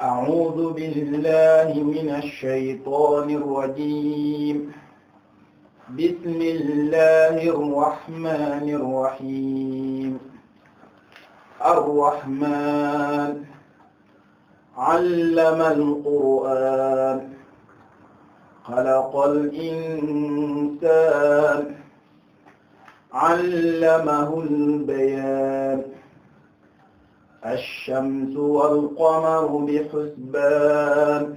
أعوذ بالله من الشيطان الرجيم بسم الله الرحمن الرحيم الرحمن علم القرآن خلق الإنسان علمه البيان الشمس والقمر بحسبان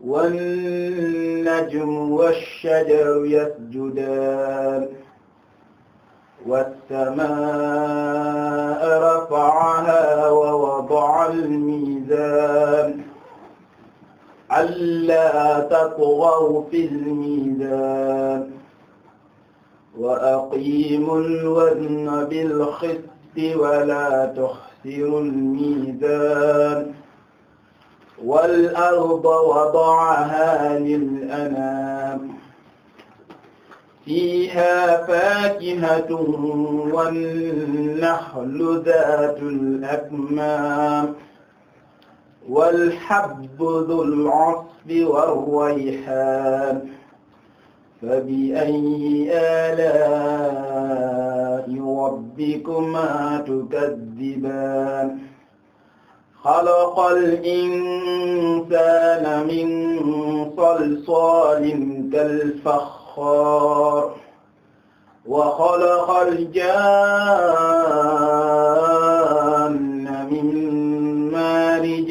والنجم والشجر يسجدان والسماء رفعها ووضع الميزان ألا تطغوا في الميزان وأقيموا الوزن بالقسط ولا تخسر الميزان والأرض وضعها للأنام فيها فاكهة والنخل ذات الأكمام والحب ذو العصف والريحان فبأي آلاء آيات ربكما تكذبان خلق الإنسان من صلصال كالفخار وخلق الجان من مارج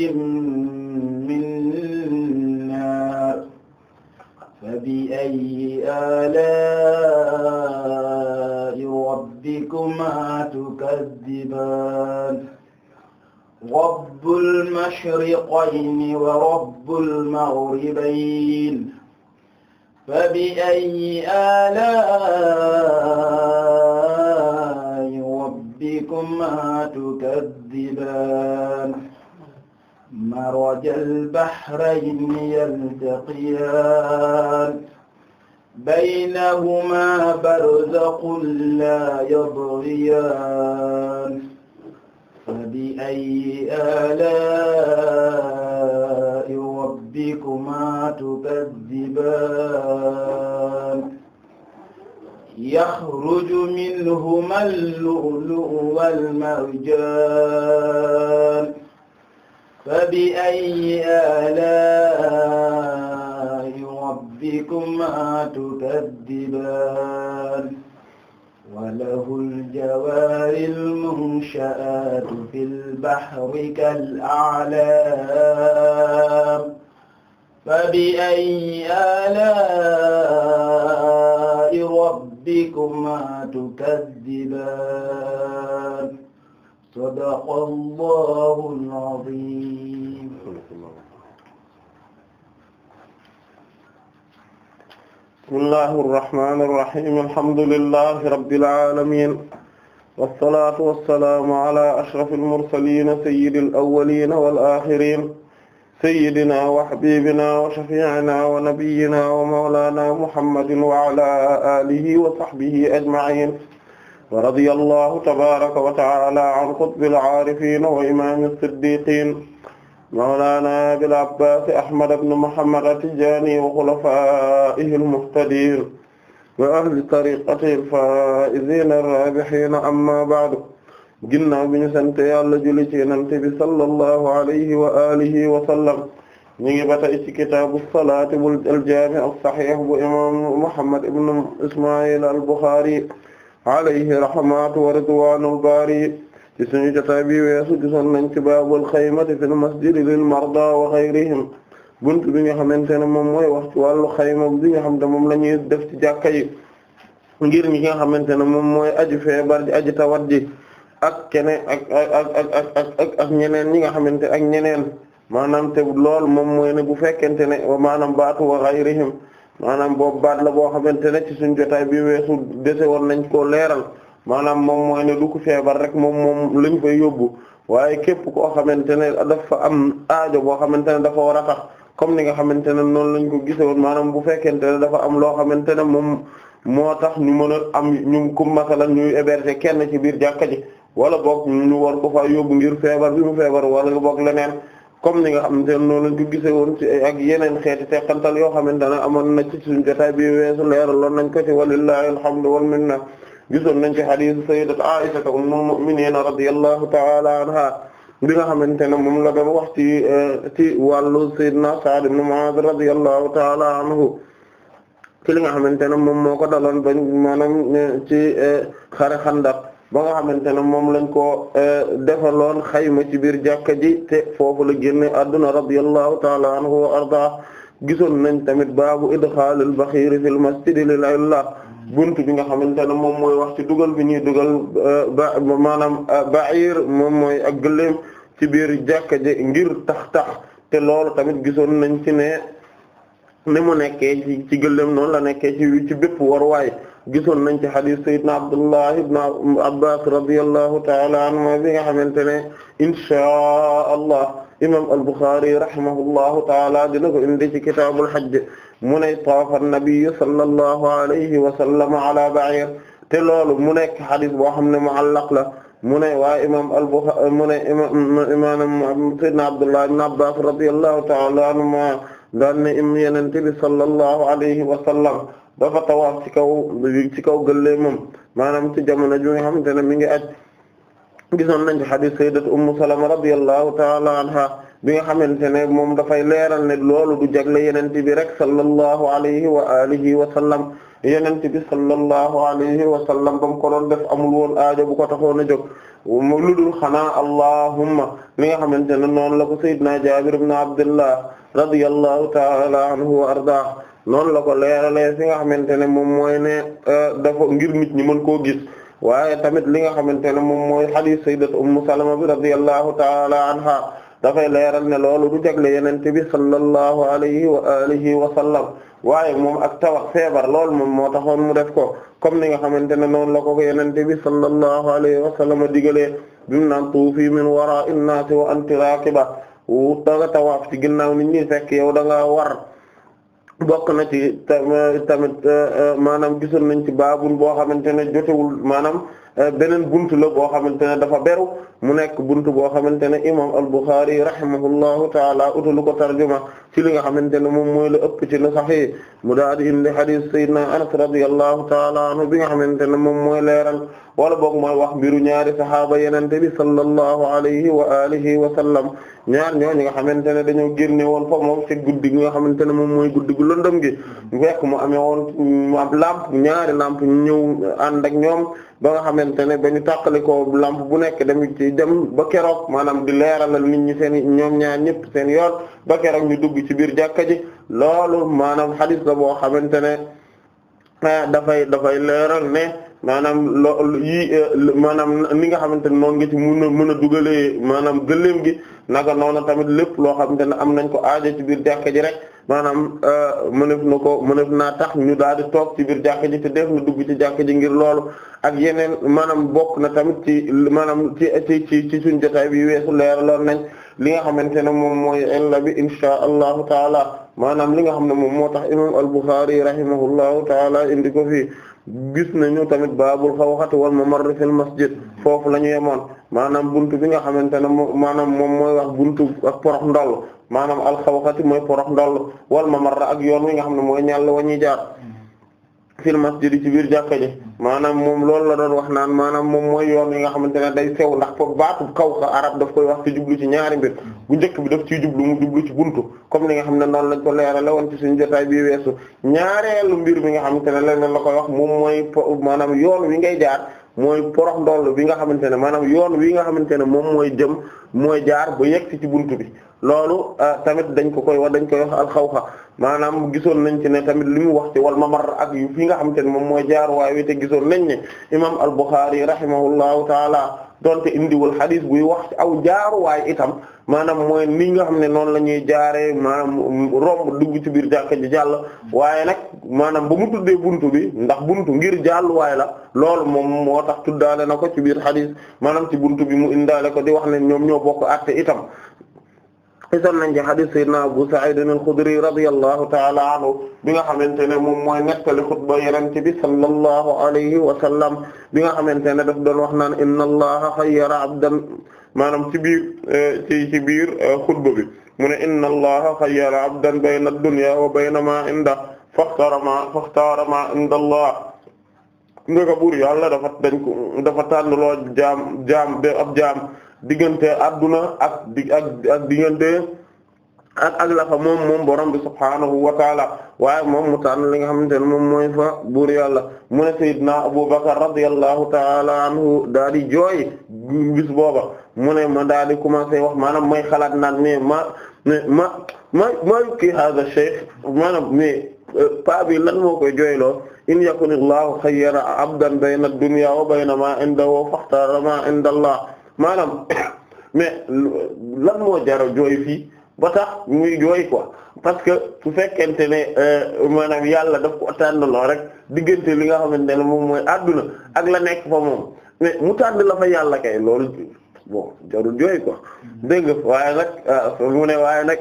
من نار فبأي آلاء الجبال رب المشرقين ورب المغربين فبأي آلاء ربكما تكذبان مرج البحرين يلتقيان بينهما برزق لا يبغيان فبأي آلاء ربكما تكذبان يخرج منهما اللؤلؤ والمرجان فبأي آلاء ربكما تكذبان وله الجوار المنشآت في البحر كالأعلام فبأي آلاء ربكما تكذبان صدق الله العظيم bismillahi irrahmani irrahim alhamdulillahi rabbil alamin wassalatu wassalaamu ala ashraf almursalin sayyidi alawalin wal axirin sayyidina wa habibina wa shafi'ina wa nabiyyina wa mawlana muhammadin wa ala alihi wa sahbihi ajma'in wa radiyallahu tabaraka wa ta'ala an qutbil aarifin wa imam as-siddiqin mawlana abil abbas ahmad ibn muhammad at-tijani wa khulafaihi al-muhtadin wa ahli tariqatihi al-faizin ar-rabihin amma ba'du ginnaaw bi ñu sant yàlla julli ci nante bi sallallahu alayhi wa alihi wa sallam ñu ngi ba tey ci kitaabu salaati bu al-jaami' as-sahih bu imam muhammad ibn isma'il al-bukhari alayhi rahmatu wa ridwanul baari ci suñu jotaay bi weesu gisoon nañ ci baabul xaymati fil masjidi lil marda wa ghayrihim bunt bi nga xamante ne moom mooy wax ci wàllu xayma bi nga xam ne moom la ñuy def ci jàkka yi ngir ñi nga xamante ne moom mooy aji feebar ji aji tawat ji ak kene ak ñeneen ñi nga xamante ak ñeneen maanaam te lool moom mooy ne bu fekkente ne maanaam baatu wa ghayrihim maanaam boobu baat la boo xamante ne ci suñu jotaay bi weesu dese woon nañ koo leeral maanaam moom mooy ne du feebar rek moom moom lañ fay yóbbu waaye képp koo xamante ne dafa am aajo boo xamante ne dafa war a tax comme ni nga xamante ne noonu lañ ko gisewoon maanaam bu fekkente ne dafa am loo xamante ne moom moo tax ñu mën a am ñu comme masalan ñuy héberger kenn ci biir jàkka ji wala boog ñu war ko fa yóbbu ngir feebar bi mu feebar wala boog leneen comme ni nga xamante ne noonu lañ ko gisewoon ci ak yeneen xeeti teqantal yoo xamante ne amoon na ci suñu jotaay bi weesu leer loon nañ ko ci walillahi alhamdu wal minna gisoon nañ ci hadith sayyidat Aisha ummul mu'minin radiyallahu ta'ala anha bi nga xamante ne moom la doon wax ci eh, ci wàllu sayyidina Sa'd ibn Mu'adh ta'ala anhu ci li nga xamante ne moom moo ko daloon bañ maanaam eh, ci eh, xare Xandaq ba nga xamante ne moom lañ ko defaloon xayma ci biir jàkka ji te foofu la génne adduna radiyallahu ta'ala anhu wa arda gisoon nañ tamit baabu idxaalil baxiiri fil masjidi lillah buntu bi nga xamante ne moom mooy wax ci dugal bi ñuy dugal euh, ba maanaam euh, ba'ir moom mooy ak gëléem ci biir jàkka ji ngir tax tax te lool tamit gisoon nañ ci ne ni mu nekkee ci ci gëléem noonu la nekkee ci ci bépp waruwaay gisoon nañ ci hadith sayyidina Abdullah ibn Abbas radiyallahu ta'ala anhuma bi nga xamante ne inshaa Allah imam al-Bukhari rahimahullahu ta'ala dina ko indi ci kitaabul hajj mu ne taafa nabiyu sallallahu alayhi wa sallam ala ba'ir te loolu mu nekk xadis boo xam ne mu'allaq la mu ne waa imaam al-Bukhari mu ne imaam sayyidina Abdullah ibn Abbas radiyallahu ta'ala anhuma daan ne im Yonent bi sallallahu alayhi wa sallam dafa tawaaf ci kaw ci kaw gëllee moom maanaam ci jamono ju nga xamante ne mi ngi aj gisoon nañ ci xadis sayyidatu Ummu Salama radiyallahu ta'ala anha bi nga xamante ne moom dafay leeral ne loolu du jagle yenent bi rek sallallahu alayhi wa alihi wa sallam yenent bi sallallahu alayhi wa sallam ba mu ko doon def amul woon aajo bu ko taxoon a jóg mu ludul xanaa allahumma li nga xamante ne noonu la ko sayyidina Jaabir ibn Abdullah radiyallahu ta'ala anhu wa arda noonu la ko leeralee fi nga xamante ne moom mooy ne euh, dafa ngir nit ñi mën koo gis waaye tamit li nga xamante ne moom mooy hadith sayyidatu Ummu Salama bi dafay leeral ne loolu du jagle yenente bi sallallahu alayhi wa alihi wa sallam waaye moom ak tawax feebar loolu moom moo taxoon mu def ko comme ni nga xamante ne noonu la ko yenente bi sallallahu alayhi wa sallam digalee bimu naan tuufi min wara'i nnaasi wa anti raqiba wu danga tawaaf ci ginnaaw nit ñi fekk yow da nga war bokk na ci tamit eh, eh, maanaam gisoon nañ ci baabun boo xamante ne jotewul maanaam Euh, beneen buntu la boo xamante ne dafa beru mu nekk buntu boo ne imam al-Bukhari rahimahullahu taala utalu ko tarjuma ci li nga xamante moom mooy la ëpp ci la saxee mu daal ne moom mooy leeral wala boog mooy wax mbiru ñaari saxaaba yenente bi sallallahu alayhi wa alihi wa sallam ñaar ñoo nga xamante ne dañoo génne woon fa moom ci guddi gi nga xamante ne moom mooy guddi gu lëndëm gi fekk mu amee woon lamp ñaari lamp ñëw ànd nga xamante xamante ne ba ñu tàqali ko lampe bu nekk dem ci dem ba keroog maanaam di leeralal nit ñu seen ñoom ñaar ñëpp seen yoon ba keroog ñu dugg ci biir jàkka ji loolu maanaam xadis la boo xamante ne ah, dafay dafay leeral ne maanaam loo yi eh, maanaam ni nga xamante ne noonu nga ci mën a mën a dugalee maanaam gëléem gi naka noona tamit lépp loo xamante ne am nañ ko aajo ci biir jàkka ji rek. maanaam euh, mënef na ko mënef naa tax ñu daal di toog ci biir jàkka ji te def na dugg ci jàkka ji ngir loolu ak yeneen maanaam bokk na tamit ci maanaam ci ci ci ci suñu jotaay bi weesu leeraloon nañ li nga xamante ne moom mooy illa bi inshaa allahu taala maanaam li nga xam ne moom moo tax imam al-Bukhari rahimahullahu taala indi ko fii gis ñu tamit baabul xawxati wal mamarr fil masjid foofu la ñu yemoon maanaam buntu bi nga xamante ne moom maanaam moom mooy wax buntu ak porox ndoll maanaam alxawxati mooy porox ndoll wal mamarra ak yoon wi nga xam ne mooy ñàll wa ñuy jaar fil masjid ci biir jàkka ji maanaam moom loolu la doon wax naan maanaam moom mooy yoon yi nga xamante ne day sew ndax foofu baatu kaw ka arab daf koy wax ci ci ñaari mbir bu njëkk bi daf ciy jublu mu jublu ci buntu comme li nga xam ne noonu lañ ko leerale woon ci suñu jotaay bi weesu ñaareelu mbir mi nga xamante ne leneen la koy wax moom mooy maanaam yoon wi ngay jaar mooy porox ndoll bi nga xamante ne maanaam yoon wi nga xamante ne moom mooy jëm mooy jaar ba yegg ci bunt bi loolu ah, tamit dañ ko koy wax dañ koy wax alxawxa maanaam gisoon nañ ci ne tamit li mu wax ci wal mamar ak yu fi nga xam te moom mooy jaar waaye te gisoon nañ ne imam al-Bukhari rahimahullahu taala donte indiwul xadis buy wax ci aw jaaru waaye itam maanaam mooy ni nga xam ne noonu la ñuy jaaree maanaam romb dugg ci biir jàkka ji jàll waaye nag maanaam ba mu tuddee buntu bi ndax buntu ngir jàlluwaay la loolu moom moo tax tuddaale na ko ci biir xadis maanaam ci bunt bi mu indaale ko di wax ne ñoom ñoo bokk àtte itam gisoon nañ ci hadith sayyidina Abu Sa'id al-Khudri radiyallahu ta'ala anhu bi nga xamante ne moom mooy nettali xutba Yonent bi sallallahu alayhi wa sallam bi nga xamante ne daf doon wax naan inna Allaha xayyara abdan maanaam ci biir ci ci biir euh, xutba bi mu in inna Allaha xayyara abdan bayna ad-dunya wa bayna ma indahu faxtara ma ma inda Allah nga ko buur yàlla dafa dañ ko dafa tànn loo jaam diggante adduna ak di ak ak diggante ak ak la moom moom borom bi subhaanahu wa waaye moom mu tànn li nga xamante ne moom mooy fa buur yàlla mu ne Seydina Abubakar radiyallahu taala anhu daal di jooy bis booba mu ne ma daal di commencé wax maanaam may xalaat naan mais ma ma ma ma kii hada cheikh maanaam mais pa bi lan moo koy jooyloo in yakun illahu xayyara abdan bayna ad wa bayna ma indahu faxtara ma inda maanaam mais lan moo jara jooy fii ba tax muy jooy quoi parce que su fekkente ne euh, manam yàlla daf ko tànnaloo rek diggante li nga xamante ne moom mooy adduna ak la nekk fa moom mais mu tànn la fa yàlla kay loolu bon jarul jooy ko dégg waaye nag euh, mu ne waaye nag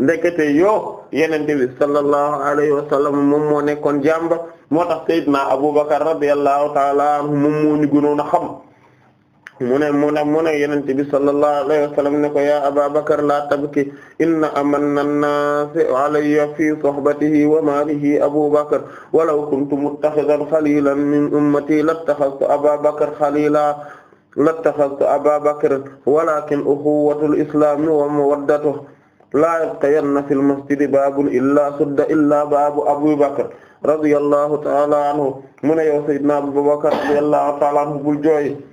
ndekete yoo yenente bi sallallahu alayhi wa moom moo nekkoon jàmba moo tax sayyidna Abubakar radiyallahu ta'ala anhu moom moo ñu a xam mu ne mu ne mu ne yonent bi sallallahu alayhi wa sallam ne ko ya Aba Bakr la tabki inna amanna an-naasi alayya fi sohbatihi wa maalihi Abu Bakr walaw kuntu muttaxidan xalilan min ummati lattaxastu Aba Bakr xalila lattaxastu Aba Bakr walakin uxuwatul islaami wa mawaddatuhu laa yabqayanna fil masjidi baabun illaa sudda illaa baabu Abu Bakr radiyallahu ta'ala anhu mu ne yow Sayyidina Abu Bakr radiyallahu ta'ala anhu bul jooy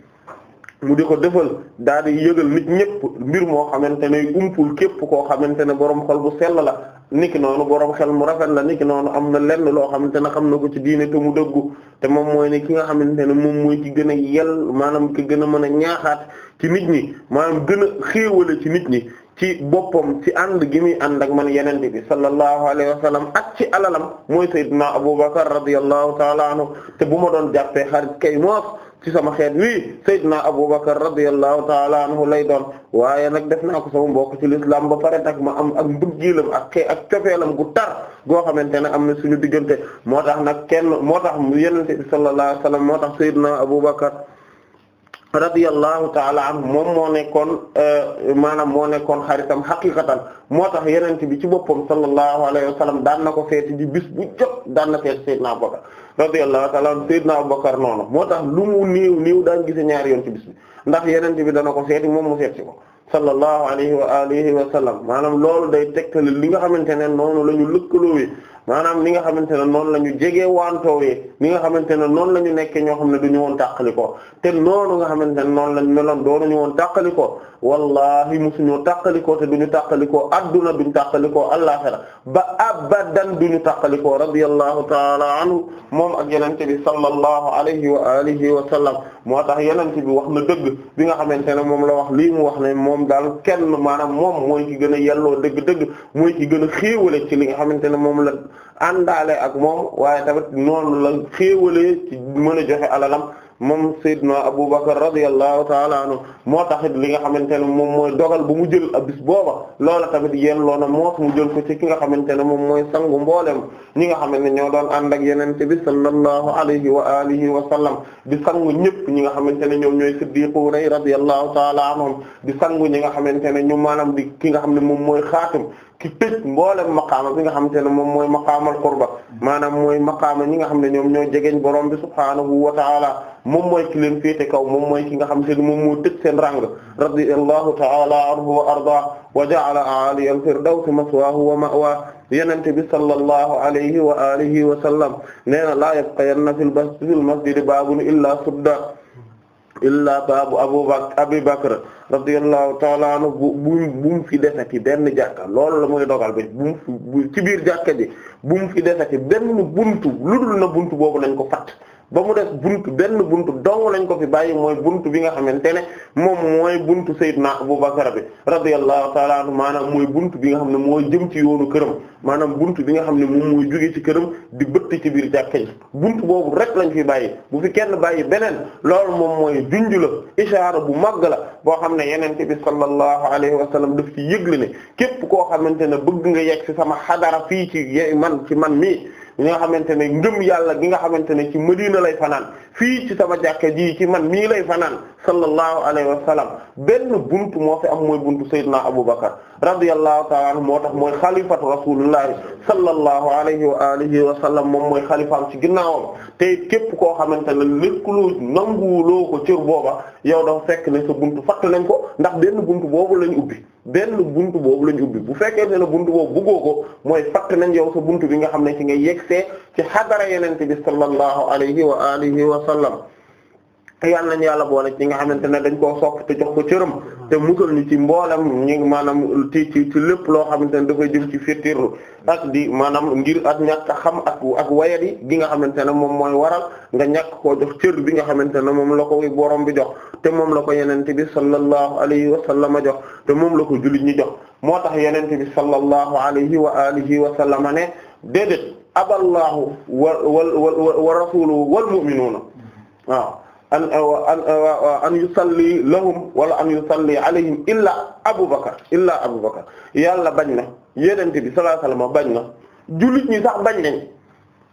mu di ko defal daal di yëgal nit ñëpp mbir moo xamante ne umpul képp koo xamante ne borom xol bu sell la niki noonu boroom xel mu rafet la niki noonu am na lenn loo xamante ne xam na ko ci diine te mu dëggu te moom mooy ni ki nga xamante ne moom mooy ci gën a yell maanaam ki gën a mën a ñaaxaat ci nit ñi maanaam gën a xéewale ci nit ñi ci boppam ci ànd gi muy ànd ak man yeneen bi sallallahu alayhi wa sallam ak ci alalam mooy sayyidina Abubakar radiyallahu ta'ala anhu te bu ma doon jàppee xarit kay ci sama xeet wii Seydina Abubakar radiyallahu taala anhu lay doon waaye nag def naa ko sama mbokk ci lislaam ba pare nag ma am ak mbëggeelam ak xee ak cofeelam gu tar goo xamante ne am na suñu diggante moo tax nag kenn moo tax yenente bi sallallahu alayhi wasallam moo tax Seydina Abubakar radiyallahu taala anhu moom moo nekkoon euh, maanaam moo nekkoon xaritam xaqiqatan moo tax yenente bi ci boppam sallallahu alayhi wasallam daan na ko feeti ji bis bu jot daan na feeti Seydina Abubakar radiyallahu ta'ala anhu sayyidina Abubakar noonu moo tax lumu mu néew daan gise ñaari yoon ci bis ndax yeneen bi dana ko seeti moom mu seet si ko sallallahu alayhi wa alihi wa sallam maanaam loolu day tegtale li nga xamante ne noonu la ñu lëkkaloowe maanaam ni nga xamante ne noonu la ñu jege wantoowee ni nga xamante ne noonu la ñu nekkee ñoo xam ne du ñu woon tàqali ko te noonu nga xamante ne noonu lañ meloon ñu woon tàqali ko wallahi musuñoo tàqali ko te du ñu tàqali ko adduna duñu tàqali ko àllaxira ba abadan du ñu tàqali ko radiyallahu taala anhu moom ak yenente bi sallallahu alayhi wa alihi wa sallam moo tax yenente bi wax na dëgg bi nga xamante ne moom la wax lii mu wax na moom daal kenn maanaam moom mooy ki gën a yelloo dëgg-dëgg mooy ki gën a xéewale ci li nga xamante ne moom la àndaale ak moom waaye tamit noonu la xéewalee ci mën a joxe alalam moom Seydina Aboubacar radiyallahu taala anhu moo taxit li nga xamante ne moom mooy dogal bu mu jël a bis booba loola tamit yéen loona moos mu jël ko ci ki nga xamante ne moom mooy sangu mboolem ñi nga xam ne ñoo doon ànd ak yenente bi sallallahu alayhi wa alihi wa sallam di sangu ñëpp ñi nga xamante ne ñoom ñooy siddiqu rey radiyallahu taala anhum di sangu ñi nga xamante ne ñu maanaam di ki nga xam ne moom mooy xaatum ki tëj mboolem maqaama bi nga xamante ne moom mooy maqaamal qurba maanaam mooy maqaama ñi nga xam ne ñoom ñoo jegeñ borom bi subhaanahu wa taala moom mooy ki leen féete kaw moom mooy ki nga xam ne moom moo tëj seen rang radiyallahu taala anhu wa ardaa wa ja'ala a'ali al-firdawsi maswaahu wa ma'waa yenente bi sallallahu alayhi wa alihi wa sallam nee na laa yabqayanna fil masjidi baabun illaa sudda illaa baabu Abu Bakr Abi Bakr radiyallahu ta'ala anhu bu bu mu fi desati benn jàkka loolu la muy dogal bi bu mu fi ci biir jàkka ji bu mu fi desati benn buntu dul na buntu boobu nañ ko fatt ba mu des buntu benn buntu dong lañ ko fi bàyyi mooy bunt bi nga xamante ne moom mooy buntu Seydina Abubakar bi radiyallahu ta'ala anhu maanaam mooy buntu bi nga xam ne mooy jëm ci yoonu këram maanaam buntu bi nga xam ne moom mooy jóge ci këram di bëtt ci biir jàkka ji boobu rek lañ fi bàyyi bu fi kenn bàyyi beneen loolu moom mooy junj la ishaara bu màgg la boo xam ne yenente bi sallallahu alayhi wa sallam daf ci yëgle ne képp koo xamante ne bëgg nga yegg ci sama xadara fii ci man ci man mii li nga xamante ne ngëm yàlla gi nga xamante ne ci Madina lay fanaan fii ci sama jàkka ji ci man mii lay fanaan sallallahu alayhi wa sallam benn buntu moo fi am mooy buntu Seydina Abubakar radiyallahu ta'ala anhu moo tax mooy xalifatu rasulillahi sallallahu alayhi wa alihi wa sallam moom mooy xalifaam ci ginnaawam te képp koo xamante ne lépp lu nanguwuloo ko cër booba yow dafa fekk ne sa buntu fàtt nañ ko ndax benn buntu boobu lañ ubbi. benn buntu boobu lañ ubbi bu fekkee ne la buntu boobu buggoo ko mooy fatt nañ yow sa buntu bi nga xam ne ci nga yegsee ci xadara yenente bi sallallahu alayhi wa alihi wa sallam te yàlla nañu yàlla boole ci nga xamante ne dañ koo sopp te jox ko cëram te musal ñu ci mboolem ñu maanaam ci ci ci lépp loo xamante ne dafay jëm ci fettirlu ak di maanaam ngir ak ñàkk xam ak ak wayadi gi nga xamante ne moom mooy waral nga ñàkk koo jox cër bi nga xamante ne moom la ko borom bi jox te moom la ko yenente bi sallallahu alayhi wa sallam jox te moom la ko jullit ñi jox moo tax yeneen bi sallallahu alayhi wa alihi wa sallam ne déedéet aballaahu wa wa wa rasuluhu wal mu'minuuna waaw an an yusalli lahum wala an yusalli alayhim illa Abu Bakar illa Abu Bakar yàlla bañ na yonent bi sallallahu alayhi wasallam bañ na jullit ñi sax bañ nañ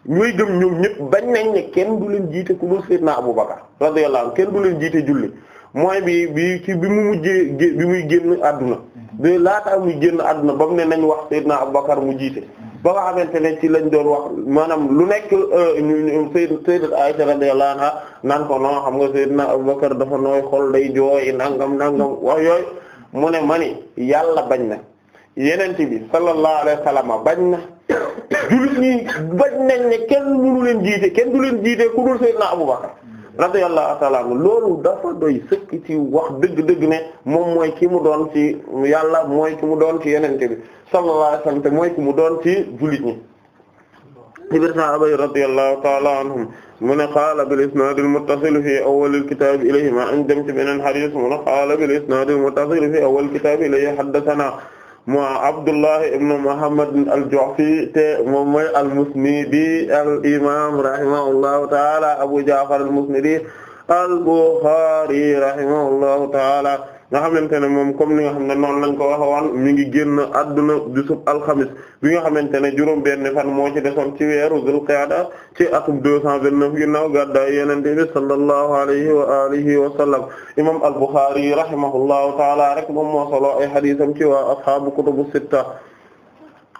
ñooy gëm ñoom ñëpp bañ nañ ne kenn du leen jiite ku dul Seydina Abu Bakar radiyallahu anhu kenn du leen jiite julli mooy bi bi ci bi mu mujjee bi muy génn àdduna de laataa muy génn àdduna ba mu ne nañ wax Seydina Abu Bakar mu jiite ba nga xamante ne ci lañ doon wax maanaam lu nekk euh, Sayyid Sayyidat Aisha radiyallahu anha naan ko non xam nga Sayyidna Abubakar dafa nooy xol day jooy nangam nangam wax yooyu mu ne mani ni yàlla bañ na yenente bi sallallahu alayhi wa bañ na jullit ñi bañ nañ ne kenn mënu leen jiite kenn du leen jiite ku dul Sayyidna Abubakar radiyallahu ta'ala anhu loolu dafa doy sëkk wax dëgg-dëgg ne moom mooy ki mu doon ci yàlla mooy ki mu doon ci yenente bi sallallahu alayhi wasallam te ki mu doon ci jullit ñi ibirna abay radiyallahu ta'ala anhum mu ne qaala bil isnaad al muttasil fi awwal al kitaab ilayhi ma an dem ci beneen hadiis mu ne qaala bil isnaad al muttasil fi awwal al kitaab ilayhi moo Abdullah ibn Muhammad al-Ju'fi te moom mooy al-Musnidi al-imam rahimahullahu ta'ala Abu Ja'far al-Musnidi al-Bukhari rahimahullahu ta'ala nga xamante ne moom comme ni nga xam ne noonu lañ ko waxoon mi ngi génn adduna bisub alxamis bi nga xamante ne juróom benn fan moo ci desoon ci weeru Dul Qiyada ci atum deux cent vingt-neuf ginnaaw gàddaay Yonent bi sallallahu alayhi wa alihi wa sallam imam al-Bukhari rahimahullahu taala rek moom moo solo ay xadiisam ci waa ashaabu kutubu sitta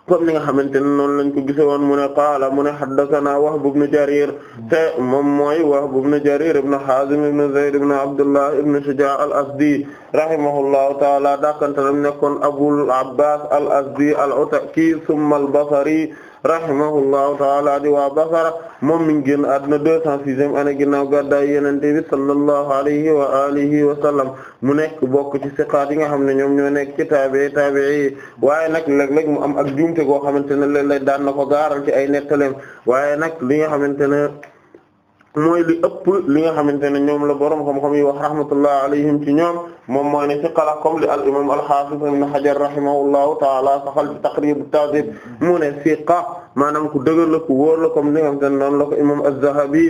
comme ni nga xamante ne noonu lañ ko gisoon mu ne qaala mu ne haddathana Wahb ibn Jarir te moom mooy Wahb ibn Jarir ibn Hazim ibn Zayd ibn Abdullah ibn Shuja' al-Asdi rahimahullahu ta'ala dakantalam nekkoon Abul Abbas al-Asdi al-Ataki thumma al-Basri rahimahullahu taala di waa Basra moom mi ngi génn àdduna deux cent sixième année ginnaaw gàddaay Yonent bi sallallahu alayhi wa alihi wa sallam mu nekk bokk ci siqaat yi nga xam ne ñoom ñoo nekk ci taabii taabii yi waaye nag léeg-léeg mu am ak juumte goo xamante ne léeg-léeg daan na ko gaaral ci ay nettaleem waaye nag li nga xamante ne mooy li ëpp li nga xamante ne ñoom la borom xam-xam yi wax rahmatullah alayhim ci ñoom moom mooy ne ci xala comme li al imam al hafiz ibn hajar rahimahullahu taala saxal ci taqrib at-tahdhib mu ne siqa maanaam ku dëgër la ku wóor la comme ni nga xamante ne noonu la ko imam az-Zahabi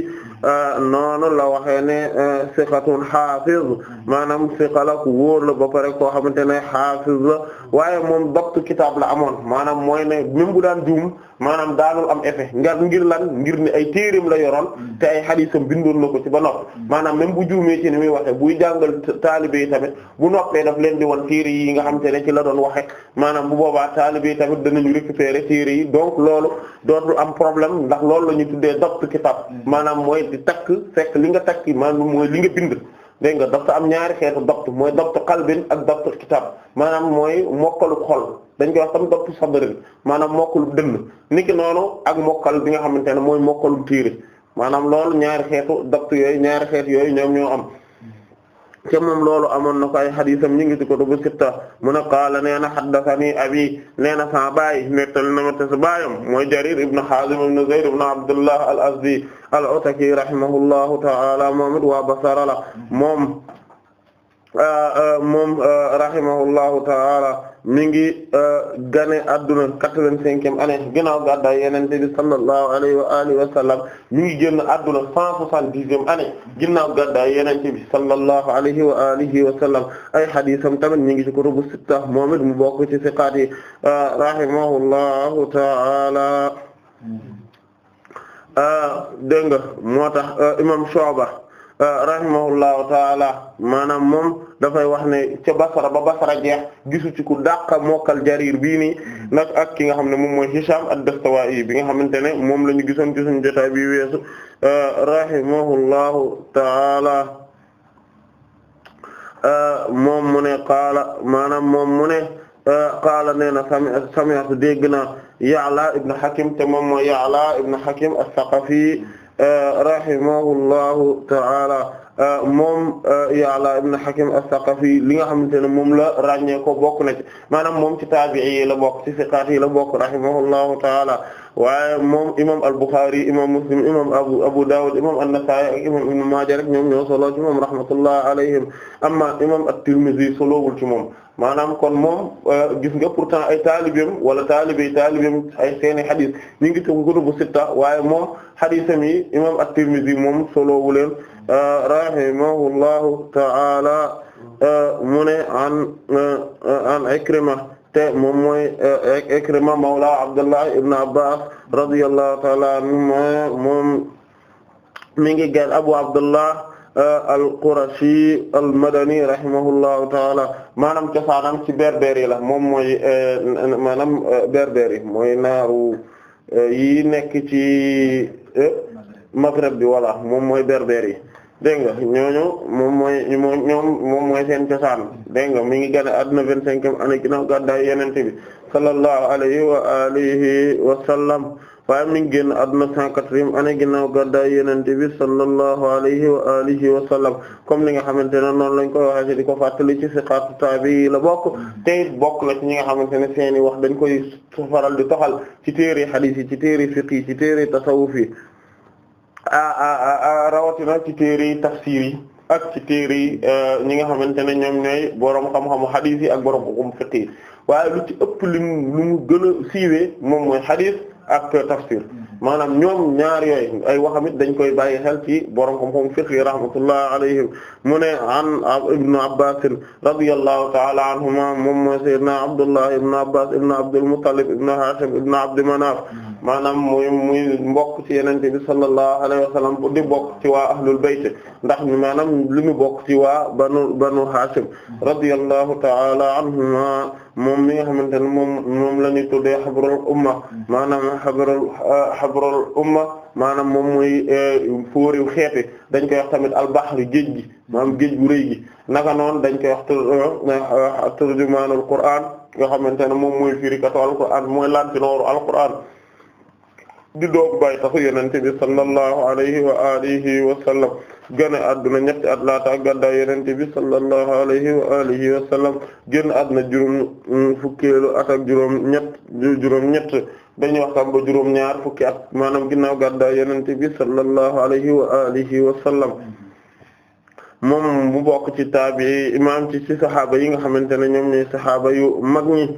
euh, noon la waxee ne euh, siqatun xaafiz maanaam siqa la ku wóor la ba pare koo xamante ne xaafiz la waaye moom dapt kitaab la amoon maanaam mooy ne même bu daan juum maanaam daanul am effet ngar ngir lan ngir ne ay téereem la yoroon te ay xadiisam bindoon na ko ci ba nopp maanaam même bu juumee ci ni muy waxe buy jàngal taalibe yi tamit bu noppee daf leen di won téere yi nga xamante ne ci la doon waxe maanaam bu boobaa taalibe yi tamit danañu récupérer téere yi donc loolu dootul am problème ndax loolu la ñu tuddee dabt kitab mm. maanaam mooy di takk fekk li nga takk maanaam mooy li nga bind dégg nga dapt am ñaari xeetu dapt mooy dapt qalbin ak dapt kitab maanaam mooy mokkalu xol dañ koy wax tam dapt sadrin maanaam mokkalu dënn niki noonu ak mokkal bi nga xamante ne mooy mokkalu téere maanaam lool ñaari xeetu dapt yooyu ñaari xeet yooyu ñoom ñoo am te moom loolu amoon na ko ay xadisam ñu ngi ci kutubu sitta mu ne qaala nee na haddathani abi nee na sa baay nettali na ma te sa baayam mooy Jarir ibn Hazim ibn Zayd ibn Abdullah al-Azdi al-Ataki rahimahullahu ta'ala moom it waa Basra la moom Euh, euh, moom euh, rahimahullahu ta'ala mi ngi gane adduna quatre-vingt-cinquième année ginnaaw gàddaay Yonent bi sallallahu alayhi wa alihi wa sallam mi ngi génn adduna cent soixante-dixième année ginnaaw gàddaay Yonent bi sallallahu alayhi wa alihi wa sallam ay hadiisam tamit mi ngi ci kutubu sitta moom it mu bokk ci siqaat yi rahimahullahu ta'ala dégg nga moo tax imam Euh, rahimahullahu taala maanaam moom dafay wax ne ca Basra ba Basra jeex gisu ci ku dàq mokal Jarir bii nii nag ak ki nga xam ne moom mooy Hisham ad-Dastawaa'i bi nga xamante ne moom la ñu gisoon ci suñu jotaay bi weesu euh, rahimahullahu taala euh, moom mu ne qaala maanaam moom mu ne qaala nee na sami sami'tu dégg na Ya'la ibn Hakim te moom mooy Ya'la ibn Hakim as-Saqafi rahimahullahu ta'ala moom Ya'la ibn Hakim as-Saqafi li nga xamante ne moom la ràññee ko bokk na ci maanaam moom ci taabi'i yi la bokk ci siqaat yi la bokk rahimahullahu ta'ala waaye moom imam al-Bukhari imam Muslim imam abu Abu Dawud imam an-Nasa'i ak imam Ibn Maaja rek ñoom ñoo solo ci moom rahmatullah alayhim amma imam at-Tirmidhi solowul ci moom maanaam kon moom euh, gis nga pourtant ay taalibeem wala taalibey taalibeem ay seeni xadis ñu ngi tënk kutubu sitta waaye moom xadisam yi imam at-Tirmidhi moom solowu leen euh, rahimahullahu ta'ala euh, mu ne an an te moom mooy eh, Ikrima mawla Abdullah ibn Abbas radiyallahu ta'ala anhuma moom mi ngi gën Abu Abdullah eh, al-Qurashi al-Madani rahimahullahu ta'ala maanaam cosaanam ci berber yi la moom mooy eh, maanaam berber yi mooy naaru yi nekk ci Maghreb bi wala moom mooy berber yi dégg nga ñooñu moom mooy ñoom moom mooy seen cosaan dégg nga mi ngi gane adduna vingt-cinquième année ginnaaw gàddaay yonent bi sallallahu alayhi wa alihi wa sallam waaye mi ngi génn adduna cent quatrième année ginnaaw gàddaay yonent bi sallallahu alayhi wa alihi wa sallam comme li nga xamante ne noonu lañ koy waxee di ko fàttali ci siqaatu taabi la bokk te bokk na ci ñi nga xamante ne seeni wax dañ koy faral di toxal ci téere hadith yi ci téere fiqh yi ci téere tasawuf yi rawatina ci téere tafsir yi ak ci téere euh, ñi nga xamante ne ñoom ñooy borom xam-xamu hadith yi ak borom xam-xamu fiqh yi waaye lu ci ëpp lu mu lu mu gën a siiwee moom mooy hadith ak tafsir maanaam ñoom ñaar yooyu ay waxamit dañ koy bàyyi xel ci borom xam-xamu fiqh yi rahmatullah alayhim mu ne an ibnu abbas radiyallahu ta'ala anhuma moom mooy sayyidina abdullah ibnu abbas ibnu abdul muttalib ibnu hashim ibnu abd manaf maanaam muy muy mbokk ci yenente bi sallallahu alayhi wa sallam di bokk ci waa ahlul bayt ndax maanaam li mu bokk ci waa banu banu hashim radiyallahu ta'ala anhuma moom mi nga xamante ne moom moom la ñu tuddee habrul umma maanaam habrul habrul umma maanaam moom muy eh, fóoriw xeeti dañ koy wax tamit albahri géej gi maanaam géej gu rëy gi naka noonu dañ koy wax eh, eh, turjumaanul qur'aan nga xamante ne moom muy firikatu alqur'aan mooy lantinooru alqur'aan di doog bàyyi taxu yenente bi sallallahu alayhi wa alihi wa sallam gane adduna ñetti at laata gaddaa yenente bi sallallahu alayhi wa alihi wa sallam génn adduna juróom mm, fukkeelu juróom ñett juróom ñett dañuy wax tam ba juróom ñaar fukki at maanaam ginnaaw gaddaa yenente bi sallallahu alayhi wa alihi wa sallam mu bokk ci taabii imam ci ci sahaaba yi nga xamante ne ñoom ñooy sahaaba yu mag ñi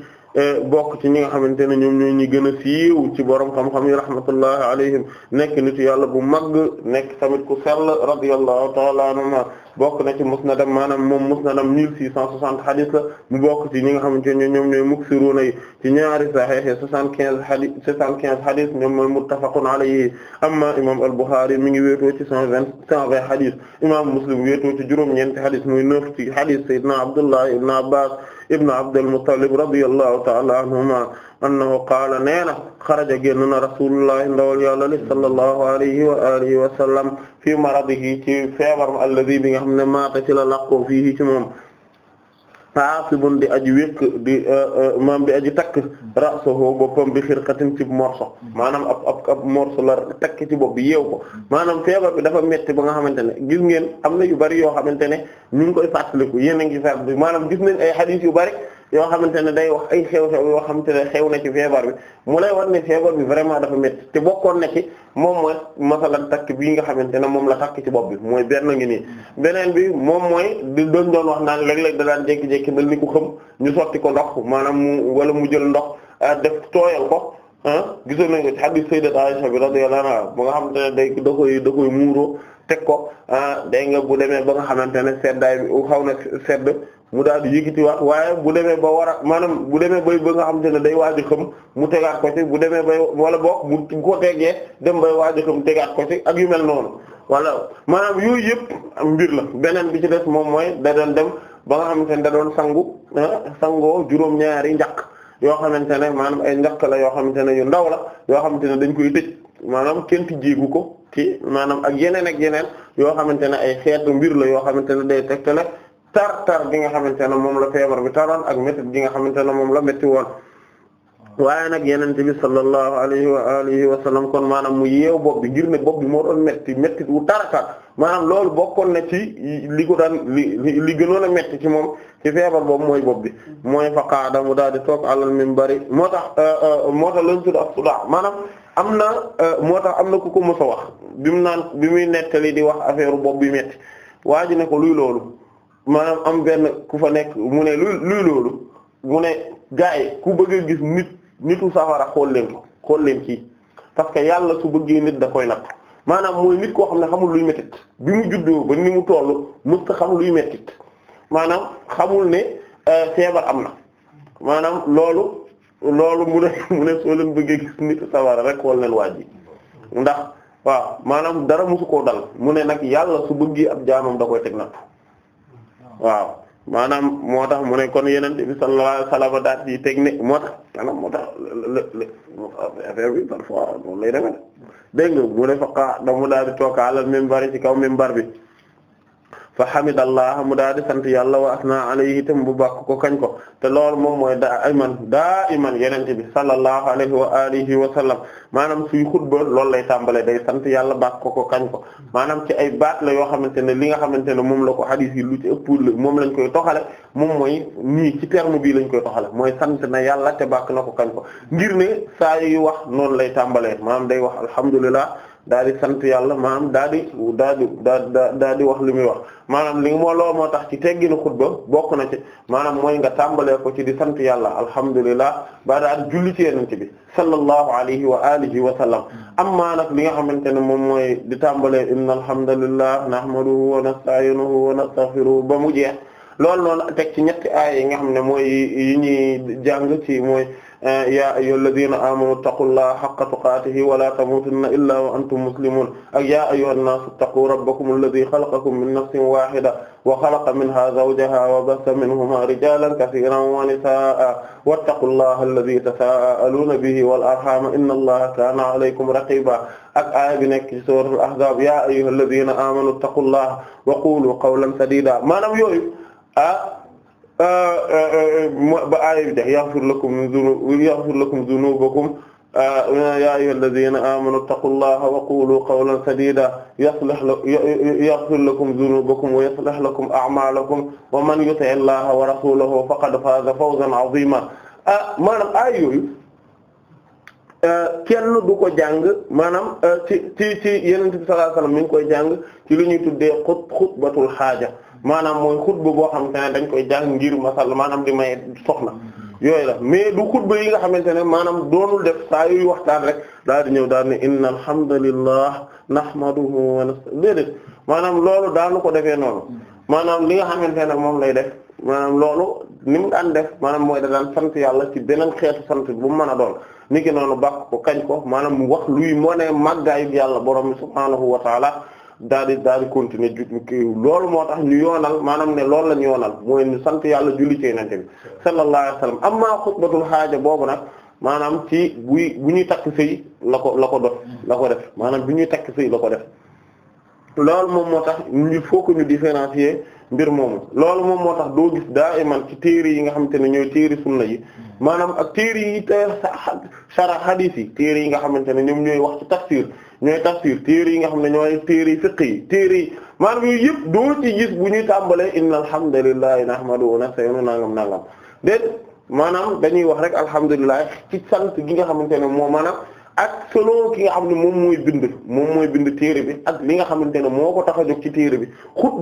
bokk ci ñi nga xamante ne ñoom ñoo ñi gën a siiw ci borom xam-xam yi rahmatullahi alayhim nekk nitu yàlla bu mag nekk tamit ku sell radiyallahu ta'ala anhuma bokk na ci musnadam maanaam moom musnadam 1660 hadith la mu bokk ci ñi nga xamante ne ñoom ñooy muksiruna yi ci ñaari sahih 75 hadith 75 hadith ñoom mooy muttafaqun alayhi amma imam al-Bukhari mi ngi ci 120 120 hadith imam Muslim muy neuf ci hadith sayyidina Abdullah ibn Abbas ibn Abdul Muttalib radiyallahu ta'ala anhuma annahu qaala nee na xaraja génn na rasulullahi ndawal yàlla li sallallahu alayhi wa alihi wa sallam fii maradihi ci feebar alladi bi nga xam ne maata ci la laqoo fii ci moom xaasibun di aji wékk di euh, euh, maam bi aji takk rasahu boppam bi xirqatin ci morso maanaam ab ab ab morso la takk ci bopp bi yeew ko maanaam feebar bi dafa metti ba nga xamante ne gis ngeen am na yu bari yoo xamante ne ñu ngi koy fàttaliku yéen a ngi fàttaliku maanaam gis nañ ay hadith yu bari yoo xamante ne day wax ay xew-xew yoo xamante ne xew na ci feebar bi mu lay war ne feebar bi vraiment dafa métti te bokkoon na ci moom mooy masalan takk bii nga xamante ne moom la takk ci bopp bi mooy benn ngi nii beneen bi moom mooy di doon doon wax naan léeg-léeg da daan jékki-jékki mel ni ku xam ñu sotti ko ndox maanaam mu wala mu jël ndox euh, def tooyal ko Ah gisoon nañ ko ci hadith sayyidat Aisha bi radiyallahu anha ba nga xamante ne day da koy da koy muuro teg ko ah day nga bu demee ba nga xamante ne seddaay bi xaw na sedd mu daal di yëkkatiwaat waaye bu demee ba war a maanaam bu demee bay ba nga xamante day waaj xam mu tegaat ko ci bu demee bay wala boog mu ko tegee dem bay waaj a xam tegaat ko ci ak yu mel noonu wala maanaam yooyu yëpp mbir la beneen bi ci des moom mooy da dem ba nga xamante ne da doon sangu ah sangoo juróom-ñaari njaq yoo xamante ne maanaam ay njaq la yoo xamante ne yu ndaw la yoo xamante ne dañ koy tëj maanaam kenn tijjeegu ko ci maanaam ak yeneen ak yeneen yoo xamante ne ay xeetu mbir la yoo xamante ne day tegtale tar tar gi nga xamante ne moom la feebar bi taroon ak métti gi nga xamante ne moom la métti woon waaye nag yenente bi sallallahu alayhi wa alihi wa sallam kon maanaam mu yeew bopp bi ngir ne bopp bi moo doon metti metti wu tarakat maanaam loolu bokkoon na ci li ko daan li gënoon a metti ci moom ci feebar boobu mooy bopp bi mooy fa qaada mu daal di toog alal minbari moo tax euh, euh, moo tax lañ tudd maanaam am na euh, moo tax am na ku ko mës a wax bi mu naan bi muy nettali di wax affaire bopp bi metti waa ji ne ko luy loolu maanaam am benn ku fa nekk mu ne luy luy loolu mu ne gaa ku bëgg a gis nit nitu safara xool leen ko xool leen kii parce que yàlla su bëggee nit da koy natt maanaam mooy nit koo xam ne xamul luy méttit bi mu juddoo ba ni mu toll mësta xam luy mettit maanaam xamul ne euh, feebar am na maanaam loolu loolu mu ne mu ne soo leen bëggee gis nit safara rek xool leen waa bi ndax waaw maanaam dara mosu koo dal mu ne nag yàlla su bëggee ab jaamam da koy teg natt waaw maanaam moo tax mu ne kon yeneen bi salaa alayhi wasallam daal di teg ne moo tax maanaam moo tax affaire bi parfois moom lay demee dégg nga mu ne fa xaa damu daal di toog alal bari ci kaw bar bi fa hamidallah mu daal di sant yàlla wa asna alayhi tam bu bàkk ko kañ ko te lool moom mooy daa iman daa iman yenente bi sallallahu alayhi wa alihi wa sallam maanaam suy xutba loolu lay tàmbale day sant yàlla baak ko ko kañ ko maanaam ci ay baat la yoo xamante ne li nga xamante ne moom la ko hadith moom lañ koy toxale moom mooy nii ci terme bii lañ koy toxale mooy sant na yàlla te bàkk na ko kañ ko ngir ne saa wax noonu lay tàmbalee maanaam day wax alhamdulillah daa di sant yàlla maanaam daa di daa di daa daa di wax li muy wax maanaam li moo moo tax ci tegginu xutba bokk na ci maanaam mooy nga tàmbalee ko ci di sant yàlla alhamdulillah ba daa di julli ci yenente bi sallallahu alayhi wa alihi wa sallam amma nag li nga xamante ne moom mooy di tàmbalee inna alhamdulillah nahmaduhu wa nasta'inuhu wa nastaghfiruhu ba mu jeex loolu noonu teg ci ñetti aaya yi nga xam ne mooy yi ñuy jàng ci mooy Eh, yaa ayyuhal ladina amanu ittaqullaha haqqa tuqatihi wa la tamutunna illa wa antum muslimun ak yaa ayyuhan nasu ittaqu rabbakum alladhi khalaqakum min nafsin wahida wa khalaqa minha zawjaha wa batha minhuma rijalan kathiran wa nisaa wattaqullaha alladhi tasaaluna bihi wal arham inna allaha kana alaykum raqiba ak aaya bi nekk ci suratul ahzab yaa ayyuhal ladina amanu ittaqullaha wa qulu qawlan sadida maanaam yooyu ah Euh, euh, euh, ba aaya bi jeex yaghfir lakum dhunub yaghfir lakum dhunubakum ya ayyuhal ladhina amanu ittaqullaha wa qulu qawlan sadida yuslih yaghfir lakum dhunubakum wa yuslih lakum a'malakum wa man yuti' allaha wa rasulahu faqad faza fawzan 'azima maanaam aaya yooyu kenn du ko jàng maanaam ci ci ci Yonent bi sallallahu alayhi wasallam mi ngi koy jàng ci li ñuy tuddee xut xutbatul xaaja maanaam mooy xutba boo xam te ne dañ koy jàng ngir masal maanaam di may soxna yooyu la mais du xutba yi nga xamante ne maanaam doonul def saa yuy waxtaan rek daal di ñëw daal ne inna alhamdulillah nahmaduhu wa nasta'in déedéet maanaam loolu daanu ko defee noonu maanaam li nga xamante ne moom lay def maanaam loolu ni mu daan def maanaam mooy da daan sant yàlla ci beneen xeet sant bu mu doon ni ki noonu bàkk ko kañ ko maanaam mu wax luy moo ne màggaayu yàlla borom subhaanahu wa taala daal di daal di continuer loolu moo tax ñu yoonal maanaam ne loolu la ñu yoonal mooy ñu sant yàlla julli ci yonent bi sallallahu alayhi wa sallam amma xutbatul xaaja boobu nag maanaam ci buy bu ñuy takk sëy la ko la ko def la ko def maanaam bu ñuy takk sëy la ko def loolu moom moo tax il faut que ñu différencier mbir moomu loolu moom moo tax doo gis daa iman téere yi nga xamante ne ñooy téere sunna yi maanaam ak téere yi te sara hadith yi téere yi nga xamante ne ñoom ñooy wax ci tafsir ñooy tafsir téere yi nga xam ne ñooy téere fiqh yi téere yi maanaam yooyu yëpp doo ci gis bu ñuy tàmbalee inna alhamdulillahi nahmaduhu na nasta'inu nangam nangam déet maanaam dañuy wax rek alhamdulilah ci sant gi nga xamante ne moo maanaam ak solo ki nga xam moom mooy bind moom mooy bind téere bi ak li nga xamante ne moo ko tax a jóg ci téere bi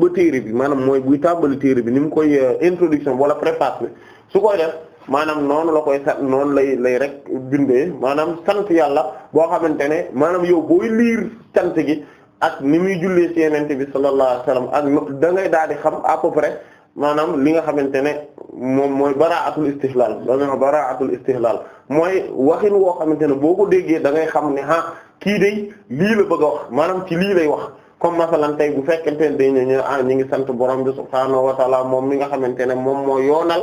ba téere bi maanaam mooy buy tàmbali téere bi ni mu koy euh, introduction wala préface bi su koy def maanaam noonu la koy sant noonu lay lay rek bindee maanaam sant yàlla boo xamante ne maanaam yow booy liir sant gi ak ni muy jullee ci yenente bi sallallahu alayhi wasallam ak da ngay daal di xam à près maanaam li nga xamante ne moom mooy baraatul istihlal dana baraatul istihlal mooy waxin woo xamante ne boo ko déggee da ngay xam ne ah kii day lii la bëgg wax maanaam ci lii lay wax comme masalan tey bu fekkente ne dañu ñu ah ñu ngi sant borom bi subhaanahu wa moom mi nga xamante ne moom moo yoonal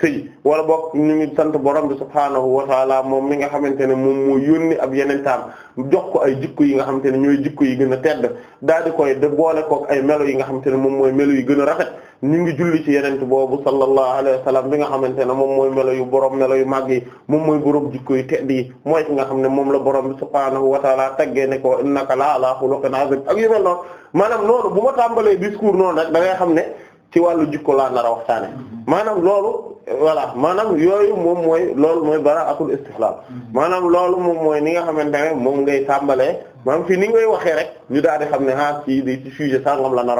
sëy wala boog ñu ngi sant borom bi subhaanahu wa taala moom mi nga xamante ne moom moo yónni ab yeneen yi nga xamante a tedd daal di koy de boole koog ay melo yi nga xamante ne moom mooy melo yi gën a rafet ñu ngi julli ci yeneen boobu sallallahu alayhi wa sallam bi nga xamante ne moom mooy melo yu borom melo yu màgg yi moom mooy borom jikko yu tedd yi mooy ki nga xam ne moom la borom bi subhaanahu wa taala taggee ne ko innaka la ala xuluqin azim ak yu mel noonu maanaam noonu bu ma tàmbalee discours noonu rek da xam ne ci wàllu jikko laa nar waxtaane maanaam loolu voilà maanaam yooyu moom mooy loolu mooy bara akul istihlaal maanaam loolu moom mooy ni nga xamante ne moom ngay tàmbalee maanaam fii ni ngay waxee rek ñu daal di xam ne ah ci di ci sujet la nar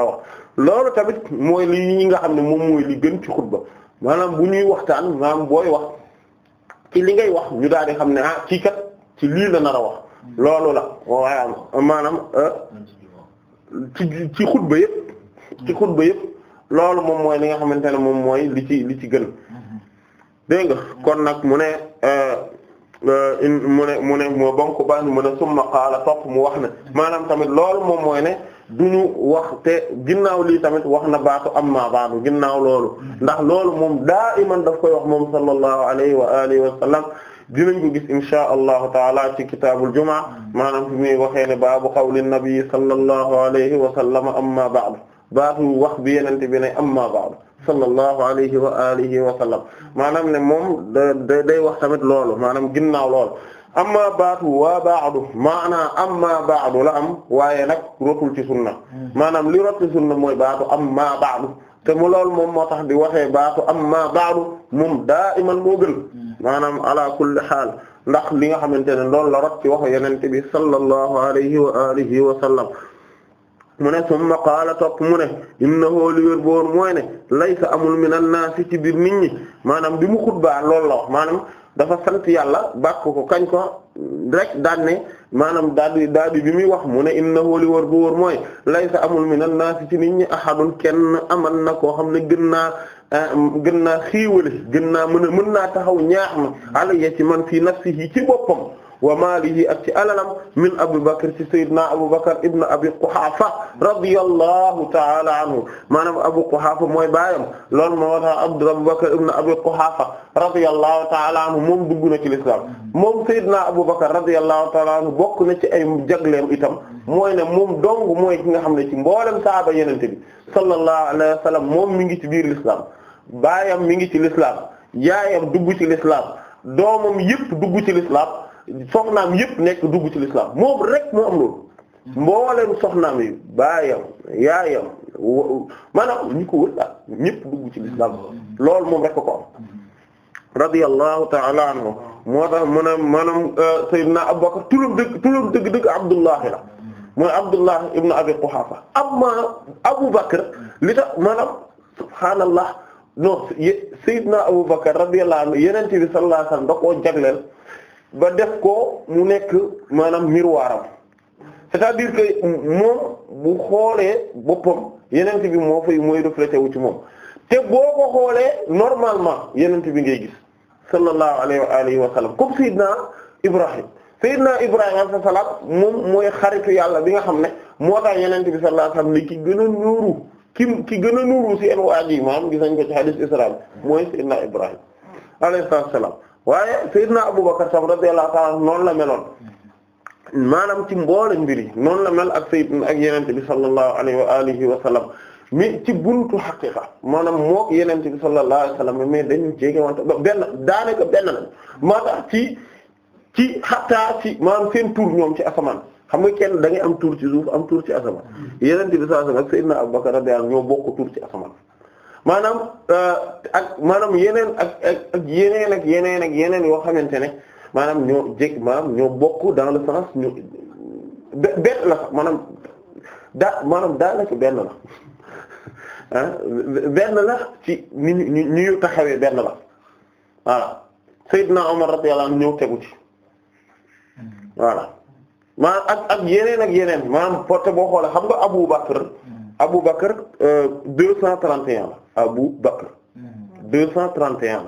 loolu tamit mooy li ñi nga xam ne moom mooy li gën ci maanaam bu ñuy waxtaan maanaam booy wax ci li ngay wax ñu daal di xam ne ah kii kat ci lii la nar wax loolu la waaye maanaam ah, ci ci xutba yëpp ci xutba yëpp loolu moom mooy li nga xamante ne moom mooy li ci li ci gën dégg kon nag euh, euh, mu ne mu ne mu ne moo ba ko baax mu ne summa qaala topp mu wax na maanaam tamit loolu moom mooy ne duñu wax te ginnaaw lii tamit wax na baatu amma baatu ginnaaw loolu ndax loolu moom daa iman daf koy wax moom sallallahu alayhi wa alihi wa sallam dinañ gis insha allahu taala ci kitaabul jumaa maanaam fi muy waxee ne baabu qawli nabi sallallahu alayhi wa sallam amma ba'du baatu wax bi yenente bi ne amma ba'd sallallahu alayhi wa alihi wa sallam maanaam ne moom da day wax tamit loolu maanaam ginnaaw loolu amma baatu waa baadu maanaa amma baadu la am waaye nag rotul ci sunna maanaam li rot ci sunna mooy baatu amma baadu te mu loolu moom moo tax di waxee baatu amma baadu moom daa iman moo gën maanaam ala kulli xaal ndax li nga xamante ne loolu la rot ci waxu yenente bi sallallahu alayhi wa alihi wa sallam mu ne summa topp mu ne innahu li wér boor mooy ne laysa amul minan naasi ci biir nit ñi maanaam bi mu xutbaa loolu la wax maanaam dafa sant yàlla bàkk ko kañ ko rek daan ne maanaam daal di daal di bi muy wax mu ne innahu li wér boor mooy laysa amul minan naasi ci nit ñi ahadun kenn amal na koo xam ne gën naa eh, gën naa xiiwale gën naa mën a mën naa taxaw ñaax ma ala ya ci man fii nafsihi ci boppam wa maalihi ak ci alalam min Abu Bakr ci Seydina Abu Bakr ibn Abi Quhaafa radiyallahu ta'ala anhu maanaam Abu Quhaafa mooy baayam loolu moo tax Abdu Abu Bakr ibn Abi Quhaafa radiyallahu ta'ala anhu moom dugg na ci lislaam moom Seydina Abu Bakr radiyallahu ta'ala anhu bokk na ci ay jagleem itam mooy ne moom dong mooy ki nga xam ne ci mboolem saaba yenente bi sallallahu alayhi wa sallam moom mi ngi ci biir lislaam baayam mi ngi ci lislaam yaayam dugg ci lislaam doomam yëpp dugg ci lislaam soxnaam yëpp nekk dugg ci lislaam moom rek moo am loolu mbooleem soxnaam yi baayam yaayam maanaam dugg ci lislaam loolu moom rek ko am radiyallahu ta'ala anhu moo tax mu ne maanaam euh, Seydina Abubakar turam dëgg turam dëgg dëgg Abdullahi la mooy Abdullah ibn li tax maanaam subhaanallah non Seydina Abu Bakr radiyallahu bi sallallahu alayhi wasallam jagleel ba def ko mu nekk maanaam miroiram c'est-à-dire que moom bu xoolee boppam yenent bi moo fay mooy reflété wu ci moom te boo ko xoolee normalement yenent bi ngay gis sallallahu alayhi wa alihi wa sallam comme Seydina Ibrahim Seydina Ibrahim alayhi salaam moom mooy xaritu yàlla bi nga xam ne moo tax yenent bi sallallahu alayhi wa sallam ni ki gën a nuuru ki ki gën a nuuru ci en waaj yi maanaam gis waaye Seydina Aboubacar Samb radiyallahu ta'ala noonu la meloon maanaam ci mboole mbiri noonu la mel ak Seydina ak yenente bi sallallahu alayhi wa alihi wa sallam mi ci buntu xaqiqa maanaam mook yenente bi sallallahu alayhi wa sallam mais dañu jéege wante benn daanaka benn la maa tax ci ci xattaa ci maanaam seen tur ñoom ci asamaan xam nga kenn da am tur ci suuf am tur ci asamaan yenente bi sallallahu alayhi wa sallam ak Seydina Aboubacar radiyallahu ñoo bokk tur ci asamaan maanaam euh, ak maanaam yeneen ak ak yeneen ak yeneen ak yeneen yoo xamante ne maanaam ñoo jég maanaam ñoo bokk dans le sens ñu benn la sax maanaam daal maanaam daanaka benn la ah benn la ci ni ñu ñu taxawee benn la voilà Seydina Omar radiyallahu anhu ñëw tegu ci voilà maanaam ak ak yeneen ak yeneen maanaam porte boo xoolee xam nga Abu Bakr hmm. Abu Bakr euh, deux cent trente et un la Abu Bakr deux cent trente et la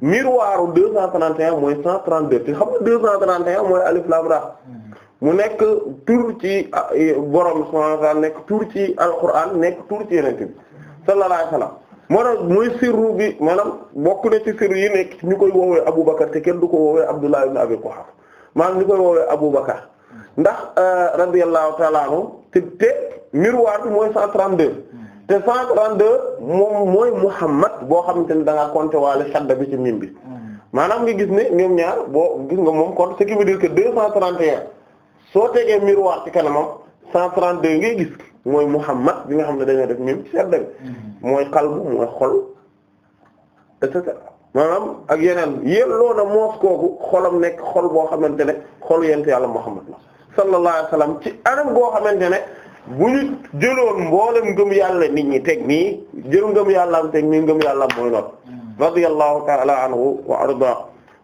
miroiru deux cent trente et un mooy cent trente deux te xam nga mooy alif lam ra mu nekk tur ci ah, eh, borom subhaanahu wa ta'aala nekk tur ci alquran nekk tur ci yonent bi sallallahu alayhi moo tax mooy sirru bi maanaam bokk na ci sirru yi nekk ñu koy woowee Aboubacar te kenn du ko woowee Abdullah ibn Abi Quhafa maanaam ñu koy woowe abu Aboubacar ndax euh, radiyallahu ta'ala anhu te te miroir bi mooy cent deux te 132 moom mooy Muhammad boo xamante ne da ngaa waale shadda bi ci mim bi maanaam nga gis ne ñoom ñaar boo gis nga moom kon ce qui veut dire que 231 soo tegee miroir ci kanamam 132 ngay gis mooy Muhammad bi nga xam ne dañoo def mim ci shadda bi mm-hmm. mooy qalbu mooy xol et cetera maanaam ak yeneen yelloo na moos kooku xolam nekk xol boo xamante ne xolu yent yàlla Muhammad la sallallahu alayhi ci anam goo xamante ne. bu ñu jëloon mboolem ngëm yàlla nit ñi teg nii jël ngëm yàllaam teg nii ngëm yàllaam mooy not hmm. radiyallahu ta'ala anhu wa arda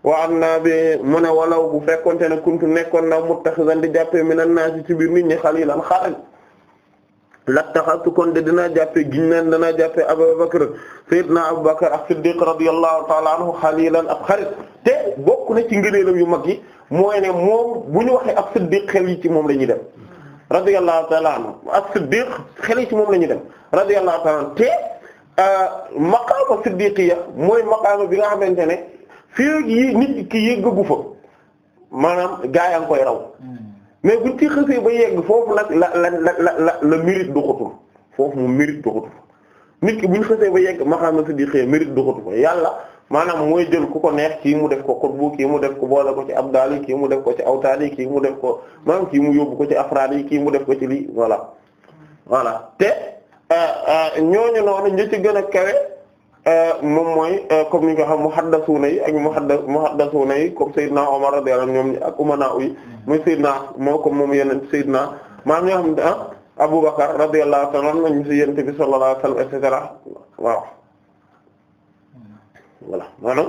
wa anna bi mu ne walaw bu fekkonte ne kuntu nekkoon na muttaxidan di jàppee naa naasi ci biir nit ñi xalilan xaral lattaxatu kon de dinaa jàppee giñ naan danaa jàppee Abubakar sayyidna Abubakar ak Siddiq radiyallahu ta'ala anhu xalilan ab xarit te bokk na ci ngëneelam yu mag yi mooy ne moom bu ñu waxee ak Siddiq xel yi ci moom la ñuy dem radiyallahu ta'ala anhu as-siddiq xel ci moom la ñu dem radiyallahu ta'ala anhu te euh, maqaama siddiqiyya mooy maqaama bi nga xamante ne fii yi nit ki yëggu fa maanaam gaa yaa ngi koy raw hmm. mais buñ ci xësee ba yegg foofu nag la la la la la mérite doxatul foofu mu mérite doxatul nit ki buñ xësee ba yegg maqaama siddiqiyya mérite doxatul yàlla. maanaam mooy jël ku ko neex kii mu def ko qutbu kii mu def ko boole ko ci abdal yi kii mu def ko ci awtaal yi kii mu def ko maanaam mu yóbbu ko ci afraad yi kii mu def ko ci lii voilà voilà te euh, euh, ñooñu noonu ñi gën a kawe euh, moom mooy comme ni nga xam mu yi ak muhaddas muhaddasuna yi comme Seydina Omar radiyallahu anhu ñoom ak umana yi muy Seydina moo comme moom yeneen Seydina maam ñoo xam ne ah Abubakar radiyallahu ta'ala anhu ñu ci bi sallallahu alayhi wa waaw voilà maanaam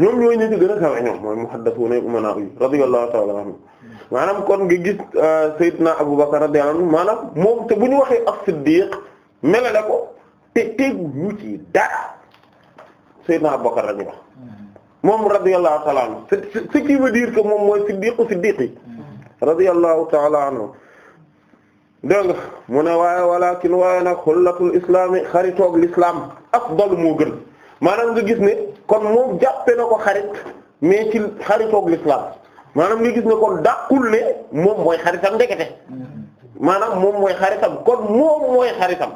ñoom ñooy ñi ci gën a kawe ñoom mooy muhaddasuna umana yi radiyallahu ta'ala anhum maanaam kon nga gis euh, sayyidina Abu Bakr radiyallahu anhu maanaam moom te bu ñu waxee as-Siddiq melale ko te tegu ñu ci dara sayyidina Abu Bakr lañu wax moom radiyallahu ta'ala anhu ce qui veut dire que moom mooy siddiqu siddiqi radiyallahu ta'ala anhu dégg nga mu ne waaye walakin waaye nag xullatul islami xaritoog l'islam afdal moo gën maanaam nga gis ne kon moom jàppe na ko xarit mais ci xaritoog l'islam maanaam nga gis ne kon dàqul ne moom mooy xaritam ndekete maanaam moom mooy xaritam kon moom mooy xaritam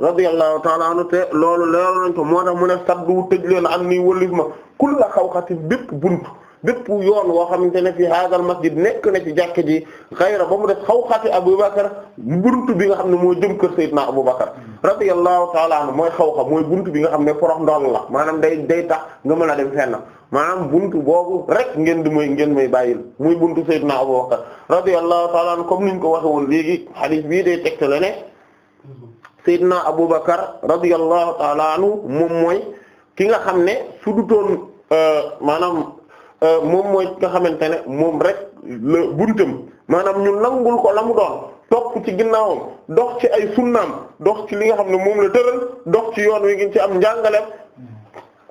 radiyallahu ta'ala anhu te loolu leeral nañ ko moo tax mu ne saddu tëj leen am nii wëlif ma kul la xawxatin bépp buntu bépp yoon woo xamante ne fi haadal masjid nekk na ci jàkk ji xayra ba mu def xawxati Abubakar buntu bi nga xam ne moo jëm kër Seydina Abubakar radiyallahu ta'ala anhu mooy xawxa mooy buntu bi nga xam ne porox ndoll la maanaam day day tax nga mën a dem fenn maanaam buntu boobu rek ngeen di mooy ngeen may bàyyil muy buntu Seydina Abubakar radiyallahu ta'ala anhu comme niñ ko waxe woon léegi hadith bii day tegtale ne Seydina Abubakar radiyallahu ta'ala anhu moom mooy ki nga xam ne su dutoon euh, maanaam Euh, moom mooy ki nga xamante ne moom rek la buntam maanaam ñu nangul ko la mu doon topp ci ginnaawam dox ci ay sunnaam dox ci li nga xam ne moom la tëral dox ci yoon wi ngi ci am njàngaleem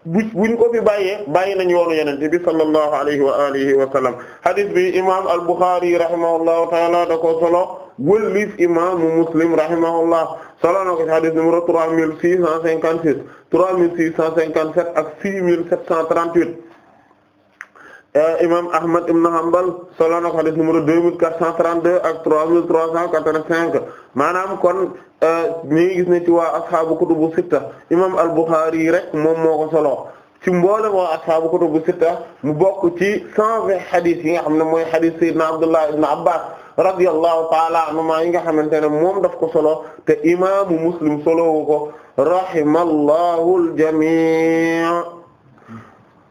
bu buñ ko fi bàyyee bàyyi nañ yoonu yenente bi sallallahu alayhi wa alihi wa sallam hadith bi imam al-Bukhari rahimahullahu taala da ko solo wëlif imaamu Muslim rahimahullah solo na ko ci hadith numéro 3656 3657 ak 6738 E, imam Ahmad ibn Hanbal solo na ko hadith numéro deux mille quatre cent trente-deux ak trois mille trois cent quatre-vingt-cinq maanaam kon e, ñu ngi gis ne ci waa ashaabu kutubu sitta imam al-Bukhari yi rek moom moo ko solo ci mboolem waa ashaabu kutubu sitta mu bokk ci cent vingt hadith yi nga xam ne mooy hadith sayyidina Abdullah ibn Abbas radiyallahu ta'ala anhuma yi nga xamante ne moom daf ko solo te imaamu Muslim solowu ko rahimallahu al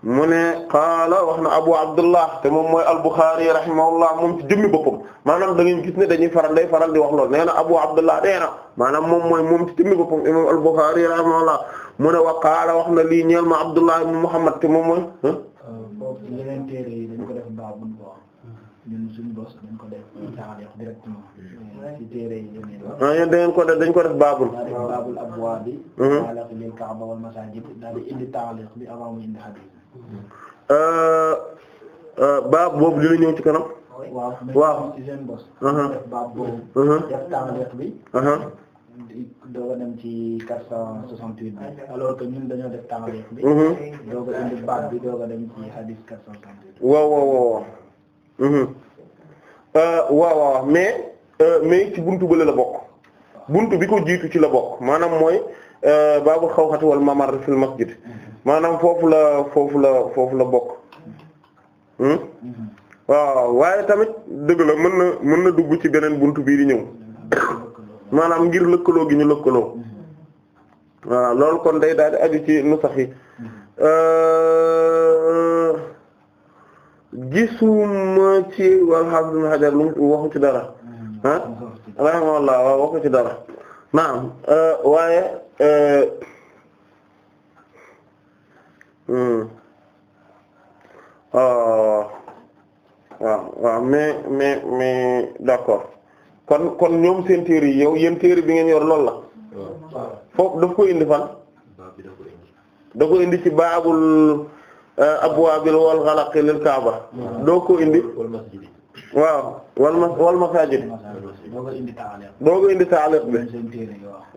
mu ne wax na Abu Abdullah te moom mooy al-Bukhari rahimahullah moom ci jëmmi boppam maanaam da ngeen gis ne dañuy faral day faral di wax lool nee na Abu Abdullah nee na maanaam moom mooy moom ci jëmmi boppam imam al-Bukhari rahimahullah mu ne wa qaala na lii ñeel ma Abdullah ibn Muhammad te moom mooy. foofu ah. yeneen téere yi dañ ko dañ ko def taarix directement ah, ko def dañ ko def Euh, euh, baab boobu dina ñëw ci kanam. waaw waaw ci seen bos. Uh-huh. baab boobu. Uh-huh. Uh-huh. ci 468 dañoo def tàngoor bi. waaw waaw waaw. waaw euh, waaw mais mais ci buntu bële la bokk. buntu bi ko jiitu ci la bokk maanaam mooy baabul xawxati wal mamar fil masjid. maanaam foofu la foofu la foofu la bokk hmm? waaw waaye tamit dëgg la mën na mën na dugg ci beneen bunt bii di ñëw maanaam ngir lëkkaloo gi ñu lëkkaloo voilà loolu kon day daal di aju ci nu sax yi euh, gisuma ci walxam ibn Hajar lu waxu ci dara ah rahimahullah waaw waxu ci dara naam euh, waaye euh, Mm. Ah, waaw waaw mais mais mais d'accord kon kon ñoom seen téere yi yow yéen téere bi ngeen yor loolu la foofu daf ko indi fan da ko indi ci baabul eh, abwaabil wal xalaq lil kaaba doo ko indi waaw wal ma wal masaajid doo ko indi taaliq bi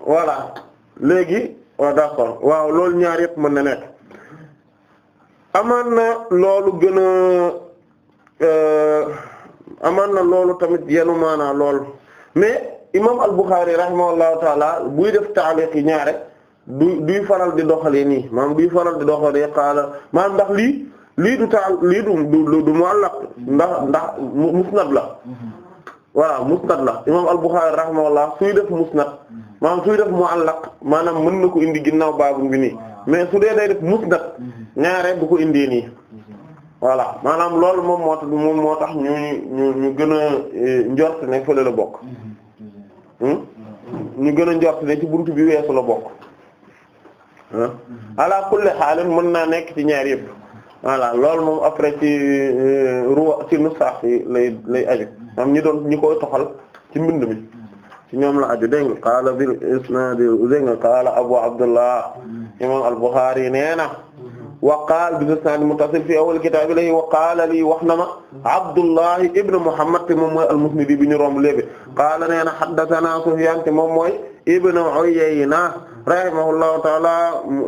voilà léegi waaw d'accord ñaar yëpp mën na amaan na loolu gën a euh, amaan na loolu tamit yenu maanaa lool mais imam al-Bukhari rahimahullahu taala buy def taaliq yi ñaare du duy faral di doxalee nii maanaam duy faral di doxalee xaala maanaam ndax lii lii du taal lii du du muallaq ndax ndax musnad la voilà musnad la imam al-Bukhari rahimahullah suy def musnad maanaam suy def muallaq maanaam mën na ko indi ginnaaw baabum bi nii mais su dee day def musnad ñaare bu ko indee nii voilà maanaam loolu moom moo tax moom moo tax ñu ñu ñu gën a e, njort ne fële la bokk hmm? ñu gën a njort ne ci bunt bi weesu la bokk ala kulli xaalin mën naa nekk ci ñaar yëpp voilà loolu moom après ci e, ruwa ci nu saax yi lay lay aju am ñi doon ñi koy toxal ci mbind mi ci ñoom la aju dégg nga qaala bil isnaad dégg nga qaala abu abdullah imam al-Bukhari nee na wa qaala bil isnaad muttasil fi awwal kitaab ilayhi wa qaala lii wax na ma abdullah ibn muhammad te moom mooy al-musnidi bi ñu romb léegi qaala nee na haddathanaa Sufyaan te moom mooy ibn Uyayna rahimahullahu ta'ala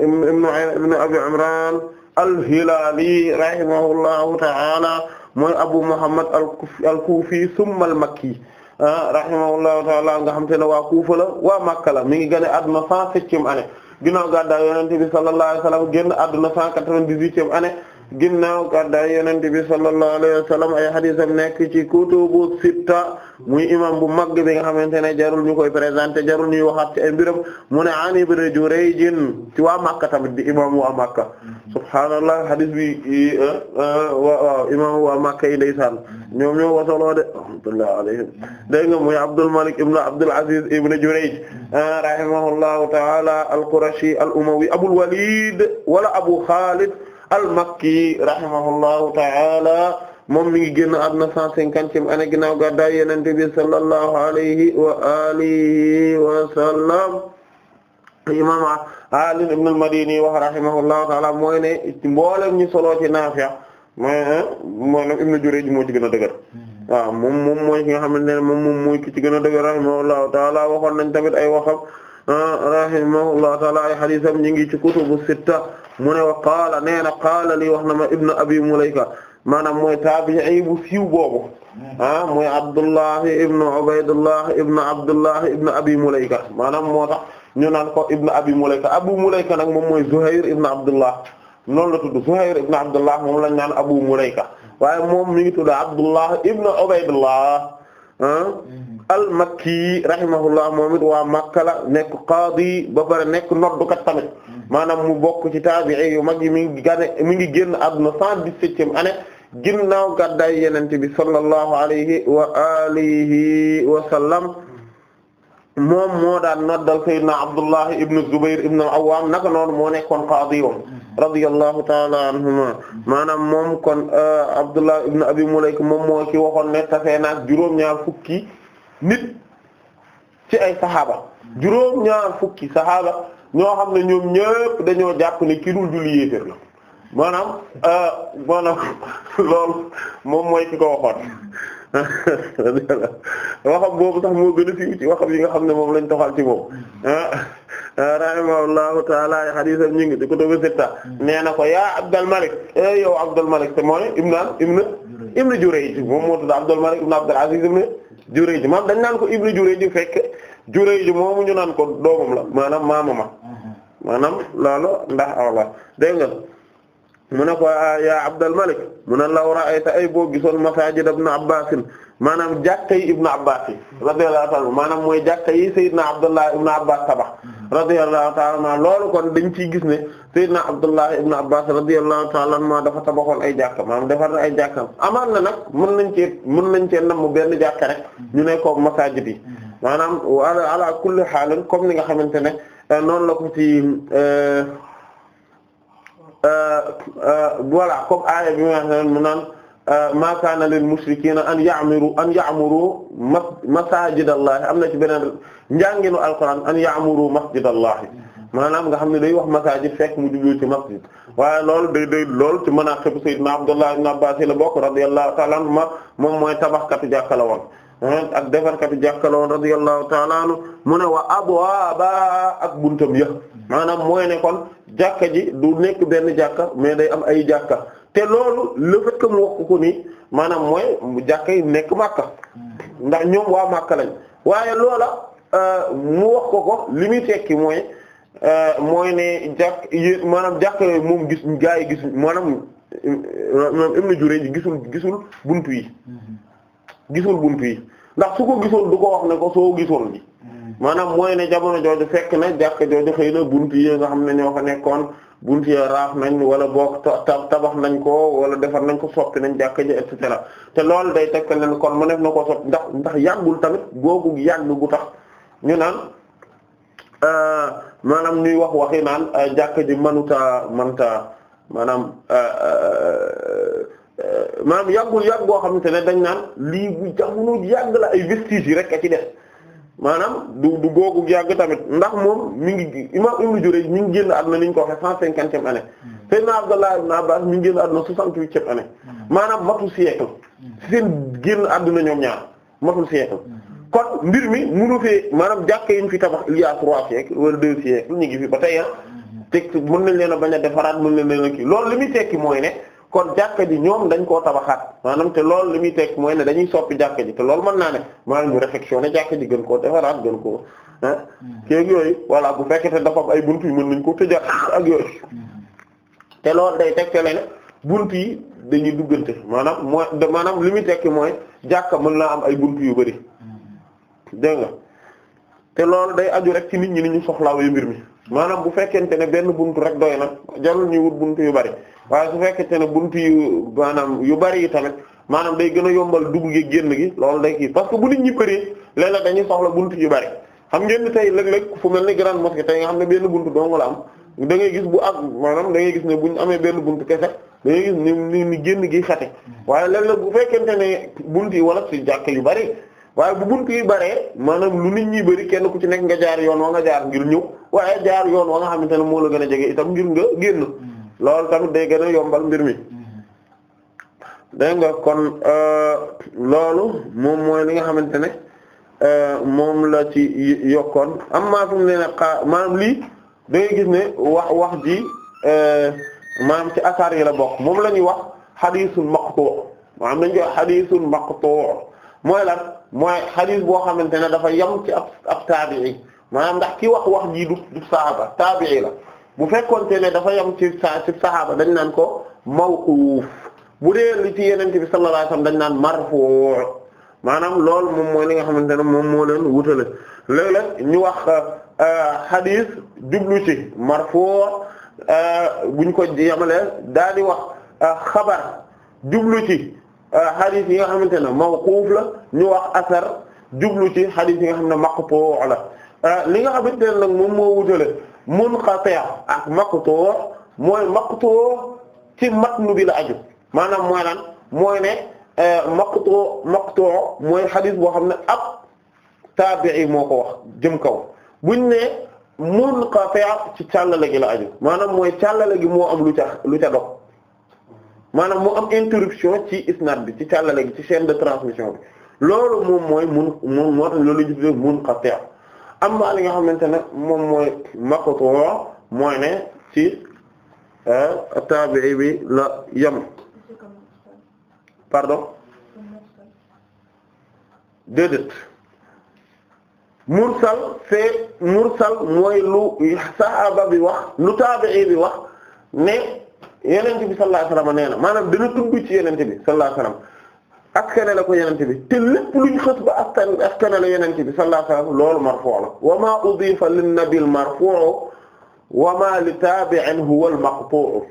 ibn ibn abi imran al-Hilaali rahimahullahu ta'ala mooy abu muhammad al-Kufi al-Makki Ah, rahimahullahu taala nga xam te ne waa Kufa la waa Makka la mi ngi gën a adduna cent septième année ginnaaw gàddaay Yonent bi sallallahu alayhi wa sallam génn adduna cent quatre-vingt-dix-huitième ginnaaw gàddaay yonent bi sallallahu alayhi wa sallam ay hadisam nekk ci kutubu sitta muy imam bu magg bi nga xamante ne jarul ñu koy présenté jarul ñuy waxaat ci ay mbiram mu ne an Ibn Jurayj ci waa Makka tamit di imam waa Makka subhaanallah bi e, e, waaw imam waa Makka yi ndeysaan ñoom ñoo wasaloo de rahmatullah alayhim dégg nga muy Abdul Malik ibn Abdul Aziz ibn Jurayj e, rahimahullahu ta'ala al-Qurashi al-Umawi Abul Walid wala Abu Khalid al-Makki rahimahullahu ta'ala moom mi ngi génn àdduna 150e année ginnaaw gàddaay Yonent bi sallallahu alayhi wa alihi wa sallam imam Ali ibn al-Madini wa rahimahullahu ta'ala mooy ne mboolem solo ci Naafi' mooy maanaam Ibn Jurayj moo ci gën a dëgër waaw moom moom mooy ki nga moom mooy ki ci gën a dëgër rahimahullahu ta'ala waxoon nañ tamit ay waxam Ah, rahimahullahu taala ay hadisam ñi ngi ci kutubu sitta mu ne wa qaala nee na qaala lii wax na ma ibnu abi mulayka maanaam mooy taabi'i bu siiw boobu hmm. ah mooy abdullahi ibnu ubaydullah ibnu abdullahi ibnu abi mulayka maanaam moo tax ñu naan ko ibnu abi mulayka abu mulayka nag moom mooy zuhair ibnu abdullah noonu la tudd zuhair ibnu moom lañ naan abu mulayka hmm. waaye moom mi ngi tudd abdullah ibnu ubaydullah Mm-hmm. al-Makki rahimahullah moom it waa Makka la nekk qaadi ba pare nekk noddukat tamit mm-hmm. maanaam mu bokk ci taabi'i yu mag yi mi ngi gane mi ngi génn àdduna 117e année ginnaaw gàddaay Yonent bi sallallahu alayhi wa alihi wa sallam moom moo daan noddal sayyidina Abdullah ibn Zubayr ibn al-Awwam naka noonu moo nekkoon qaadi woon radiyallahu ta'ala anhuma maanaam moom kon euh, Abdullah ibn Abi Mulayk moom moo ki waxoon ne tafee naag juróom-ñaar fukki nit ci ay saxaaba juróom-ñaar fukki saxaaba ñoo xam ne ñoom ñëpp dañoo jàpp ne ki dul julli yéeféer la maanaam euh, maanaam loolu moom mooy ki ko waxoon waxam boobu sax moo gën a siiw waxam yi nga xam ne moom lañ toxal ci moom ah, ah, rahimahullahu taala hadisam ñi ngi di ko doga sitta nee na ko yaa Abdul Malik eh, yow Abdul Malik te mooy ibn ibn ibn Jurayj moom moo tudd Abdul Malik ibn Abdul Aziz ibn Jurayj maam dañ naan ko ibn Jurayj fekk Jurayj moomu ñu naan ko doomam la maanaam maamama mm-hmm. maanaam loolu ndax awla dégg mu ne ko ah, ya Abdul Malik a ne law ra'ayta ay boo gisoon masaajid ibn Abbaas maanaam jàkka yi ibn Abbaas yi radiyallahu ta'ala maanaam mooy jàkka yi Seydina Abdullah ibn Abbaas tabax radiyallahu ta'ala ma loolu kon dañ ciy gis ne Seydina Abdullah ibn Abbaas radiyallahu ta'ala ma dafa tabaxoon ay jàkka maanaam defar na ay jàkka amaan na nag mën nañ cee mën nañ cee nam mu benn jàkka rek ñu ne ko masaajid yi maanaam ala kulli xaalin comme ni nga xamante ne eh, noonu la ko ci eh, Euh, euh, voilà comme aaya bi ma mu naan euh, ma kaana lil mushrikiina an ya'muru an ya'muru masaajidallahi am na ci beneen njànginu alquran an ya'muru masjidallahi maanaam nga xam ne day wax masaajid fekk mu jublu ci masjid waaye loolu day day lool ci mën a xëpp sayyidna Abdullah ibn Abbas la bokk radiyallahu ta'ala anhuma moom mooy tabaxkatu jàkka la woon ak defarkatu jàkka la woon radiyallahu ta'ala anhu mu ne wa abwaaba ak buntam yëpp maanaam mooy ne kon jàkka ji du nekk benn jàkka mais day am ay jàkka te loolu le fait mu wax ko ni maanaam mooy mu jàkka yi nekk Makka ndax ñoom waa Makka lañ waaye loola euh, mu wax ko ko li muy tekki mooy euh, mooy ne jàkk maanaam jàkka yooyu moom gis gaa yi gis maanaam euh, maanaam Ibn Jurayj gisul gisul buntu yi mm-hmm. gisul buntu yi ndax su ko gisoon du ko wax ne ko soo gisoon bi maanaam mooy ne jamono jooju fekk na jàkka jooju xëy na buntu nga xam ne ñoo fa nekkoon buntu ya raaf nañ wala boog tabax nañ ko wala defar nañ ko soppi nañ jàkka ji et cetera te loolu day teg leen kon mu nekk na ko soppi ndax ndax yàggul tamit googu yàgg gu tax ñu naan euh, maanaam ñuy wax waxi naan a euh, jàkka ji manuta manta maanaam euh, maanaam yàggul yàgg boo xamante ne dañ naan lii bu jamono yàgg la ay vestiges yi rek a ci de maanaam du du googu yàgg tamit ndax moom mi ngi imam Ibn Jurayj mi ngi génn àdduna ni ñu ko waxee cent cinquantième année hmm. Seydina Abdallah ibn Abbas mi ngi génn àdduna soixante-huitième année hmm. maanaam matul siècle hmm. seen génn àdduna ñoom ñaar matul siècle kon mbir mi munu fee maanaam jàkka yiñ fi tabax il y a trois siècles wala deux siècles ñu ngi fi ba tey ah teg mën nañ leen a bañ a defaraat mën nañ leen a kii loolu li muy tekki mooy ne kon jàkka ji ñoom dañ koo tabaxaat maanaam te loolu li muy teg mooy ne dañuy soppi jàkka ji te loolu mën naa ne maanaam ñu réfectionné jàkka ji gën koo defaraat gën koo ah hmm. kéeg yooyu voilà bu fekkete dafa am ay buntu yu mën nañ ko tëjaat ak yooyu hmm. te loolu day tegtale ne buntu yi dañuy duggante maanaam mooy maanaam li muy tekki mooy jàkka mën naa am ay buntu yu bari hmm. dégg nga te loolu day aju rek ci nit ñi ni ñu soxlaa yu mbir mi maanaam bu fekkente ne benn buntu rek doy na jarul ñuy wut buntu yu bari waaye su fekkente ne bunt yu maanaam yu bari yi tamit maanaam day gën a yombal dugg gi génn gi loolu day parce que bu nit ñi bëree léeg-léeg dañuy soxla buntu yu bari xam ngeen tey léeg-léeg fu mel ni grande mosquée tey nga xam ne benn buntu dong la am da ngay gis bu ak maanaam da ngay gis ne bu buñ amee benn bunt kese da gis ni ni génn gi xate hmm. waaye léeg-léeg bu fekkente ne buntu yi wala ci jàkk yu bari waaye bu buntu yi baree maanaam lu nit ñi bëri kenn ku ci nekk nga jaar yoon wa nga jaar ngir ñëw waaye jaar yoon wa nga xamante ne moo la gën a jege itam ngir nga génn mm-hmm. loolu tamit gën a yombal mbir mi mm-hmm. dégg nga kon euh, loolu moom li nga xamante ne euh, moom la ci yokkoon am maa fi mu ne nag maanaam lii da gis ne wax wax ji euh, maanaam ci asaar yi la bokk moom la ñuy wax xadisul maqtu' maanaam dañ koy xadisul maqtu' mooy lan mooy xadis boo xamante ne dafa yam ci ab ab taabii maanaam ndax ki wax wax ji du du saxaaba taabii la bu fekkonte ne dafa yem ci sa ci saxaaba dañ naan ko mawquuf bu dee li ci yeneen bi sallallahu alayhi wasallam dañ naan marfuu maanaam loolu moom mooy li nga xamante ne moom moo leen wutale léeg-léeg ñu wax euh, xadis jublu ci marfuu euh, buñ ko yemale daal di wax euh, xabar jublu ci. hadith yi nga xamante ne mawquf la ñu wax asar jublu ci hadith yi nga xam ne maqtu' la li nga xamante ne nag moom moo wutale munqati' ak maqtu' mooy maqtu' ci matnu bi bila aju maanaam mooy lan mooy ne e, maqtu' maqtu' mooy hadith boo xam ne ab taabi'i moo ko wax jëm kaw buñ ne munqati' ci càllale gi la aju maanaam mooy càllale gi moo am lu ca lu maanaam mu am interruption ci isnad bi ci càllale gi ci chaîne de transmission bi loolu moom mooy mun mun moo tax loolu ñu tuddee am na li nga xamante ne moom mooy maqtu' mooy ne ci eh, tabi'i bi la yam pardon déedéet mursal c'est mursal mooy lu saxaaba bi wax lu tabi'i bi wax ne yenente bi sallallahu alayhi nee maanaam dana tudd ci yenente bi sallallahu alayhi wasallam askane la ko yenente bi te lépp luñ xës ba askane la yenente bi sallallahu alayhi loolu marfu' la wa ma udifa lin nabi al marfu' wa ma li tabi'in huwa al maqtu'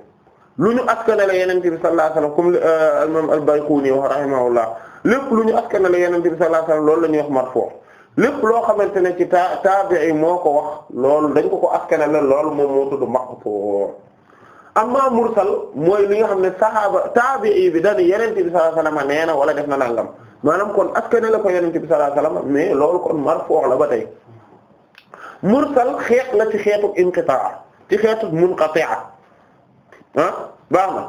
lu ñu askane la yenente bi sallallahu alayhi wasallam comme euh, al imam al bayquni wa rahimahullah lépp lu ñu askane la yenente bi sallallahu loolu la ñuy wax marfu' lépp loo xamante ne ci ta tabi'i moo ko wax loolu dañ ko ko askane la loolu moom moo tudd maqtu' amma mursal mooy li nga xam ne saxaaba taabi'i bi dañu yonent bi sallallahu alayhi wala def na nangam maanaam kon askan la ko yonent bi sallallahu alayhi wasallam mais loolu kon marfu' la ba tey mursal la ci xeetu inqitaa ci xeetu munqati'a ah baax na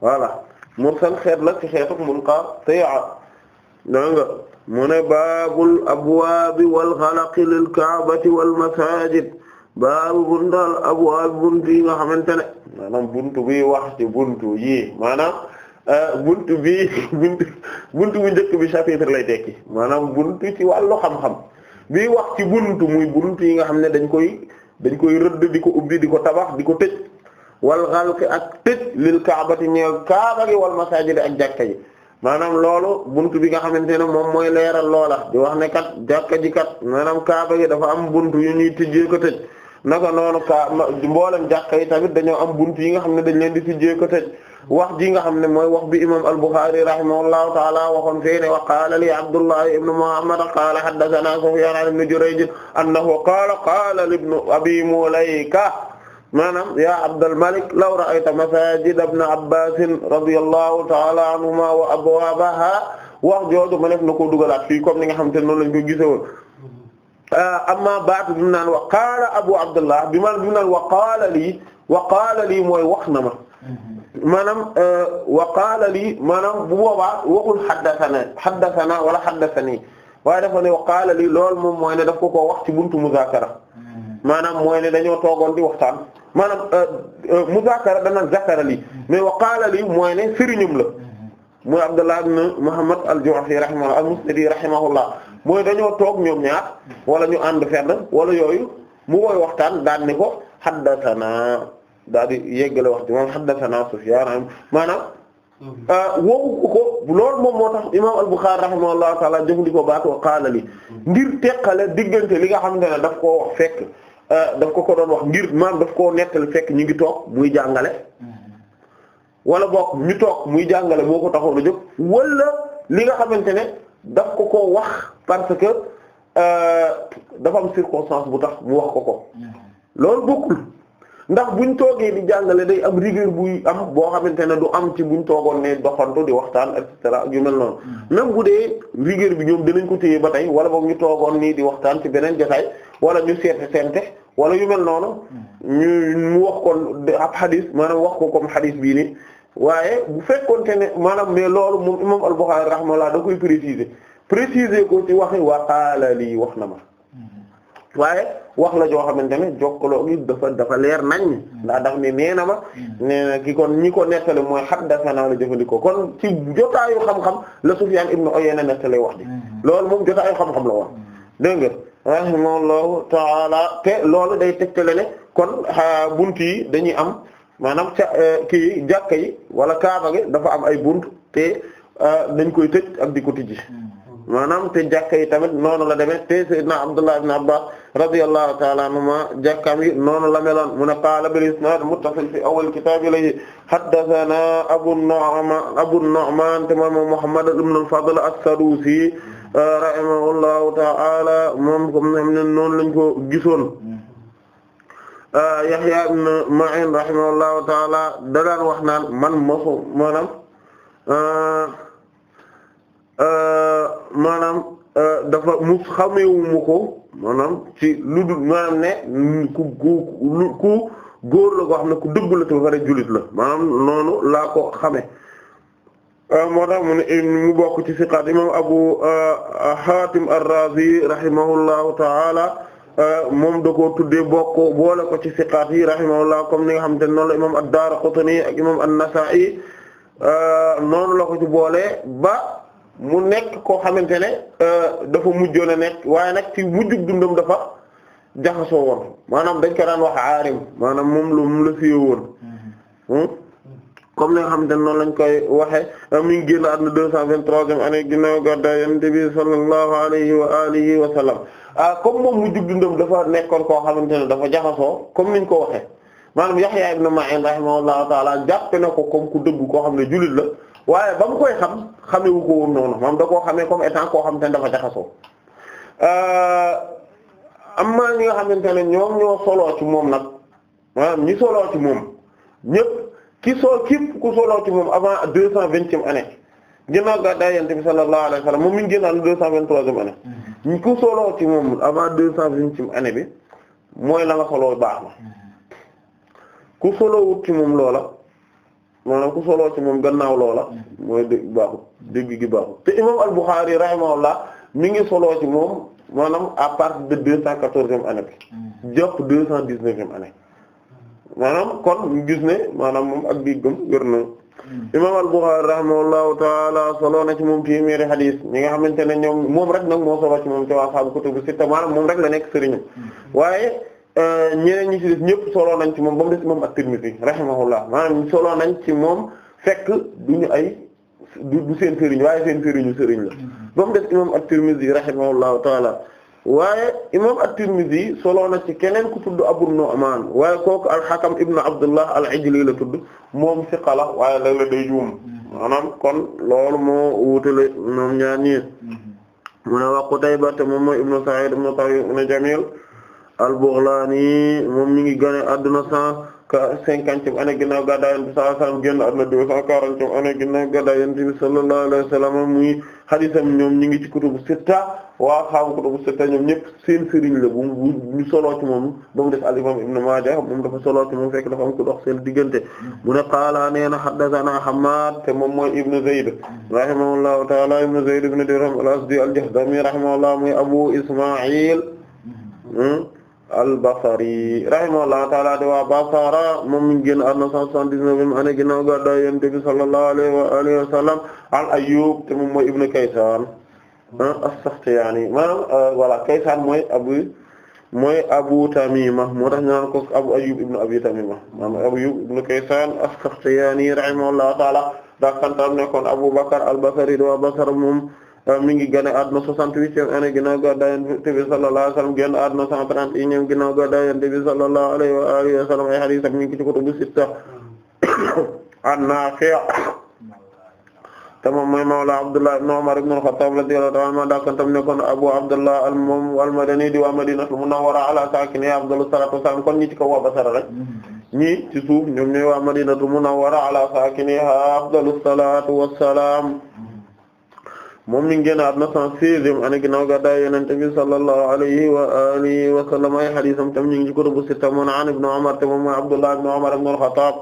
voilà mursal xeet la ci xeetu munqati'a danga mu ne baabul abwaabi wal xalaqi lil ka'bati wal masaajid baabu bundaal abwaab bunt yi nga xamante maanaam buntu bi wax ci buntu yi maanaam euh, buntu bi buntu buntu bu njëkk bi chapitre lay tekki maanaam buntu ci wàllu xam-xam bi wax ci buntu muy buntu yi nga xam ne dañ koy dañ koy rëdd di ko ubbi di ko tabax di ko tëj wal xalqi ak tëj lil kaabati ñeel kaaba gi wal masaajidi ak jàkka ji maanaam loolu buntu bi nga xamante ne moom mooy leeral loola di wax ne kat jàkka ji kat maanaam kaaba gi dafa am buntu yu ñuy tijjee ko tëj naka noonu ka mboolem jàkka yi tamit dañoo am buntu yi nga xam ne dañ leen di tijjee ko tëj wax ji nga xam ne mooy wax bi imam al-Bukhari rahimahullahu taala waxoon fii ne wa qaala li Abdullahi ibn Muhammad qaala haddathana Sufyan ibn Jurayj annahu qaala qaala li ibn Abi Mulayka maanaam ya Abdul Malik law ra'ayta masajid ibn Abbas radiyallahu taala anhuma wa abwabaha wax jooju ma def na ko dugalaat fii comme ni nga xam te noonu lañ ko gisewoon Euh, amma baatu bi mu naan wa qaala abu abdullah bi man bi mu naan wa qaala lii wa qaala lii mooy wax na ma maanaam euh, wa qaala lii maanaam bu boobaa waxul xaddasanaa xaddasanaa wala xaddasanii waaye dafa ne wa qaala lii loolu moom mooy ne daf ko koo wax ci buntu muzaakara maanaam mooy ne dañoo toogoon di waxtaan maanaam euh, muzaakara dana zakara lii mais wa qaala lii mooy ne sëriñam la mooy abdullah ibn muhammad al-ju'fi rahimahullah al-musnadi rahimahullah mooy dañoo toog ñoom ñaar wala ñu ànd fenn wala yooyu mu woy waxtaan daan ni ko haddathana daal di yeggale wax ji moom haddathana Sufyaan maanaam mm-hmm. ah, woo ko loolu moom moo tax imaam al-Bukhârî rahimahullahu taala jëfandikoo baatu wa qaala li mm-hmm. ngir teqale diggante li nga xam ne daf koo wax fekk ah, daf ko ko doon wax ngir maam daf koo nettali fekk ñu ngi toog muy jàngale mm-hmm. wala boog ñu toog muy jàngale moo ko taxoon a jóg wala li nga xamante ne daf ko ko wax parce que euh, dafa am circonstance bu tax mu wax ko ko loolu bokkul ndax buñ toogee di jàngale day am rigueur buy am boo xamante ne du am ci buñ toogoon ne doxantu di waxtaan et cetera yu mel noonu mm. même bu dee rigueur bi ñoom dinañ ko téye ba tey wala boog ñu toogoon nii di waxtaan ci beneen jotaay wala ñu seete seente wala yu mel noonu mm. ñu mu wax ko ab xadis maanaam wax ko comme xadis bii nii waaye bu fekkoonte ne maanaam mais loolu moom imam al-Bukhari rahimahullah da koy préciser préciser ko ci waxi wa qaala lii wax na ma mm-hmm. waaye wax la joo xamante ne jokkaloo gi dafa dafa leer nañ mm-hmm. ndax daf ne nee na ma mm-hmm. nee ki kon ñi ko nettale mooy haddathana la jëfandikoo kon ci jotaayu xam-xam la o ibn Uyayna nettale wax di loolu moom jotaayu xam-xam la woon dégg nga rahimahullahu ta'ala te loolu day tegtale ne kon buntu yi dañuy am maanaam ca euh, kii jàkka yi wala kaaba gi dafa am ay bunt te dañ euh, koy tëj ak di ko tijji hmm. maanaam te jàkka yi tamit noonu la demee te sayyidna Abdullah ibn Abbas radiyallahu ta'ala anhuma jàkkaam yi noonu la meloon mu ne qaala bil isnad muttasil fi awwal kitab ilayhi haddathana Abu Nu'man Abu Nu'man te moom Muhammad ibn al-Fadl as-Sadusi hmm. euh, rahimahullahu ta'ala moom comme ne noonu lañ ko gisoon hmm. Euh, Yahya ibn Ma'in rahimahullahu taala da daan wax naan man mosu maanaam euh, euh, maanaam dafa mu xamewuma ko maanaam ci lu dul maanaam ne ku ku góor la koo xam ne ku dëgg la te ba pare jullit la maanaam noonu laa ko xame moo tax mu ne mu bokk ci siqaat imam Abu Hatim ar-Razi rahimahullahu taala Euh, moom da tudde tuddee bokk boole ko ci siqaat yi rahimahullah comme ni xam xamante ne noonu la imam ad-Daraqutni ak imam an-Nasa'i euh, noonu la ko ci boole ba mu nekk koo xamante ne euh, dafa mujjoon a nekk waaye nag ci mujjug dundam dafa jaxasoo woon maanaam dañ ko daan wax aarim maanaam moom lu mu la fiye woon mm-hmm. hmm? comme li xam xamante ne noonu lañ koy waxe mi ngi génn àdduna deux cent vingt-troisième année ginnaaw gàddaay Yonent bi sallallahu alayhi wa alihi wa sallam ah, comme moom mu jug dundam dafa nekkoon koo xamante ne dafa jaxasoo comme niñ ko waxe maanaam Yahya ibn Ma'in rahimahullahu ta'ala jàppe na ko comme ku dëgg koo xam ne jullit la waaye ba mu koy xam xamewu ko woon noonu moom da koo xamee comme étant koo xamante ne dafa jaxasoo ah, am na ñi nga xamante ne ñoom ñoo soloo ci moom nag maanaam ñi soloo ci moom ñëpp ki soo képp ku soloo ci moom avant deux cent vingtième année ginnaaw gàddaay yonent bi sallallahu alayhi wa sallam moom mi ngi génnaal deux cent vingt-troisième année mm-hmm. ku soloo ci moom avant deux cent vingtième année bi mooy la nga soloo baax na mm-hmm. ku soloo wut ci moom loola maanaam ku soloo ci moom gannaaw loola mm-hmm. mooy dégg baaxut dégg gi baaxut te imam al-Bukhari rahimahullah mi ngi soloo ci moom maanaam à partir de deux cent quatorzième année bi jàpp deux cent dix-neuvième année maanaam kon ñu gis ne maanaam moom ak déggam wér na imam al-Bukhari rahimahullahu taala solo na ci moom téeméeri hadis ñi nga xamante ne ñoom moom rek nag moo solo ci moom ci waa saabu kutubu sitta maanaam moom rek la nekk sëriñam waaye euh, ñeneen ñi ci def ñëpp solo nañ ci moom ba mu des moom at-Tirmidhi rahimahullah maanaam solo nañ ci moom fekk duñu ay du seen sëriñ waaye seen sëriñu sëriñ la mm-hmm. ba mu des imam at-Tirmidhi rahimahullahu taala waaye imam at-Tirmidhi solo na ci keneen ku tudd Abu Nu'man waaye kooku al-Hakam ibn Abdullah al-Ijli la tudd moom si waaye la la day juum maanaam kon loolu moo wutale ñoom ñaar ñi mu ne wa Qutayba te moom mooy ibn Sa'id ibn Jamil al-Baghlani moom mi ngi gane adduna cent cinquantième année ginnaaw gàddaay Yonent bi sallallahu alayhi wasallam génn adduna cent quarantième année ginnaaw gàddaay Yonent bi sallallahu alayhi wasallam muy hadiisam ñoom ñi ngi ci kutubu sitta waa xaabu kutubu sitta ñoom ñëpp seen sëriñ la bu mu soloo moom ba mu def al imam ibn Maaja moom dafa soloo ci moom fekk dafa am ko dox seen diggante mu ne qaala nee na haddathana Hammaad te moom mooy ibn Zayd rahimahullahu ta'ala ibn Zayd ibn Dirham al-Asdi al-Jahdami rahimahullah mooy Abu Isma'il al-Basri rahimahullahu ta'ala de waa Basra moom mi ngi génn àdduna 179 bi mu année ginnaaw gàddaay Yonent bi sallallahu alayhi wa alihi wa sallam te moom mooy ibn Ah, as-Saxtiyaani maanaam euh, voilà Kaysaan mooy abu mooy Abu Tamima moo tax ñu naan ko Abu Ayyub ibn Abi Tamima maanaam Abu Ayyub ibn Kaysaan as-Saxtiyaani rahimahullahu ta'ala daa kantam nekkoon Abu Bakr al-Basri wa Basra moom euh, mi ngi génn àdduna 68e année ginnaaw gàddaay Yonent bi sallallahu alayhi wa sallam génn àdduna 131e ginnaaw gàddaay Yonent bi sallallahu alayhi wa alihi wa sallam ay hadiis mi ngi ci kutubu sitta te moom mooy mawla Abdullah ibn Umar ibn al-Khattab radiyallahu ta'ala anhu daakantam nekkoon Abu Abdullah al-moom al-Madani di waa Madinatul Munawwara ala saakinihaa afdalu salaatu wassalaam kon ñi ci kaw waa Basra rek ñi ci suuf ñoom ñooy waa Madinatul Munawwara ala saakinihaa afdalu salaatu wassalaam moom mi ngi génn àdduna 116 ani ginnaaw gàddaay Yonent bi sallallahu alayhi wa alihi wa sallam ay hadiisam tam ñu ngi ci kutubu sitta mu an Ibn Umar te moom mooy Abdullah ibn Umar ibn al-Khattab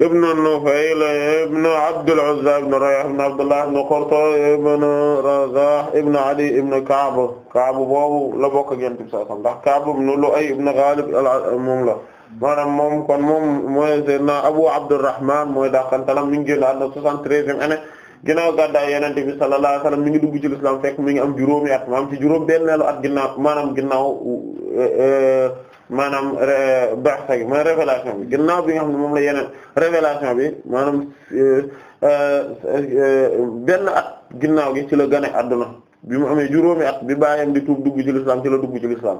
ibn Nufayl ibn Abdul Uzza ibn Rayah ibn Abdullah ibn Qurta ibn Razah ibn Ali ibn Ka'b kaabu boobu la bokk ak Yonent bi sallallahu alayhi wasallam ndax Ka'b ibn Lu'ay ibn Ghalib moom la maanaam moom kon moom mooy Seydina Abu Abdurrahman mooy dàqantalam mi ngi génn àdduna 73e année ginnaaw gàddaay Yonent bi sallallahu alayhi wasallam mi ngi dugg ci l'islam fekk mi ngi am juróomi at maanaam ci juróom benneelu at ginnaaw maanaam ginnaaw euh, euh, maanaam baaxsa gi maanaam révélation bi ginnaaw bi nga xam ne moom la yeneen révélation bi maanaam euh, euh, benn at ginnaaw gi ci la gane àdduna bi mu amee juróomi at bi baayam di tuub dugg ci lislaam ci la dugg ci lislaam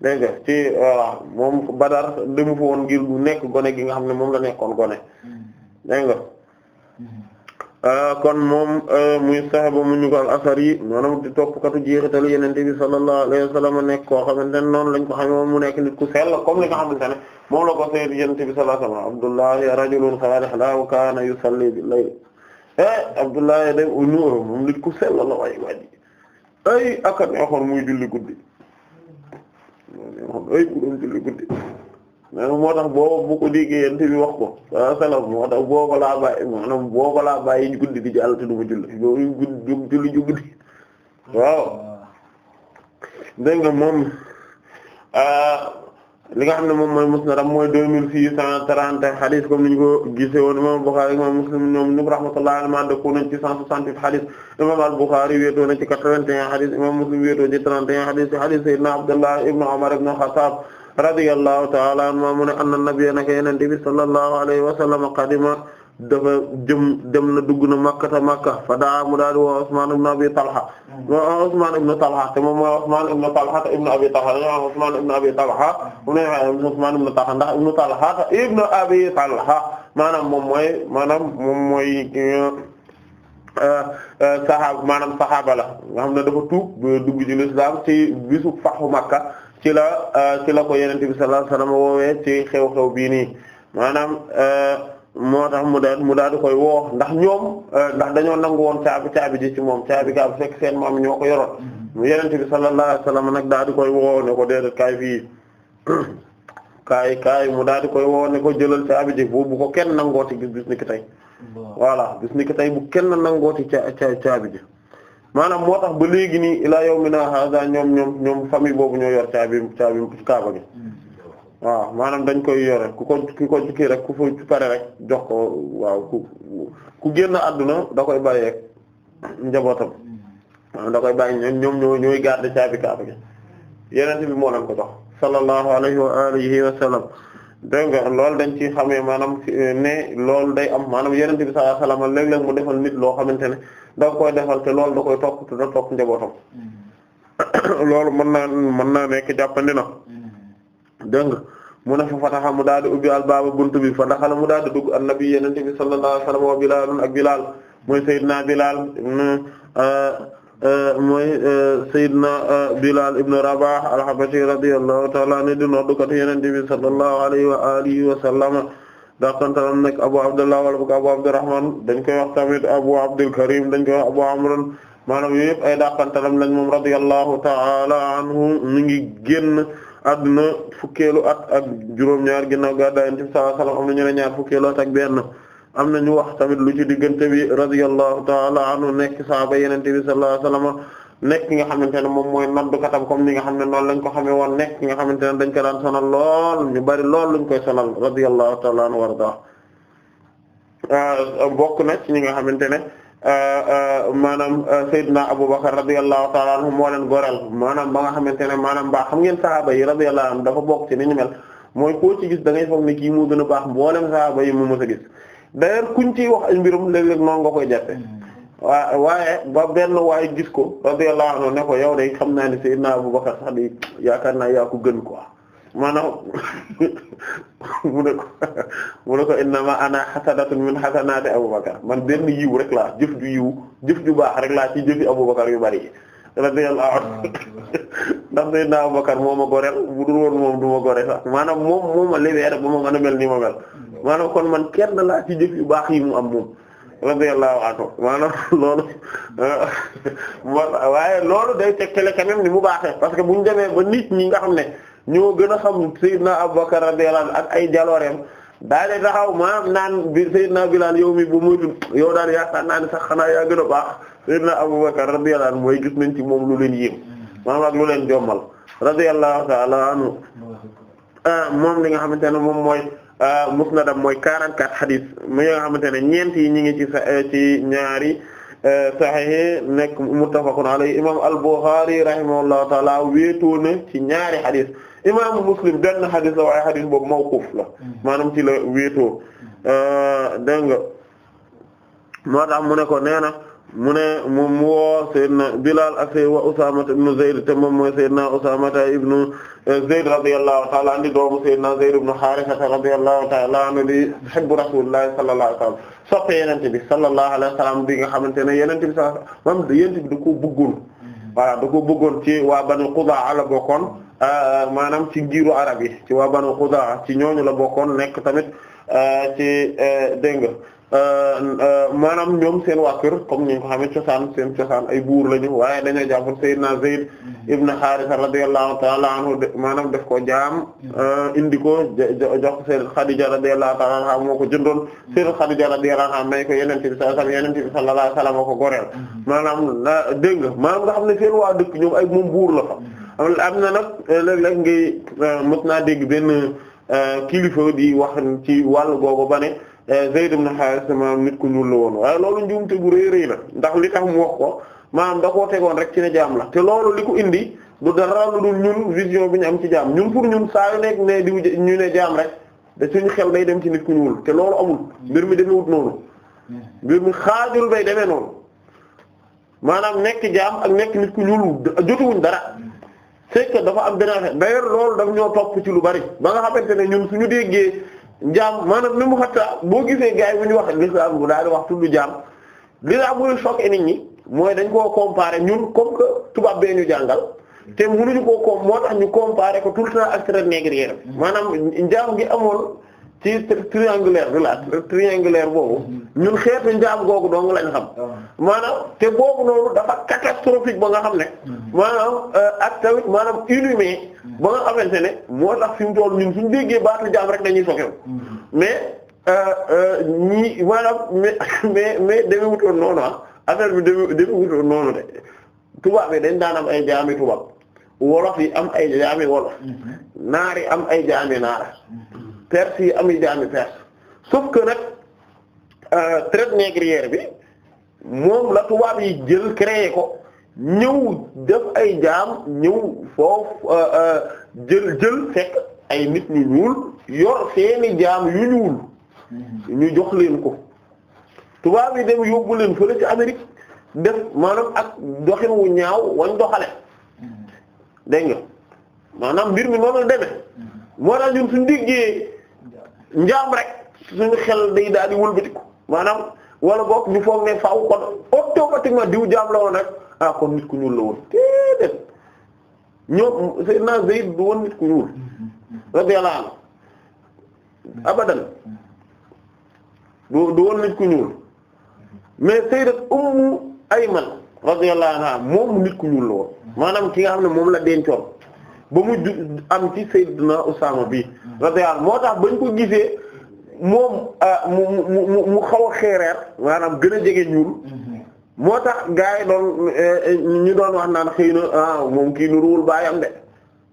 dégg nga ci voilà moom Badar demu fa woon ngir nekk gone gi nga xam ne moom la nekkoon gone dégg Ah, kon moom ah, muy saxaaba mu ñu ko al asari maanaam di toppkatu jeexitalu yenente bi sallallahu alayhi wa sallam nekk koo xamante ne noonu lañ ko xamee mu nekk nit ku sell comme li nga xamante ne moom la ko sayyid yenente bi sallallahu alayhi wa sallam abdullahi rajulun salih la wa kana yusalli bil layl eh abdullahi day nuuru moom nit ku sell la waay waay ay neexoon muy julli guddi moo tax boobu bu ko déggee yent bi wax ko salam moo tax booba laa bàyyi maanaam booba laa bàyyi guddi di jàll te du ma julli boobu guddi julli ju guddi waaw dégg nga moom ah, li nga xam ne moom mooy musnadam mooy deux mille six cent trente xadis comme niñ ko gisee woon imam Bukhari imam Muslim ñoom ñëpp rahmatullah alayhi ma dëppoo nañ ci cent soixante-huit xadis imam al-Bukhari wéetoo na ci quatre-vingt-un xadis imam Muslim wéetoo ci trente et un xadis xadis Sayyidina Abdullah ibn Umar ibn Khattab radiyallahu ta'ala anhuma mu ne anna nabiyya naka yonent bi sallallahu alayhi wa sallam qadima dafa jëm dem na dugg na Makka ta Makka fa daa mu daal di woo Usman ibn Abi Talha Usman ibn Talha te moom mooy Usman ibn Talha te ibn Abi Talha dañu am Usman ibn Abi Talha mu ne Usman ibn Talha ndax ibn Talha te ibn Abi Talha maanaam moom mooy maanaam moom mooy euh, euh, saxaab maanaam saxaaba la nga xam ne dafa tuub dugg ci lislaam ci bisu faxu Makka ci la euh, ci la ko yenente bi sallallahu alayhi woowee ci xew-xew bii nii maanaam euh, moo tax mu daal mu daal di koy woo ndax ñoom euh, ndax dañoo nangu woon caabi caabi ji ci moom caabi kaa bu fekk seen maam ñoo ko yoroon mm-hmm. yenente bi sallallahu alayhi wasallam nag daal di koy woo ne ko déedéet kaay fii kaay kaay mu daal di koy woo ko jëlal caabi ji bu bu ko kenn nangooti gis bis ni ki tey voilà bis tey bu kenn nangooti ca caabi ji maanaam moo tax ba léegi nii mi naa hada ñoom ñoom ñoom famille boobu ñoo yor caabi caabi kaaba gi waaw maanaam dañ koy yore ku ko ku ko kii rek ku fa ci pare rek jox ko waaw ku ku génn àdduna da koy bàyyi rek njabootam maanaam da koy bàyyi ñoom ñoo ñooy garder caabi kaaba gi yeneen bi moo leen ko jox sallallahu alayhi wa alihi wa nga loolu dañ ci xamee maanaam ne loolu day am maanaam yeneen bi sallallahu alayhi wa sallam léeg-léeg defal nit loo xamante ne da nga koy defal te loolu da koy topp te da topp njabootam mm-hmm. loolu mën naa mën naa nekk jàppandi na mm-hmm. dégg nga mu ne fa fataxa mu daal di ubbi al baaba buntu bi fa daxala mu daal di dugg annabi yenente bi sallallahu alayhi wasallam wa Bilaal ak Bilaal mooy Seydina Bilaal uh, uh, mooy uh, Seydina Bilaal ibn Rabaah al-Habashi radiyallahu ta'ala anhu di noddukat wa alihi wa sallama daqantalam nekk Abu Abdullah wala boog Abu Abdurrahman dañ koy wax tamit Abu Abdul Karim dañ koy wax Abu Amran maanaam yooyu yëpp ay daqantalam lañ moom radiyallahu ta'ala anhu mi ngi génn adduna fukkeelu at ak juróom-ñaar ginnaaw gàddaay Yonent bi sallallahu alayhi na ñaar fukkeelu at ak benn am na ñu wax tamit lu ci diggante bi radiyallahu ta'ala anhu nekk sahaaba Yonent bi sallallahu alayhi wasallam nekk nga xamante ne moom mooy noddukatam comme ni nga xam ne noonu lañ ko xamee woon nekk nga xamante ne dañ ko daan sonal lool ñu bari lool luñ koy sonal radiyallahu ta'ala anhu warda ah, bokk na ci ñi nga xamante ne ah, ah, maanaam Seydina Abubakar radiyallahu ta'ala anhu moo leen goreel maanaam ba nga xamante ne maanaam baa xam ngeen sahaaba yi radiyallahu anhu dafa bokk ci ni ñu mel mooy ko ci gis da ngay foog ne kii moo gën a baax mboolem sahaaba yi mu mës a gis d'ailleurs kuñ ci wax ay mbirum léeg-léeg noonu nga koy jàppe waa waaye ba benn waaye gis ko radiyallahu anhu ne ko yow day xam naa ne Seydina Abubakar sax di yaakaar naa yaa ko gën ko mu ne ko innama ana hasanatun min hasanati man benn yiw rek laa jëf ju yiw baax rek laa ci jëfi yu bari radiyallahu anhu ah, ndax Seydina Abubakar moo ma goreel bu dul woon moom du moom moo ma libéré ba ma mën a mel ni ma mel mm-hmm. maanaam kon man kenn laa ci jëf yu baax yi mu am moom radiyallahu anhu maanaam loolu euh, waaye loolu day tekkale quand même ni mu baaxee parce que bu ñu demee ba nit ñi nga xam ne ñu gën a xam Seydina Abubakar radiyallahu anhu ak ay jalooreem daal di taxaw maanaam naan bi Seydina Bilal yow mi bu muytu yow daal yaakaar naa ne sax xanaa yaa gën a baax Seydina Abubakar radiyallahu anhu mooy gis nañ ci moom lu leen yéem maanaam ak lu leen jommal radiyallahu ta'ala anhu euh, moom li nga xamante ne moom mooy Euh, musnadam mooy 44 xadis mi nga xamante ne ñeent yi ñu ngi ci euh, ci ñaari euh, sahih nekk muttafaqun alayhi imam al-Bukhari rahimahullahu taala wéetoo na ci ñaari xadis imaamu Muslim benn xadis la waaye xadis boobu mawquf la mm-hmm. maanaam ci la wéetoo dégg moo tax mu ne nee na mu ne mu mu woo Seydina Bilal ak wa Usaama ibn Zayd te moom mooy Seydina Usaama ibn eh, Zayd radiyallahu ta'ala anhu doomu Seydina Zayd ibn Haarisa radiyallahu ta'ala anhu di hubbu Rasuulullah sallallahu bi sallallahu alayhi wa bi nga xamante ne Yonent bi sax moom Yonent bi da koo bëggoon voilà bëggoon ci waa Banu Qudaa la bokkoon eh, maanaam ci giiru arab yi ci waa Banu Qudaa ci ñooñu la bokkoon nekk tamit eh, ci dégg nga Euh, euh, maanaam ñoom seen waa kër comme ni ko xamee cosaan seen cosaan ay buur lañu waaye dañoo jàppoon Seydina Zayd mm. ibn Haarisa radiyallahu ta'ala anhu maanaam def ko jaam mm. euh, indi ko jox seen Xadija radiyallahu ta'ala anha moo ko jëndoon mm. seen Xadija radiyallahu anha may ko Yonent bi sallallahu alayhi wasallam Yonent ko goreel maanaam la dégg nga maanaam nga xam ne seen waa dëkk ñoom ay moom buur la fa am na nag léeg-léeg ngay mës naa dégg benn kilifa di wax ci wàll googu ba Eh, Zayd ibn Haaris maanaam nit ku ñuul la woon waaye eh, loolu njuumte gu rëy rëy la ndax li tax mu wax ko maanaam da koo tegoon rek ci ne jaam la te loolu li ko indi du dara lu dul ñun vision bi ñu am ci jaam ñun pour ñun saa yu nekk ne di ñu ne jaam da suñu xel day dem ci nit ku ñuul te loolu amul mbir mi demewut noonu mbir mi xaajul bay demee noonu maanaam nekk jaam ak nekk ku ñuul jotuwuñ dara c'est dafa am benn affaire loolu daf ñoo topp ci lu bari ba nga xamante ne ñun suñu déggee njaam maanaam ni mu xatta boo gisee gars yi bu ñu wax l'islam bu daal di wax tudd jaam li la muy choqué nit ñi mooy dañ koo comparer ñun comme que tubaab bee ñu jàngal te mënuñu koo koom moo tax ñu comparer ko tout le temps ak traite négrière mm. maanaam njaam gi amoon ci triangulaire bi la triangulaire boobu mm-hmm. ñun xeetu njaam googu dong lañ xam ah. maanaam te boobu noonu dafa catastrophique ba nga xam ne mm-hmm. maanaam euh, ak tamit maanaam inhumé mm-hmm. ba nga xamante ne moo tax fi mu toll ñun suñu déggee baatu njaam rek dañuy soxew mais euh, euh, ñii maanaam mais mais mais demee wutoon noonu ah affaire bi demee demee wutoon noonu de tubaab yi dañ daan am ay jaami tubaab wolof yi am ay jaami wolof naar yi am ay jaami naara perse yi am jaami perse sauf que nag euh, traite négrière bi moom la tubaab yi jël créé ko ñëw def ay jaam ñëw foofu euh, euh, jël jël fekk ay nit ñu ñuul yor seeni jaam yu ñuul mm-hmm. ñu jox leen ko tubaab yi dem yóbbu leen fële ci Amérique def maanaam ak doxin wu ñaaw wañ doxale mm-hmm. dégg nga mbir mi noonu la mm-hmm. moo tax ñun suñu diggee njaam rek suñu xel day daal di wëlbatiku maanaam wala boog ñu foog ne faaw kon automatiquement diw jaam la woon rek ah kon nit ku ñuul la woon déedéet ñoom Seydina Zayd du woon nit ku ñuul radiyallahu anhu abadan du woon nit ku ñuul mais Sayyidat Ummu Ayman radiyallahu anha moom nit ku ñuul la woon maanaam ki nga xam ne moom la dencoon ba mu am ci Seydina Usaama bi radiyallahu moo tax bañ ko gisee moom ah, mu mu mu xaw maanaam gën a jege ñuul moo tax gars yi doon eh, ñu doon wax naan xëy na ah moom kii nu ruwul baayam de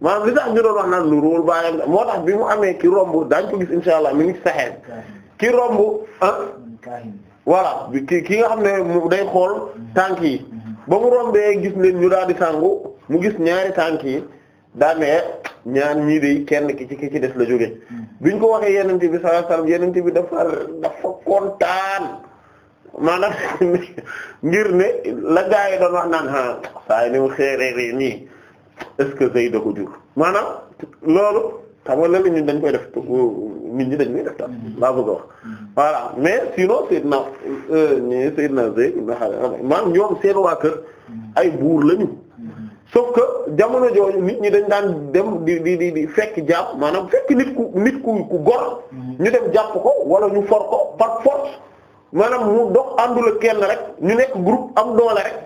maanaam li tax ñu doon wax naan nu ruwul baayam de moo tax bi mu amee ki romb daañ ko gis insha allah mi ngi saxee ki romb ah voilà ki nga xam ne mu day xool tànk yi ba mu rombee gis leen ñu daal di sangu mu gis ñaari tànk yi daa ne ñaar ñii de kenn ki ci ci des la jóge biñ ko waxee yonent bi sallallahu alayhi wasallam yonent bi dafa dafa kontaan maanaam ngir ne la gaa yi doon wax naan ah saa yi ni mu xeeree nii est-ce que Zayd ko jur maanaam loolu xam nga léegi dañ koy def nit ñi dañ koy def tam laa a wax mais sinon Seydina euh, ñi Seydina Zayd ñoom seen waa kër ay buur lañu. sauf que jamono jooju nit ñi dañ daan dem di di di di fekk jàpp maanaam fekk nit ku nit ku ku gor mhm. ñu dem jàpp ko wala ñu for ko parce force maanaam mu dox àndul kenn rek ñu nekk groupe am doole rek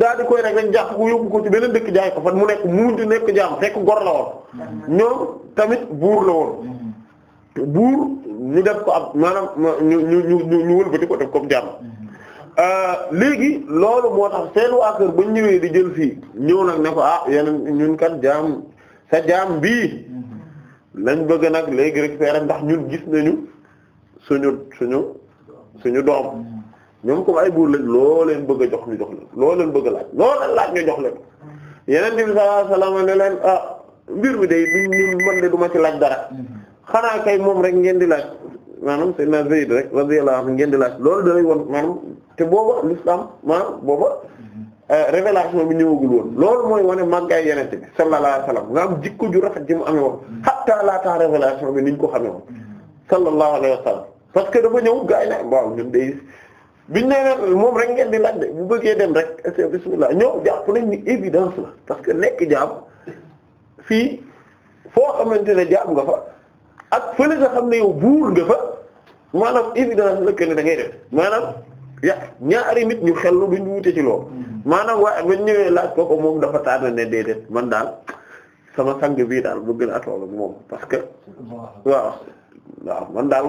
daal di koy rek rek jàpp ko yóbbu ko ci beneen dëkk jaay ko fan mu nekk mu mujj nekk jaam fekk gor la woon mhm. ñoom tamit buur la woon mhm. buur ñu def ko am maanaam ñu ñu ñu ñu wëlbati ko def koom jaam Euh, léegi loolu moo tax seen waa kër ba ñëwee di jël fii ñëw nag ne ko ah yeneen ñun kat jaam sa jaam bii lañ bëgg nag léegi rek récupérer ndax ñun gis nañu suñu suñu suñu doom ñoom comme ay buur lañ loo leen bëgg a jox ñu jox leen loo bëgg a laaj loo laaj ñu jox leen yeneen bi sallallahu alayhi ne leen ah mbir mi day duñ man de du ma ci laaj dara mm-hmm. xanaa kay moom rek ngeen di laaj maanaam Seydina Zayd rek radiyallahu anhu ngeen di laaj loolu da lay won maanaam te booba l'islam maanaam booba euh, révélation bi ñëwagul woon loolu mooy wane màggaay yeneen bi sallallahu alayhi wasallam nga am jikko ju rafet ji mu amee woon mm-hmm. hatta laata révélation bi niñ ko xamee woon mm-hmm. sallallahu alayhi wasallam parce que dafa ñëw gaa yi na waaw ñun day biñ nee na moom rek ngeen di laaj de bu bëggee dem rek c'est bismillah ñoom jàpp nañ ni évidence la parce que nekk jaam fii foo xamante ne jaam nga fa ak fële nga maanaam évidence la que ne da ngay def maanaam ya ñaari nit ñu xellu duñ wute ci loolu mm-hmm. maanaam waaye bañ ñëwee laaj ko ko moom dafa taana ne déedéet man daal sama sang bii daal bëgg naa toll moom parce que waaw waaw man daal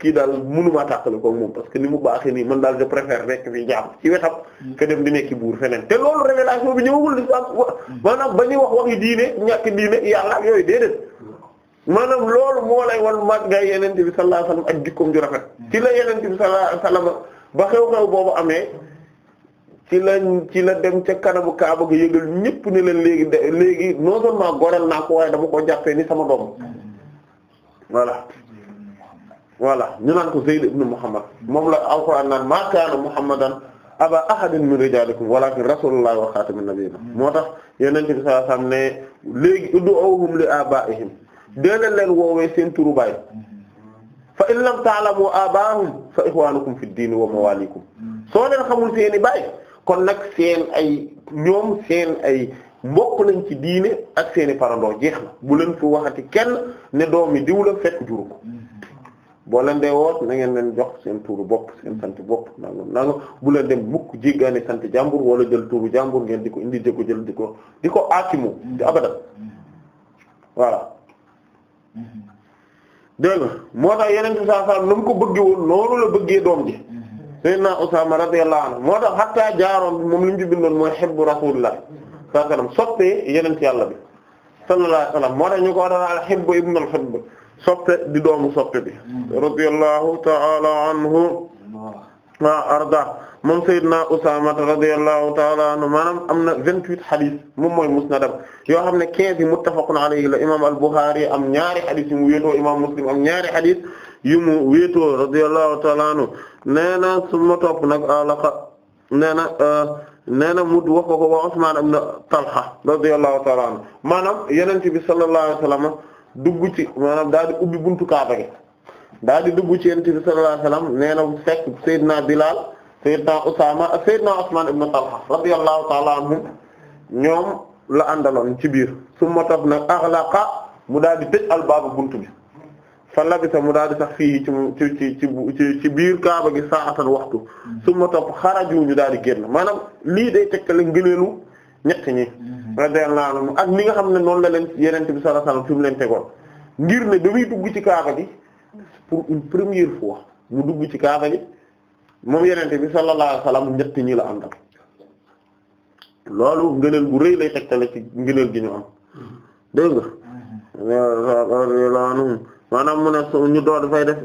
kii daal mënuma tàqale ko moom parce que ni mu baaxee nii man daal je préfère nekk fi jaam ci wetam mm-hmm. que dem di nekk buur feneen te loolu révélation bi ñëwagul di mm-hmm. maanaam ba ñu wax waxi diine ñàkk diine yàlla ak yooyu déedéet maanaam loolu moo lay wan mag ngay yeneen bi sallallahu alayhi ak jikkoom ju rafet ci la yeneen bi sallallahu alayhi ba xew-xew boobu amee ci la ci la dem ca kanamu Kaaba gi yëgal ñépp ni leen léegi de léegi non seulement goreel naa ko waaye dama ko jàppee ni sama doom voilà voilà ñu naan ko Zayd ibn Muhammad moom la alquran naan ma kaana Muhammadan aba ahadin min rijalikum walakin rasulullah wa khatamun nabiyyin moo tax yeneen bi sallallahu alayhi léegi ud'uhum li dee leen leen woowee seen turu baay fa in lam ta'lamu abaahum fa ikhwanukum fi diini wa mawalikum soo leen xamul seen baay kon nag seen ay ñoom seen ay mbokk lañ ci diine ak seen i parandoo jeex na bu leen fi waxati kenn ne doomi diw la fekk juru ko boo leen dee na ngeen leen jox seen tuuru bopp seen sant bopp nangam nangam bu leen dem mukk jéggaane sant jàmbur wala jël tuuru jàmbur ngeen di ko indi di ko jël di ko di ko aakimu di abadan voilà dégg nga moo tax yeneen ci saa saa nu mu ko bëggee woon noonu la bëggee doom ji sayyidina Usaama radiyallahu anhu moo tax xattaa jaaroon bi moom li mu ci bindoon mooy hibbu rasulullah sallallahu alayhi wasallam soppee yeneen yàlla bi sallallahu alayhi wasallam moo tax ñu ko waral al hibbu ibnu al soppe di doomu soppe bi mm. radiyallahu ta'ala anhu waa arda moom Seydina Usaama radiyallahu ta'ala anhu maanaam am na vingt-huit xadis moom mooy musnadam yoo xam ne quinze yi muttafaqun alayhi la imaam al-Bukhari am ñaari xadis yu mu wéetoo imaam Muslim am ñaari xadis yu mu wéetoo radiyallahu ta'ala anhu nee na su ma topp nag alaqa ah, nee na ah, nee na mu wax ko ko wa Usmaan ibn Talha radiyallahu ta'ala anhu maanaam Yonent bi sallallahu alayhi wa sallam dugg ci daal di ubbi buntu Kaaba gi daal di dugg ci yonent bi sallallahu alayhi wasallam nee na fekk Seydina Bilal Seydina Usaama ak Seydina Usmaan ibn Talha radiyallahu ta'ala anhum ñoom la àndaloon ci biir summa toog na aghlaqa mu daal di tëj albaaba buntu bi fa labisa mu daal di sax fii ci ci ci ci biir Kaaba gi saatan waxtu summa topp xaraju ñu daal di génn maanaam lii de day tekkale ngëneelu ñett ñi mhm. radiyallahu anhum ak ni nga xam ne noonu la leen yonent bi sallallahu alayhi wasallam fi mu tegoon ngir ne damuy dugg ci Kaaba gi. pour une première fois mu dugg ci kaaba yi moom yenente bi sallallahu alayhi wasallam ñett ñi la àndal loolu ngëneel gu rëy lay tegtale ci ngëneel gi ñu am dégg nga maanaam mu ne ñu doon fay def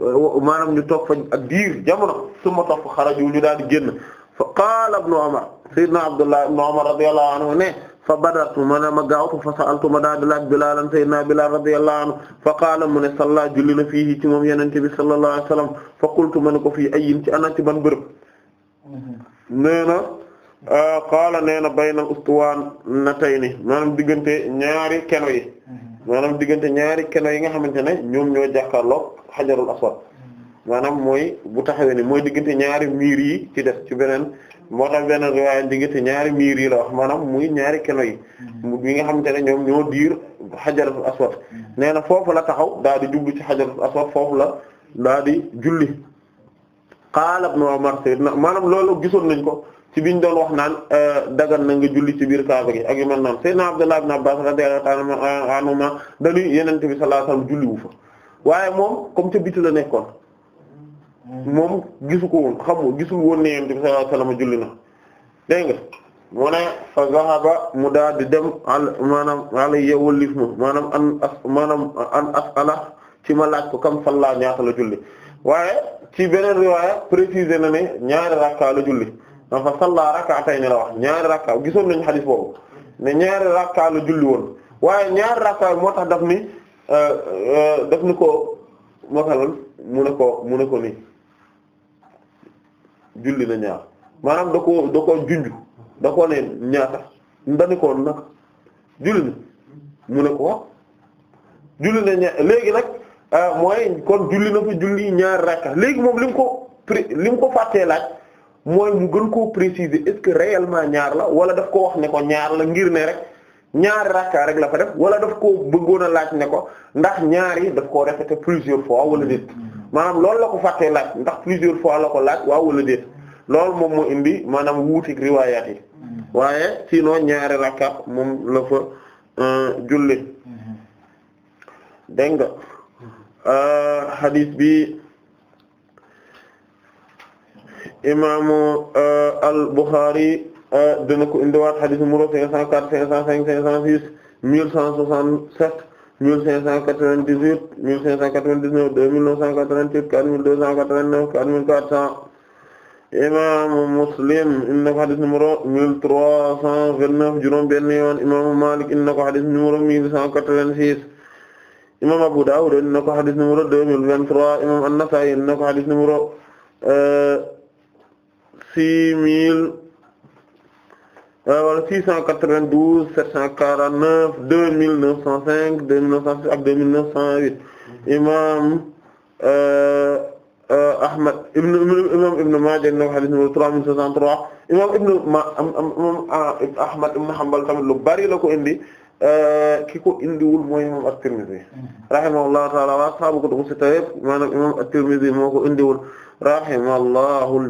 maanaam ñu toog fa ak diir jamono suma toog fa xaraju ñu daal di génn fa qaala ibnu Umar sayyidna Abdullah Umar radiyallahu anhu ne fa badartu ma ne ma gaawtu fa sa'altu ma daal di laaj Bilaal sayyidina Bilaal radiyallahu anhu fa qaala mu ne salla julli na fii ci moom Yonent bi sallallahu alayhi wasallam fa qultu ma ne ko fii ayyin ci ana ci ban bërëb. nee na euh, qaala nee na bayna ustuwaanatayni maanaam diggante ñaari keno yi. Mhm. maanaam diggante ñaari keno yi nga xamante ne ñoom ñoo jàkkaarloo xajarul aswad maanaam mooy bu taxawee ni mooy diggante ñaari miir yi ci des ci beneen moo tax beneen riwaaya diggante ñaari miir yi la wax maanaam muy ñaari keno yi mi mm-hmm. nga xamante ne ñoom ñoo diir xajaratul aswad mm-hmm. nee na foofu la taxaw daal di jublu ci xajaratul aswad foofu la daal di julli qaala ibn Umar sayyidna maanaam loolu gisoon nañ ko ci biñ doon wax naan euh, dagan na nga julli ci biir kaaba gi ak yu mel noonu sayyidna Abdullah ibn Abbas radiyallahu anhuma dañuy Yonent bi sallallahu alayhi wasallam julli wu fa waaye moom comme ca biti la nekkoon moom gisu ko woon xamu gisul woon ne yonent bi sallallahu alayhi julli na dégg nga mu ne fa zahaba mu daal di dem al maanaam alayya wallif ma maanaam an as maanaam an asala ci ma laaj ko kam salla ñaata la julli waaye ci beneen riwaaya préciser na ne ñaari rakka la julli da fa salla rak'atayn la wax ñaari rakka gisoon nañu xadis boobu ne ñaari rakka la julli woon waaye ñaari rakka moo tax daf ni euh, euh, daf ni ko masalan mu ne ko mu ne ko ni julli na ñaar maanaam da ko da koo junj da koo ne ñaata ndani ko na julli na mu ne ko wax julli na ñaar léegi nag euh, mooy kon julli na fa julli ñaar rakka léegi moom li ko li lim ko fàttee laaj mooy mu gën koo préciser est que réellement ñaar la wala daf ko wax ne ko ñaar la ngir ne rek ñaari rakka rek la fa def wala daf ko bëggoon a laaj ne ko ndax ñaari daf ko répété plusieurs fois wala déet maanaam loolu la ko fàttee laaj ndax plusieurs fois la ko laaj waaw wala déet loolu moom moo indi maanaam wuutik riwaayaat yi waaye sinon ñaari rakka moom la fa euh, julli dégg nga euh, hadith bi imaamu euh, al-Bukhari dina ko indiwaat hadith numéro 504 505 506 1167 mille cinq cent quatre-vingt-dix-huit Muslim inna ko xadis numéro mille trois cent vingt six imam Abu Dawud inna ko xadis numéro deux mille vingt-trois imam An-Nasa'i inna ko xadis numéro euh, six mille wala 692 749 2905 2906 ak 2908 imaam euh, euh, Ahmad ibn imaam Ibn Maaja nag hadith numéro 3063 imaam Ibn Ma imaam ah, Ahmad ibn Hanbal tamit lu bari la ko indi euh, ki ko indiwul mooy imaam At-Tirmidhi mm-hmm. rahimahullahu ta'ala wa ashaabu kutubu sitta yëpp maanaam imaam At-Tirmidhi moo ko indiwul rahimahullahu al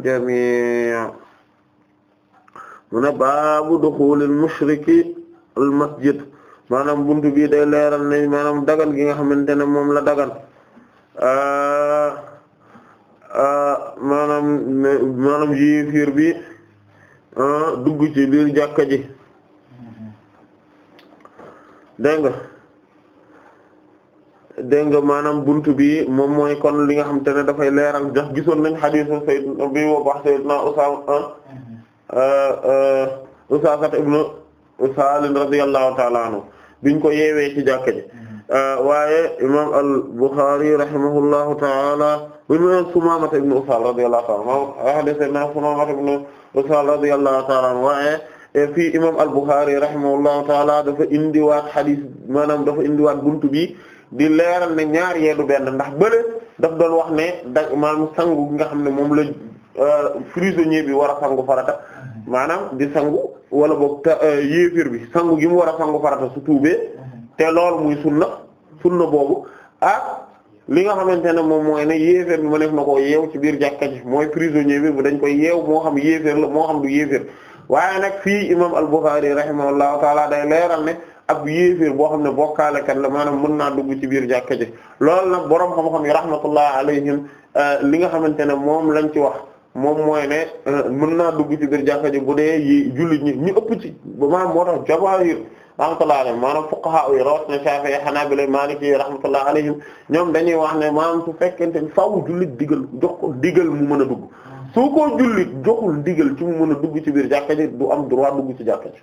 mu ne baabu duxulil mushriki al masjid maanaam bunt bii day leeral ne maanaam dagan gi nga xamante ne moom la dagan ah, ah, maanaam maanaam yéefiir bi ah, dugg ci biir jàkka ji dégg nga dégg nga maanaam buntu bi moom mooy kon li nga xamante ne dafay leeral jax gisoon nañ xadiisu sayyid bi wax sayyidna Usaama Euh, euh, Usaasa ibnu Salim radiyallahu ta'ala anhu biñ ko yeewee ci jàkka ji mm-hmm. euh, waaye imam al-Bukhari rahimahullahu ta'ala bu ñu Sumaama ibn Usaal radiyallahu ta'ala moom haddathana Sumaama ibn Usaal radiyallahu ta'ala waaye eh, fii imam al-Bukhari rahimahullahu ta'ala dafa indiwaat hadith maanaam dafa indiwaat buntu bi di leeral ne ñaar yeedu benn ndax bële daf doon wax ne da maanaam nga xam ne moom la Euh, prisonnier bi war a sangu farata maanaam di sangu wala boog ta euh, yéefir bi sangu gi mu war a sangu farata su tuubee te lool muy sunna sunna boobu ak li nga xamante ne moom mooy ne yéeféer bi ma na ko yeew ci biir jàkka ji mooy dañ koy yeew moo xam yéeféer la moo xam du yéeféer waaye nag fii imam al-Bukhari rahimahullahu taala day leeral ne ab yéeféer boo xam ne bokkaalekat la maanaam mën naa dugg ci biir jàkka ji loolu nag boroom xam-xam yi rahmatullah alayhim euh, li nga xamante ne moom lañ ci wax moom mooy ne euh, mën naa dugg ci biir jàkka ji bu dee yi jullit ñi ñu ëpp ci ba maanaam moo tax jabaahir rahmatullah alayhim maanaam fuqaha yi rawat na Shafi'i Hanabila Maliki rahmatullah alayhim ñoom dañuy wax ne maanaam su fekkente ni faaw jullit digal jox ko digal mu mën a dugg su ko jullit joxul digal ci mu mën a dugg ci biir jàkka ji du am droit dugg ci jàkka ji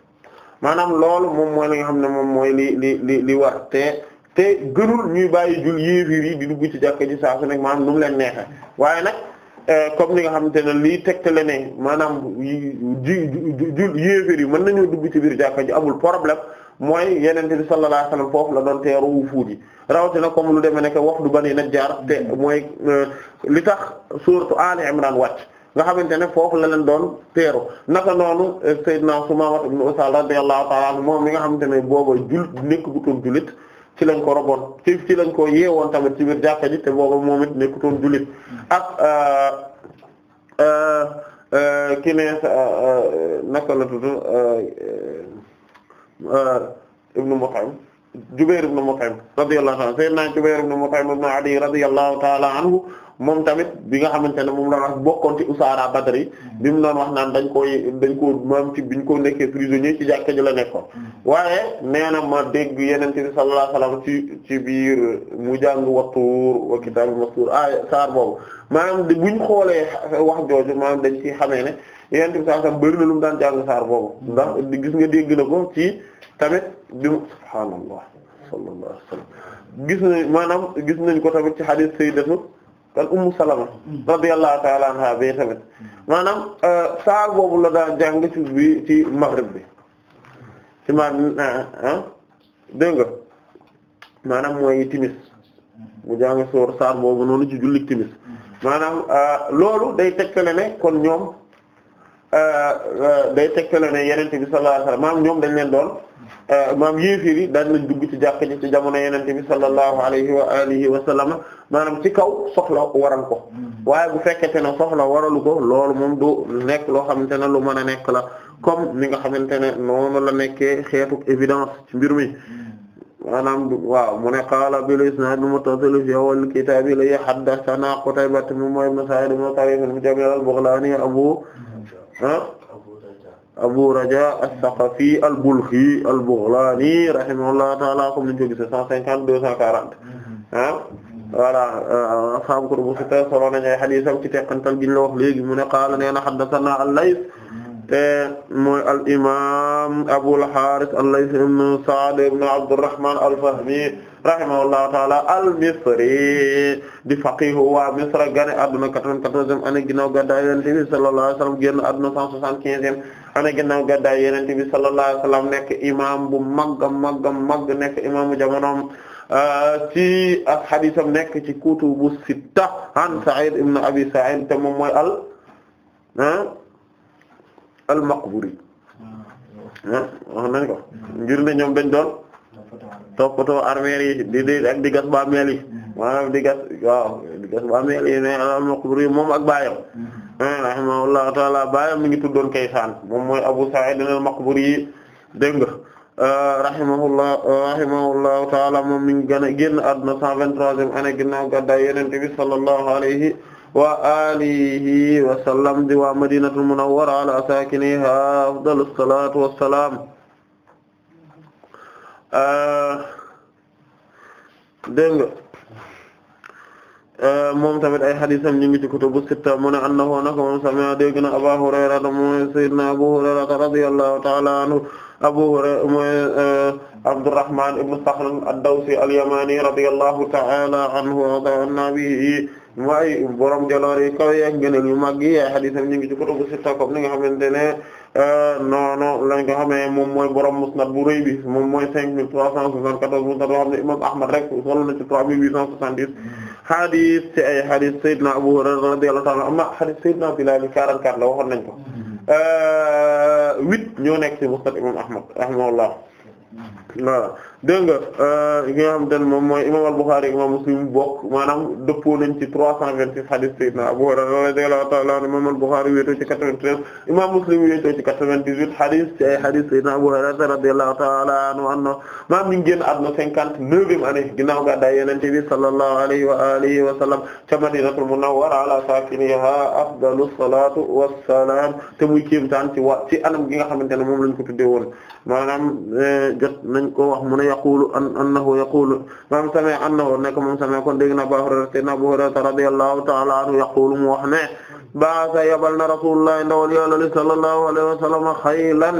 maanaam loolu moom mooy li nga xam ne moom mooy li li li li war te te gënul ñuy bàyyi jul yéefir yi di dugg ci jàkka ji saa su nekk maanaam leen neexee Euh, comme ni nga xamante ne lii tegtale ne maanaam ji ju yéeféer yi mën nañoo dugg ci biir jàkka ji amul problème mooy yenente bi sallallahu alayhi wasallam foofu la doon teeru wu fuuji rawatina comme lu demee nekk wafdu Bani Najjar te mooy euh, li tax suuratu Ali Imran wàcc nga xamante ne foofu la leen doon teeru naka noonu euh, Seydina Sumaama ibn Usaal radiyallahu ta'ala anhu moom mi nga xamante ne booba jul nekk gutoon julit ci lañ ko roboon ci ci lañ ko yeewoon tamit ci biir jàkka ji te booba moom it nekkutoon jullit ak euh, euh, euh, ki ne naka la tudd Ibnu Mut'im Jubayr ibn Mut'im radiyallahu ta'ala sayyidina moom tamit bi nga xamante ne moom la wax bokkoon ci usaara Badr yi hmm. bi mu doon wax naan dañ koy dañ ko maam ci biñ ko nekkee prisonnier ci jàkka ji la nekkoon hmm. waaye nee na ma dégg yenente bi sallallahu alayhi wasallam ci ci biir mu jàng wattuur wa kitaabul mastuur ay saar boobu maanaam di buñ xoolee wax jooju maanaam dañ ci xamee ne yenente bi sallallahu alayhi lu mu daan jàng saar boobu hmm. gis nga dégg na ci tamit bi mu subhaanallah sallallahu wa sallam gis nañ maanaam gis nañ ko tamit ci hadith sayyidatu kan ummu salama radiyallahu ta'ala anha bi tamit maanaam euh, saar boobu la daan jàng ci bi ci maghrib bi ci maanaam ah, ah, nga maanaam mooy timis mu jàng soor saar boobu noonu ci jullit timis maanaam euh, loolu day tegtale ne kon ñoom euh, day tegtale ne yenente bi sallallahu ñoom dañ leen doon Euh, maam yéeféer yi daan lañ dugg ci jàkk ji ci jamono yenente bi sallallahu alayhi wa alihi wa sallama maanaam ci kaw soxla waral ko mm-hmm. waaye bu fekkente ne soxla waral ko loolu moom du nekk loo xam ne lu mën a nekk la comme ni nga xamante ne noonu la nekkee xeetu évidence ci mbir mi mm-hmm. maanaam waaw mu ne qaala bil isnaad muttasil fi awwal kitaab li haddathana Qutaybah ma mooy ibn Sa'id ibn Tarif al-Mujamil laa baghlani a mm-hmm. ah Abu Raja as-Saqafi al-Balkhi al-Baghlani rahimahullahu ta'ala comme ni ñu ko gisee cent cinquante deux cent quarante mm-hmm. ah voilà euh, ashaabu kutubu sitta solo nañu ay hadiisam ci teqantal gi ñu la wax léegi mu ne qaala nee na haddathanaa al-Layth mm-hmm. te mooy al-imaam Abul Haarith al-Layth ibn Sa'd ibn Abdurrahmaan al-Fahmi rahimahullahu ta'ala al-Misri di faqiih waa Misra gane adduna quatre-vingt-quatorzième année ginnaaw gàddaay Yonent bi sallallahu alayhi wa sallam génn adduna cent soixante-quinzième ana ginnaaw gàddaay Yonent bi sallallahu alayhi wa sallam nekk imaam bu magga magga magg nekk imaamu jamonoom ah, ci ak hadiisam nekk ci kutubu sitta an Sa'id ibn Abi Sa'id te moom mooy al ah, al-Maqburi ah wax nañ ko ngir ne ñoom dañ doon toppatoo armeel yi di di ak di gas ba meel yi mm-hmm. maanaam di gas waaw di gas ba meel yi ne al-Maqburi moom ak baayam mm-hmm. Eh, rahimahullahu taala baayam mi ngi tuddoon Kaysaan moom mooy Abu Sa'id al-Maqburi yi dégg nga eh, rahimahullah rahimahullahu taala moom mi ngi gën a génn àdduna 123e année ginnaaw gàddaay Yonent bi sallallahu alayhi wa alihi wa sallam di waa Madinatul Munawwara ala saakinihaa afdalus salaatu wassalaam eh, dégg nga Euh, moom tamit ay xadisam ñu ngi ci kutubu sitta mu ne annahu naka moom sami'a dégg na Abu Hurayra mooy sayyidina Abu Hurayra radiyallahu ta'ala anhu Abu Hurayra mooy euh, Abdurrahman ibn Sahl al-Yamani radiyallahu ta'ala anhu wa anna bihi borom jaloore yi kaw yeeg yu mag yi ay xadisam ñu ngi ci kutubu sitta nga xamante ne euh, noonu lañ ko xamee moom mooy borom musnad bu rëy bi moom mooy cinq mille trois cent soixante-quatorze musnad boo Ahmad rek solo na trois mille huit cent soixante-dix xadis ci ay xadis Seydina Abu Hurayra radiyallahu ta'ala amma xadis Seydina Bilal 44 la waxoon nañ ko mm-hmm. euh, huit ñoo nekk ci Musnad imam Ahmad rahimahullah voilà dégg nga yi euh, nga xamante ne moom mooy imam al-Bukhari imam Muslim bokk maanaam dëppoo nañ ci 326 hadith sayyidina Abu Hurayra radiyallahu ta'ala anhu imam al-Bukhari wéetoo ci 93 imam Muslim wéetoo ci 98 hadith ci ay hadith sayyidina Abu Hurayra radiyallahu ta'ala anhu anna maam ñu ngi génn àdduna 59e année ginnaaw gàddaay Yonent bi sallallahu alayhi wa alihi ca Madinatul Munawwara ala saakiniha afdalus salaatu wassalaam te muy yaqulu annahu yaqulu mam sami annahu nekk moom sami kon dégg na Abu Hurayra sayyidina Abu Hurayra radiyallahu ta'ala anhu yaqulu mu wax ne baasa yabal na rasulullah ndawal yàllali sallallahu alayhi wa sallam xaylan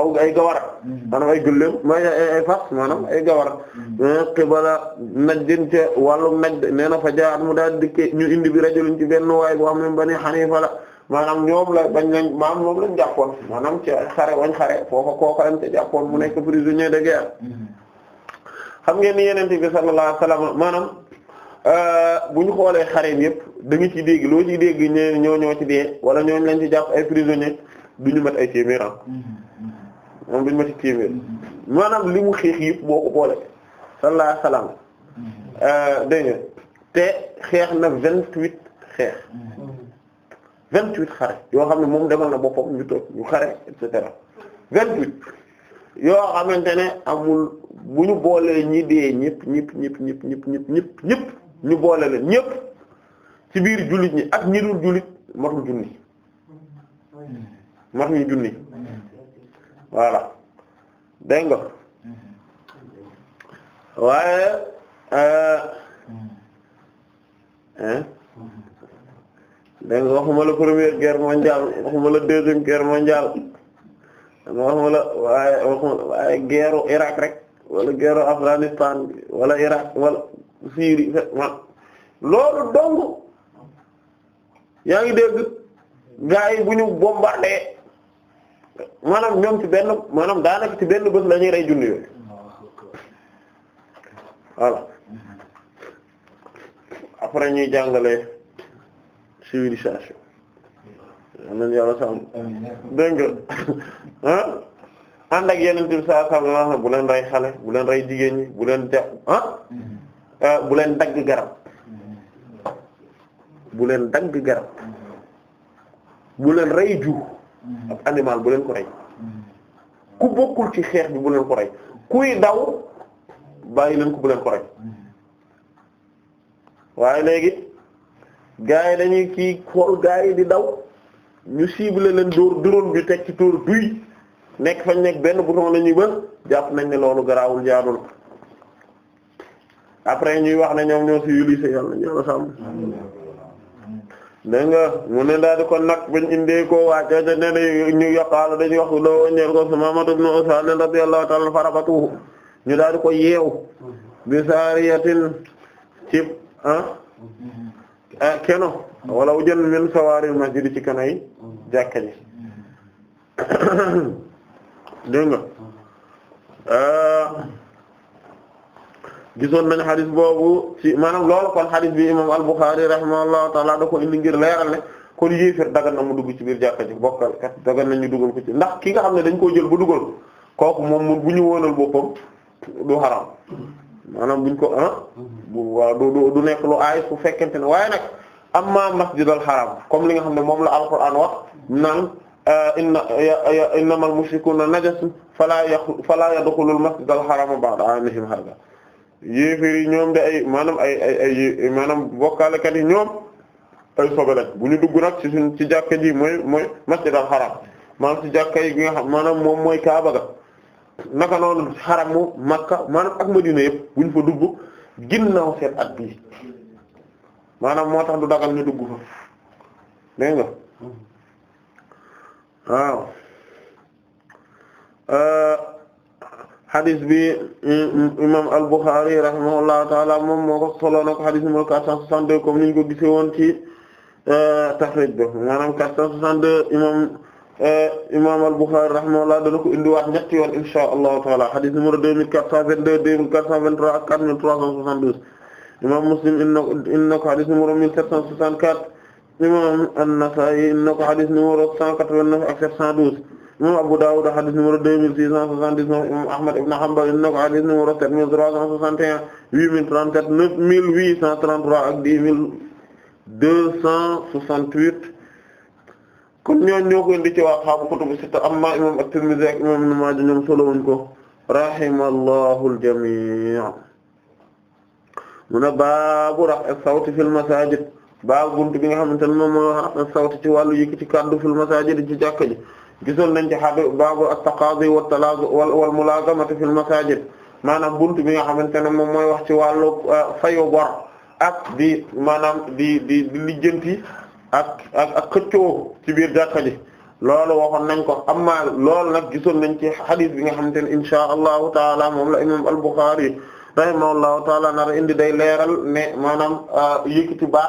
aw ay gawar maanaam ay gëléem ma ay fas maanaam ay gawar eh, qibala najdin ca wàllum najd nee na fa jaat mu daal dikke ñu indi bi rajulin ci benn waay bu am bani Hanifa la maanaam ñoom la bañ lañ maam moom lañ jàppoon maanaam ci xare wañ xare foofa kooka lañ ca jàppoon mu nekk prisonnier de guerre xam ngeen ni yenente bi sallallahu alayhi wasallam maanaam euh, bu ñu xoolee xareem yëpp da nga ci dégg loo ci dégg ñee ñoo ñoo ci dee wala ñooñu lañ ci jàpp ay prisonniers du ñu mat ay téeméer ah mm-hmm, mm-hmm. moom du ñu mati mm-hmm. maanaam li mu xeex yëpp boo ko boole sallallahu alayhi wasallam euh, nga te xeex na vingt-huit xeex vingt-huit xare yoo xam ne moom demal na boppam ñu toog ñu xare et cetera vingt-huit yoo xamante ne amul bu ñu boolee ñi dee ñëpp ñëpp ñëpp ñëpp ñëpp ñëpp ñëpp ñëpp ñu boole leen ñëpp ci biir julit ñi ak ñi dul jullit matul junni hmm. matuñu junni hmm. voilà dégg nga hmm. waaye euh, dégg nga waxuma la première guerre mondiale waxuma la deuxième guerre mondiale wala waaye waaye geeru rek wala geeru Afghanistan wala Irak wala Syrie loolu dong yaa ngi dégg bu ñu bombardé maanaam ñoom ci benn maanaam daanaka ci benn bés la ñuy rey junni yooyu après ñuy jàngale civilisation amen yàlla sàmm dégg yeneen bi saa sàmm naa rey xale bu leen rey jigéen buleen bu leen ah bu leen dagg garab mm-hmm. buleen dagg garab mm-hmm. bu leen rey jur animal bu leen ko rey ku bokkul ci xeex bi bu leen ko rey kuy daw bàyyi leen ko bu leen ko waaye léegi gaa yi dañuy kii xool gaa yi di daw ñu ciblé leen dóor drone bi teg ci tóor duy nekk fañ nekk benn bouton la ñuy bës jàpp nañ ne loolu garaawul jaadul après ñuy wax ne ñoom ñoo ci Ulysses yàlla ñoo sàmm dégg nga mu ne daal di kon nag bañ indee koo waa cooco ne ne ñu yoqaala dañuy wax loo ñeel ko Sumaamatu ibn Usaal radiyallahu ta'ala farabatuhu ñu daal di ko yeew bi saariyatin cib ah eh, keno wala u jël min sawaaril masjid ci kanay jàkka ji dégg nga ah, gisoon nañ xadis boobu ci maanaam loolu kon xadis bi imam al-Bukhari rahimahullahu taala da ko indi ngir leeral ne kon yéefér dagan na mu dugg ci biir jàkka ji bokkal kat dagan ñu dugal ko ci ndax ki nga xam ne dañ koo jël ba dugal kooku moom mu bu ñu wóonal boppam du xaraam maanaam buñ ko ah bu waaw du du nekk fekkente ne waaye amma masjidal haram comme li nga xam ne moom la alquran wax naan euh, inna innamal mushrikuuna najasun falaa falaaya falaa yadxulul masjidal harama ba'da ñoom ay maanaam ay ay ay maanaam bokkaalekat yi bu ñu dugg nag ci ci jàkka ji mooy mooy masjidal haram maanaam ci jàkka nga xam maanaam moom mooy Kaaba ga naka noonu xaramu Makka maanaam ak Madina yëpp bu ñu fa dugg ginnaaw seen at bii. maanaam moo tax du dagal ñu dugg fa dégg nga waaw xadis euh, bi imam al-Bukhari rahimahullahu taala moom moo ko solo na ko xadis numéro 462 comme niñ ko gise woon ci euh, taxrij bi maanaam 462 imam euh, imam al-Bukhari rahimahullah dana ko indiwaat ñetti yoon inshaa Allahu taala xadis numéro 2422 2423 ak 4372 imam Muslim inna ko hadith numéro 1764 imam An-Nasa'i inna ko hadith numéro 189 ak 712 imam Abu Dawud hadith numéro 2679 imam Ahmad ibn Hanbal inna ko hadith numéro 7361 8034 9833 ak 10268 kon ñooñu ñoo ko indi ci waa xaabu kutubu sitta amma imam At-Tirmidhi ak imam Ibn Maaja ñoom solo wuñ ko rahimallahu al-jami' mu ne baabu raf'i sawti fil masajid baabu buntu bi nga xamante ne moom moo raf'i sawti ci wàllu yëkkati kaddu fil masajid ci jàkka ji gisoon nañ ci xadu baabu at-taqaadi wa talaazu wal mulaazamati fil masajid maanaam buntu bi nga xamante ne moom mooy wax ci wàllu euh, fayu bor ak di maanaam di di di lijjanti ak ak ak xëccoo ci biir jàkka ji loolu waxoon nañ ko amma loolu nag gisoon nañ ci xadis bi nga xamante ne inshaa allahu taala moom la imam al-Bukhari rahimahullahu taala nar indi day leeral ne maanaam ah, yëkkati ba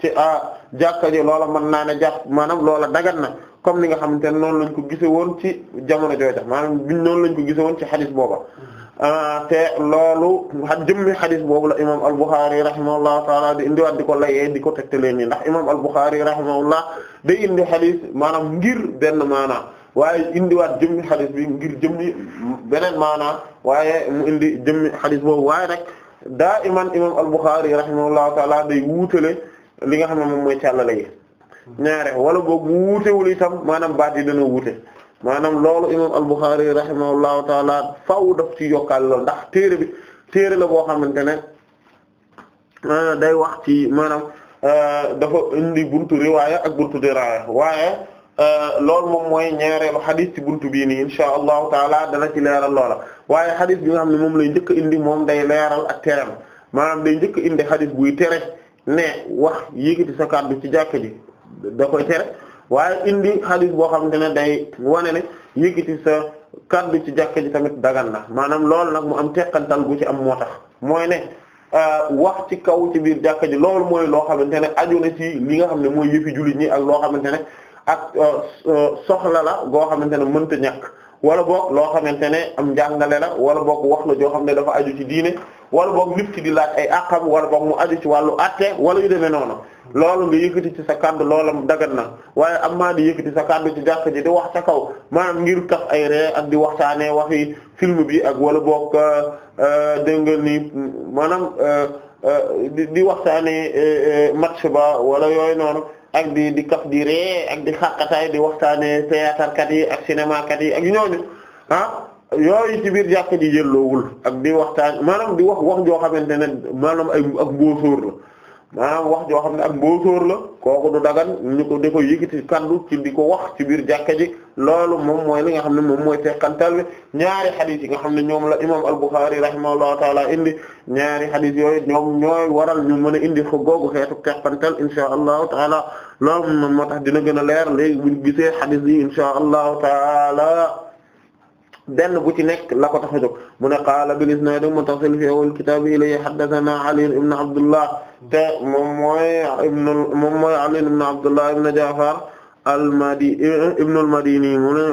ci ah, jàkka ji loola mën naa ne jàpp maanaam loola dagat na comme ni nga xamante ne noonu lañ ko gise woon ci jamono jooja maanaam biñ noonu lañ ko gise woon ci xadis booba ah, te loolu a jëmmi xadis boobu la imam al-Bukhari rahimahullahu taala di indiwaat di ko layee di ko tegtaleen ni ndax imam al-Bukhari rahimahullah day indi xadis maanaam ngir benn maanaam waaye indiwaat jëmmi xadis bi ngir jëmmi beneen maana waaye indi jëmmi xadis boobu waaye nag daa iman imam al-Bukhari rahimahullahu taala day wuutale li nga xam ne mooy càllala yi ñaare wala boobu wuutewul itam maanaam baat yi dana wuute maanaam loolu imam al-Bukhari rahimahullahu taala faw daf ci yokkaale ndax téere bi téere la boo xamante ne ah, day wax ci maanaam ah, dafa indi buntu riwaaya ak buntu diraaya waaye Euh, loolu moom mooy ñaareelu xadis ci bunt bii nii insha allahu taala dana ci leeral loola waaye xadis bi nga xam ne moom lay njëkk indi moom day leeral ak teram maanaam day njëkk indi xadis buy tere ne wax yéegiti sa kàddu ci jàkk ji da koy tere waaye indi xadis boo xamante ne day wane ne yéegiti sa kàddu ci jàkk ji tamit dagan na maanaam loolu nag mu am teqantal gu ci am moo mooy ne euh, wax ci kaw ci biir jàkk ji loolu mooy loo xamante ne na ci li nga xam ne mooy yëfi jullit ñi ak loo xamante ne ak euh, euh, soxla la goo xamante ne mënta ñàkk wala boog loo xamante ne am njàngale la wala boog wax na joo xam ne dafa aju ci diine wala boog nit ki di laaj ay àqam wala mu aju ci wàllu atte wala demee noonu loolu nga yëkkati ci sa kàddu loolam na waaye am maa di yëkkati sa kàddu ci jàkk ji di wax ca kaw maanaam ngir tax ay ree ak di waxtaanee waxi film bi ak wala boog euh, dégg nga ni maanaam di waxtaanee match ba wala yooyu noonu. ak di di kaf di ree ak di xàqataay di waxtaane théâtre kat yi ak cinéma kat yi ak ñooñu ah yooyu ci biir jàkka ji jëlloowul ak di waxtaan maanaam di wax wax joo xamante ne maanaam ay ak mbóosóor la maanaam wax joo xam ne ak mbóosóor la kooku du dagan ñu ko di ko yëkkati kaddu ci di ko wax ci biir jàkka ji loolu moom mooy li nga xam ne moom mooy teqantal bi ñaari xadis yi nga xam ne ñoom la imam al-Bukhari rahimahullahu taala indi ñaari xadis yooyu ñoom ñooy waral ñu mën a indi fa googu xeetu teqantal insha allahu taala loolu moom moo tax dina gën a leer léegi buñ gisee xadis yi insha allahu taala benn bu ci nekk la ko tax a jóg mu ne qaala bil isnaad muttasil fi awwal kitaab ilay haddathana Ali ibn Abdullah te moom mooy ibn moom mooy Ali ibn Abdullah ibn Ja'far al-Madini ibn al-Madini mu ne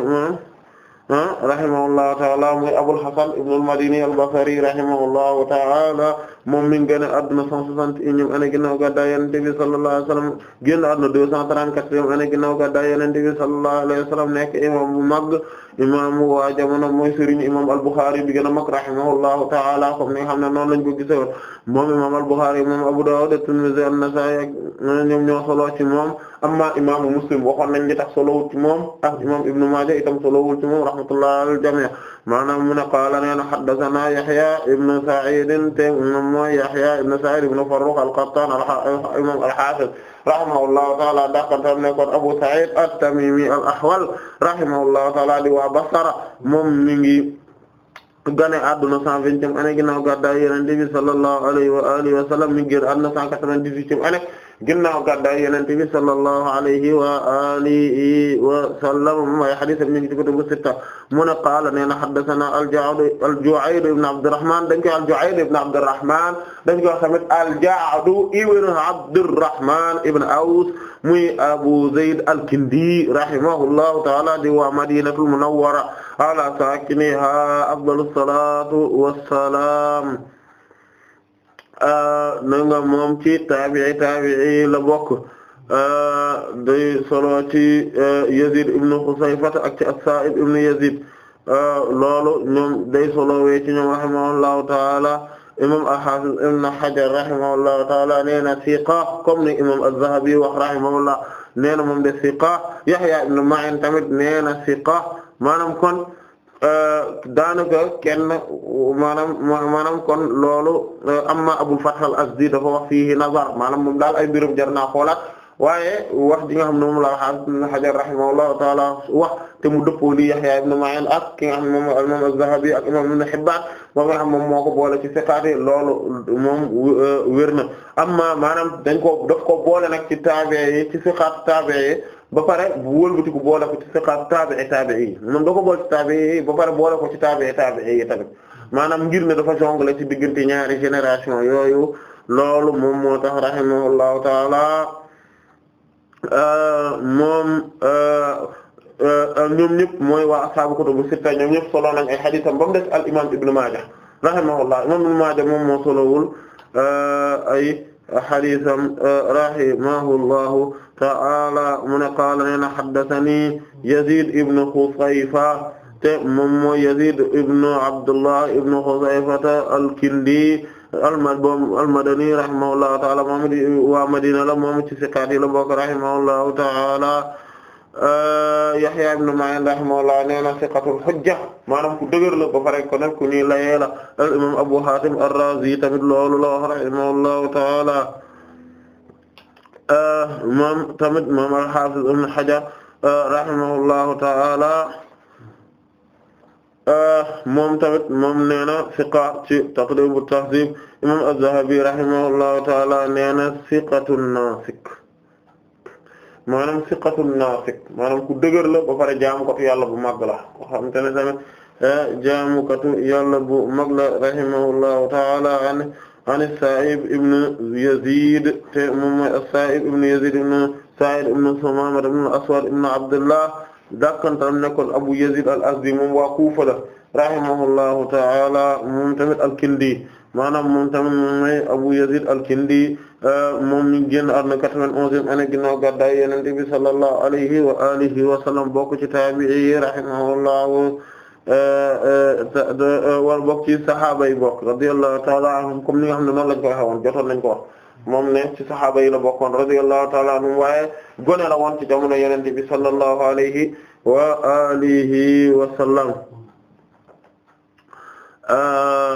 rahimahullahu taala muy Abul Hasan ibn al-Madini al-Basri rahimahullahu taala moom mi ngi génn àdduna 161 ane ginnaaw gàddaay Yonent bi sallallahu alayhi wa sallam génn àdduna 234 ane ginnaaw gàddaay Yonent bi sallallahu alayhi wa sallam nekk imam bu mag imam waa jamono mooy sëriñ imam al-Bukhari bi gën a mag rahimahullahu taala comme ni nga xam ne noonu lañ ko gisoon moom imam al-Bukhari moom Abu Dawud at-Tirmidhi an-Nasa'i ñoom ñoo moom amma imaamu muslim waxoon nañ li tax solowul ci moom tax imaam ibnu maaja itam solowul ci moom rahmatullah al jami' mu ne qaala nee na haddathana yahya ibnu sa'id te mooy yahya ibnu sa'id ibnu farrukh al-qattan al-imam al-hafiz rahimahullahu taala dakantam ne kon abu sa'id at-tamimi al-ahwal rahimahullahu taala di waa basara moom mi ngi gane adduna cent vingtième année ginnaaw gàddaay Yonent bi sallallahu alayhi wa alihi wa sallam mi ngi génn adduna cent quatre-vingt-dix-huitième année ginnaaw gàddaay Yonent bi sallallahu alayhi wa alihi wa sallam mooy hadiis am ñu ci kutubu sitta mu ne qaala nee na haddasanaa al-Ju'aydu ibn Abdurrahmaan dañ koy al-Ju'aydu ibn Abdurrahmaan dañ koy wax tamit al-Ja'du ibn Abdurrahmaan ibn Aws muy Abu Zayd al-Kindi rahimahullahu ta'ala di waa Madinatul Munawwara ala saakinihaa afdalu salaatu wassalaam nanga moom ci taabii taabii la bokk day solo ci e, Yazid ibn Khusayfata ak ci as-Sa'ib ibn Yazid loolu ñoom day solo wee ci ñoom rahimahullahu taala imam al-Hafiz ibn Hajar rahimahullahu taala nee na siqa comme ni imam az-Zahabi wax rahimahullah nee na moom de siqa Yahya ibn Ma'in tamit nee na siqa maanaam kon Euh, daanaka kenn maanaam maanaam kon loolu euh, amma Abul Fath al-Azdi dafa wax fiihi nazar maanaam moom daal ay mbirum jar naa xoolaat waaye wax ji nga xam ne moom la Hafiz Ibn Hajar ta'ala wax te mu dëppoo li Yahya nu Ma'in ak ki nga xam ne moom al-Imam az-Zahabi ak moom nga xam moom moo ko boole ci siqaate loolu moom euh, wér na amma maanaam dañ ko daf ko boole nag ci tabi'i ci siqaat tabi'i ba pare bu wëlbati bu boole ko ci fiqaat taabi'i taabi'i moom da ko boole ci taabi'i ba pare boole ko ci taabi'i tamit maanaam ngir ne dafa jongle ci diggante ñaari génération yooyu loolu moom moo tax rahimahullahu taala euh, moom euh, euh, ñoom ñëpp mooy waa ashaabu kutubu sitta ñoom ñëpp solo nañ ay xadiisam ba mu des al imaam Ibn Maaja rahimahullah imaam Ibn Maaja moom moo solowul ay xadisam rahimahullahu ta'ala mu ne qaala nee na haddathani Yazid ibn Khusayfa te moom mooy Yazid ibn Abdullah ibn Khusayfa al-Kindi al-Madani rahimahullahu ta'ala moom waa Madina la moom ci siqaat yi la bokk rahimahullahu ta'ala Euh, Yahya ibn Ma'in rahimahullah nee na siqatul hujja maanaam ku dëgër la ba pare ko nekk ku ñuy layee la al imam Abu Hatim ar-Razi tamit loolu la wax rahimahullahu ta'ala euh, moom tamit moom al-Hafiz ibn Hajar euh, rahimahullahu ta'ala moom tamit moom nee na siqa ci Taqrib at-Tahdhib imam az-Zahabi rahimahullahu ta'ala nee na siqatun nasik maanaam siqatun naasik maanaam ku dëgër la ba pare jaamukatu yàlla bu mag la ko xam te ne tamit eh, jaamukatu yàlla bu mag la rahimahullahu ta'ala an an as-Sa'ib ibn Yazid te moom mooy saib ibn Yazid ibn Sa'id ibn Sumama ibn aswad ibn Abdullah dàkkantaam nekkoon Abu Yazid al-Azdi moom waa Kufa rahimahullahu ta'ala moom tamit al-Kindi maanaam moom tamit moom mooy Abu Yazid al-Kindi euh, moom mi ngi génn àdduna 91e année ginnaaw gàddaay Yonent bi sallallahu alayhi wa alihi wa sallam bokk ci taabi'i rahimahullahu euh, euh, wala bokk ci saxaaba yi bokk radiyallahu ta'ala anhum comme ni nga xam ne noonu lañ ko waxee woon jotoon nañ ko wax moom ne ci saxaaba yi la bokkoon radiyallahu ta'ala anhum waaye gone la woon ci jamono Yonent bi sallallahu alayhi wa alihi wa Euh,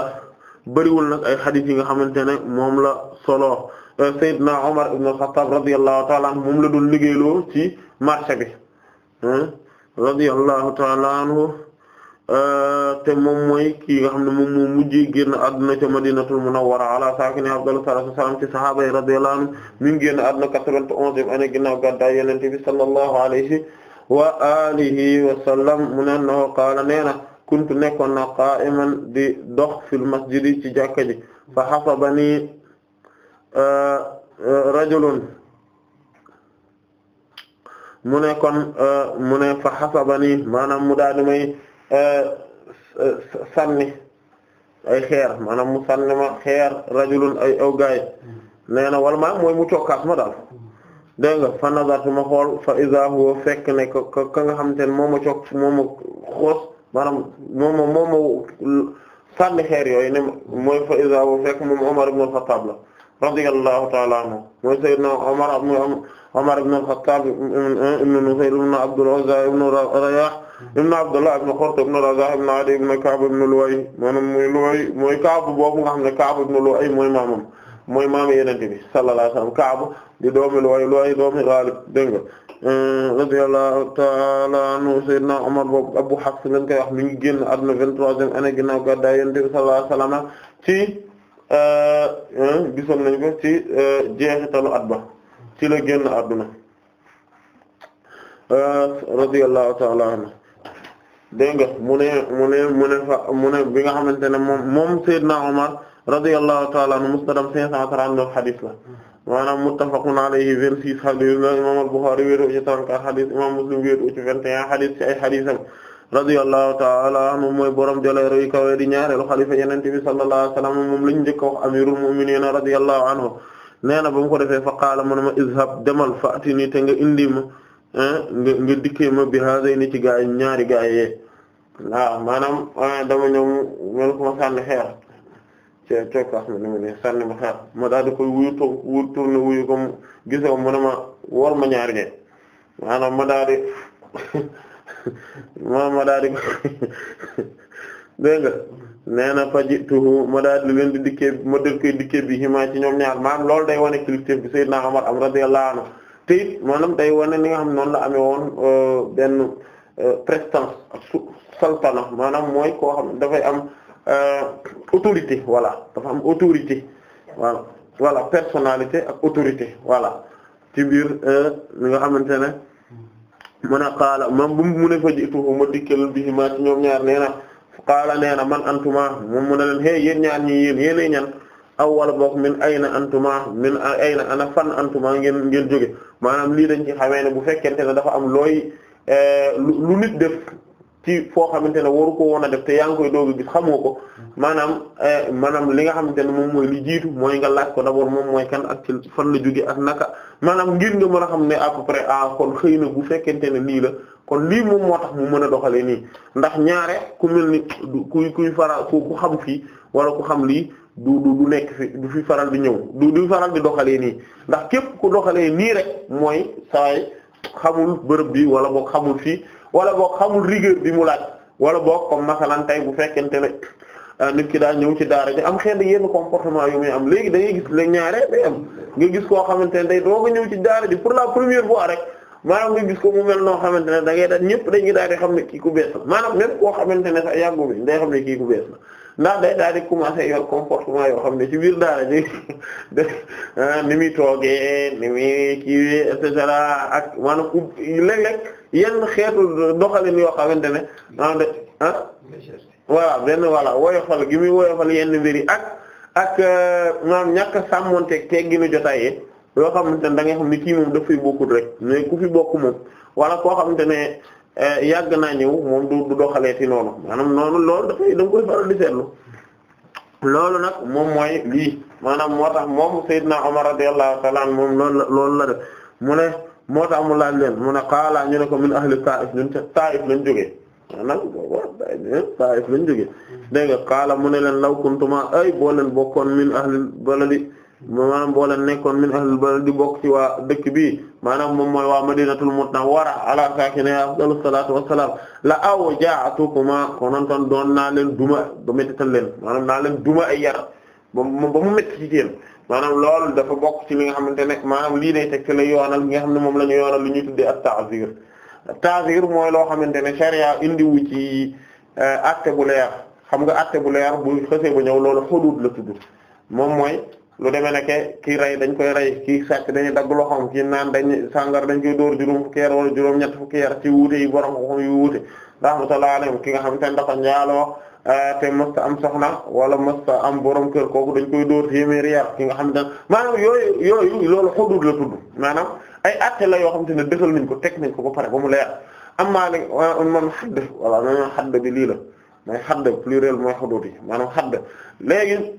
bëriwul na ay xadis yi nga xamante ne moom la solo euh, Seydina Omar ibn al-Khattab ta'ala anhu moom la doon liggéeyloo ci marché bi radiyallahu ta'ala anhu euh, te moom mooy kii nga xam ne moom moo mujjee génn àdduna ca Madinatul Munawwara ala saakini afdalu salaatu wassalaam ci sahaaba yi radiyallahu anhum mi ngi génn àdduna quatre-vingt-onzième année ginnaaw bi sallallahu alayhi wa alihi wa sallam mu ne qaala nee kuntu nekkoon na qa'iman di dox fil masjidi ci jàkka ji fa hasabani euh, euh, rajulun mu ne kon euh, mu ne fa hasabani maanaam mu daal may sànni ay xeer maanaam mu sànni ma xeer rajulun ay aw gaay na wala maa mooy mu cokkaas ma daal dégg fa nazartu ma xool fa iza huwa fekk ne ka ka nga xamante ne moom ma cokk moom ma xoos maanaam moom moo moom moo sànni xeer yooyu ne mooy fa isa bu fekk moom Omar ibn al-Khattab la radiyallahu ta'ala anhu mooy sayyidna Omar Omar ibn al-Khattab ibn Nufayl ibn Abdul Uzza ibn Riyah ibn Abdullah ibn Qurt ibn Razah ibn Adi ibn Ka'b ibn Lu'ay maanaam mooy Lu'ay mooy Ka'b boobu nga xam ne Ka'b ibn Lu'ay mooy maamam mooy maam Yonent bi sallallahu alayhi wa sallam Ka'b di doomi Lu'ay Lu'ay doomi Ghalib dégg nga Euh, radiyallahu ta'ala anhu sayyidina Umar boobu Abu Hafs lañ koy wax mi ngi génn àdduna vingt-troisième année ginnaaw gàddaay Yonent bi sallallahu alayhi wa sallam ci euh, gisoon nañ ko ci euh, jeexitalu at ba ci la génn àdduna radiyallahu ta'ala anhu dégg nga mu ne mu ne mu ne fa mu ne bi nga xamante ne moom moom Seydina Omar radiyallahu ta'ala anhu musnadam cinq cent trente-neuf hadith la maanaam muttafaqun alayhi vingt-six hadith la imam al-Bukhari wéetoo ci trente-quatre hadith imam Muslim wéetoo ci vingt et un hadith ci ay haditham ta'ala anhu mooy borom jaleero yi kawe di ñaareelu xalifa Yonent bi sallallahu alayhi wa sallam moom lañu njëkk a wax amirul mu'minin radiyallahu anhu nee na ba ko defee fa qaala mu ne ma izhab demal fa'tini te nga indi ma nga nga dikkee ma bi haadayni ci gaay ñaari gaay yee waaw maanaam dama ñëw mel ko ma sànni xeer ci cokkaas ma dama ne sànni ma xaar ma daal di koy wuyu toog wuyu wuyu ko gise ko mu ne ma wol ma ñaari ñe ma daal di ma ma daal di dégg na fajituhu ma daal di leen di dikkee ma dël koy dikkee bi ma ci ñoom ñaar maanaam lool day wane kilifteef bi Seydina Umar am radiyallahu anhu te it maanaam day wane ni nga xam noonu la amee woon euh, benn euh, prestance su saltana maanaam mooy koo xam dafay am Euh, autorité voilà dafa am autorité voilà voilà personnalité ak autorité voilà ci biir euh, li nga xamante ne mun a qaala moom bu mu ne fa jiituhu ma dikkal bi ma ci ñoom ñaar nee na qaala nee na man antuma moom mu ne leen hey yéen ñaar ñi yéen yéenay ñan awwal boog min ayna antuma min ayna ana fan antuma ngeen ngeen jóge maanam lii dañ ci xamee ne bu fekkente ne dafa am looy euh, lu def ci foo xamante ne waru ko woon a def te yaa ngi koy doog xamoo ko maanaam eh, maanaam li nga xamante ne moom mooy li jiitu mooy nga laaj ko d'abord moom mooy kan ak ci fan la jóge ak naka maanaam ngir nga mën a xam ne à peu près ah kon xëy na bu fekkente ne nii la kon lii moom moo tax mu mën a doxalee nii ndax ñaare ku mel ni kuy kuy faral ku xam fii wala ku xam lii du du nekk fi du fi faral di ñëw du du faral di doxalee nii ndax képp ku doxalee nii rek mooy saay xamul bërëb bi wala xamul fii wala boo xamul rigueur bi mu laat wala boog comme masalan tey bu fekkente ne euh, nit ki daa ñëw ci daara ji am xëy na comportement yu muy am léegi da ngay gis la ñaare day nga gis koo xamante ne day doo nga ñëw ci daara ji pour la première fois rek maanaam nga gis ko mu mel noo xamante ne da ngay daal ñëpp dañuy daal di xam ne kii ku bees la maanaam même koo xamante ne sax yàggu bi xam ne kii ku bees ndax day daal di commencer yor comportement yoo xam ne ci biir daara ji euh, ni muy toogee ni muy kii et cetera ak maanaam ku léeg-léeg yenn xeetu doxalin yoo xamante ne ah ah voilà benn voilà woyofal gi muy woyofal yenn mbir yi ak ak euh, maanaam ñàkk a sàmmonteeg tegginu jotaayee yoo xamante ne da ngay xam ni kii moom daf fiy bokkul rek mais ku fi bokk moom wala koo xamante ne euh, yàgg naa ñëw moom du du doxalee noonu maanaam noonu loolu dafay da koy faral seetlu loolu nag moom mooy lii maanaam moo tax moom Seydina Omar radiyallahu ta'ala moom loolu la loolu la def moo tax mu laaj leen mu ne qaala ñu ne ko min ahli Taif ñun ca Taif lañ jógee nag ah ah Taif lañ jógee dégg nga qaala mu ne leen law kuntuma ay boo bokkoon min ahli baladi maanaam boo leen nekkoon min ahli baladi bokk ci waa dëkk bi maanaam moom mooy waa madinatul munawwara ala saakinihaa afdalu salaatu wassalaam la aw ja'atukuma konoon tan doon naa leen duma ba méttital leen maanaam naa leen duma yar ba mu métti ci maanaam loolu dafa bokk ci li nga xamante ne maanaam lii day teg ci la yoonal li nga xam ne moom la ñu yoonal lu ñuy tuddee at-ta'zir at-ta'zir mooy loo xamante ne sharia indiwu ci euh, acte bu leer xam nga acte bu leer bu xësee ba ñëw loolu xuduud la tudd moom mooy lu demee ne ke kii rey dañ koy rey kii sàcc dañuy dagg loxoom kii naan dañ sàngar dañ koy dóor juróom fukki yar wala juróom-ñett fukki yar ci wuute yi borom ko yu wuute rahmatullahi alayhim ki nga xamante ne dafa njaaloo eh, te mësta am soxna wala mësta am borom kër kooku dañ koy dóor téeméeri yar ki nga xam ne maanaam yooyu yooyu loolu xuduud la tudd maanaam ay atte la yoo xamante ne dëxal nañ ko teg nañ ko ba pare ba mu leer amma nag man xadd wala man xadd bi lii la mooy xadd pluriel mooy xuduud yi maanaam xadd léegi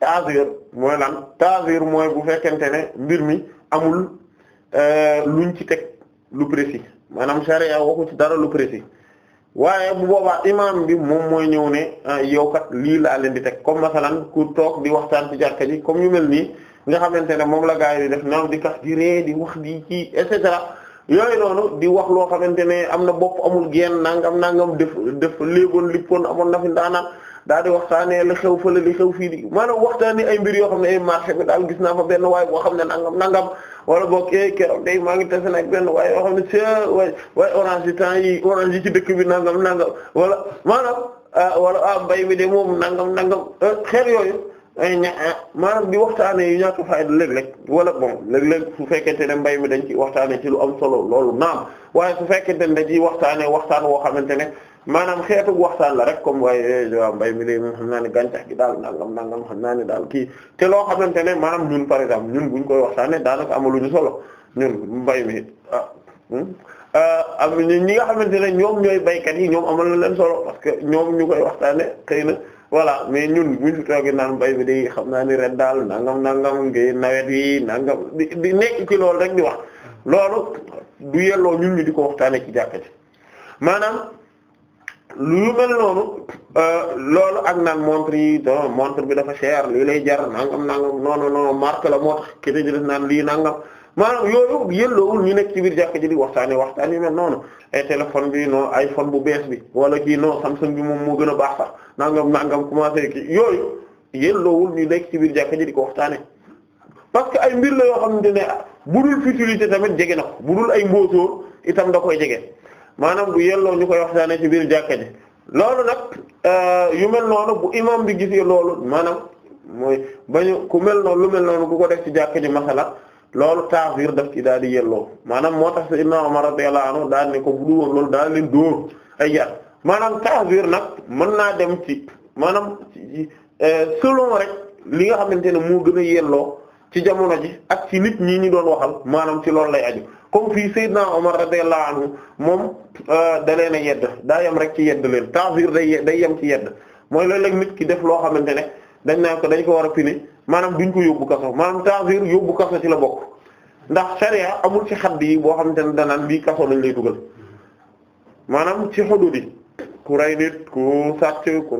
taasir mooy lan taasir mooy bu fekkente ne mbir mi amul eh, luñ ci teg lu précis maanaam sharia waxu ci dara lu précis waaye bu boobaa imaam bi moom mooy ñëw ne ah, yow kat lii laa leen di teg comme masalan ku toog di waxtaan ci jàkka ji comme yu mel nii nga xamante ne moom la gaa yi di def naan di kax di ree di wax di ci et cetera yooyu noonu di wax loo xamante ne am na bopp amul geen nangam nangam def def léegoon lippoon amoon na fi daa di waxtaanee la xew fële li xew fii di maanaam waxtaanee ay mbir yoo xam ne ay marché bi daal gis naa fa benn waay boo xam ne nangam nangam wala boog eh keroog day maa ngi tase nag benn waay yoo xam ne yi temps yi orange yi ci bi nangam nangam wala maanaam ah, wala ah, mbay mi de moom nangam nangam eh, xeer yooyu ah, maanaam di waxtaanee yu ñàkk fayda léeg-léeg wala bon léeg-léeg su fekkente ne mbay mi dañ ci waxtaanee ci lu am solo loolu naam waaye su fekkente ne dañ ciy waxtaanee waxtaan woo xamante ne maanaam xeetu waxtaan la rek comme waaye eh, waaw mbay mi léegi xam naa ne gàncax gi daal nangam nangam xam naa ne daal kii te loo xamante ne maanaam ñun par exemple ñun buñ koy waxtaanee daanaka amaluñu solo ñun mbay mi ah, hmm? ah am ñi nga xamante ne ñoom ñooy baykat yi ñoom amal na leen solo parce que ñoom ñu koy waxtaanee xëy na voilà mais ñun buñ naan mbay mi day xam naa ni ren daal nangam nangam ngay nawet yi nangam di di nekk ci loolu rek di wax loolu du yelloo ñun ñu di ko waxtaanee ci jàkka ji lu mel noonu euh, loolu ak naan montre yi don montre bi dafa cher lii lay jar nangam nangam non non marque la moo tax kita jëlis naan lii nangam maanaam yooyu yëlloowul ñu nekk ci biir jàkk ji di waxtaane waxtaan yi mel noonu ay téléphone bi non iPhone bu bees bi wala kii non Samsung bi moom moo gën a baax sax nangam nangam commencé ki yooyu yëlloowul ñu nekk ci biir jàkk ji ko waxtaane parce que ay mbir la yoo xamante ne budul futilité tamit jege na ko budul ay mbóotóor itam da koy jege maanaam bu yelloo ñu koy waxtaanee ci biir jàkka loolu nag euh, yu mel noonu bu imam bi gisee loolu maanaam mooy bañu ku mel noonu lu mel noonu bu ko def ci jàkka ji masala loolu taax biir daf ci daal di yelloo maanaam moo tax sayyidna Umar radiyallahu anhu daal ne ko bu dul woon loolu daal leen dóor ay yar taax taafir nag mën naa dem ci maanaam euh, selon rek li nga xamante ne moo gën a yelloo ci jamono ji ak ci nit ñi ñu doon waxal maanaam ci loolu lay aju comme fii Seydina Omar radiyallahu anhu moom euh, da leen a yedd daa yam rek ci yedd leen ta'zir day day yem ci yedd mooy léeg-léeg nit ki def loo xamante ne dañ naa ko dañ ko war a pini maanaam duñ ko yóbbu kaso maanaam ta'zir yóbbu kaso ci la bokk ndax sharia amul ci xadd yi boo xamante ne danaan bii kaso lañ lay dugal maanaam ci xudud yi ku rey nit ku sàcc ku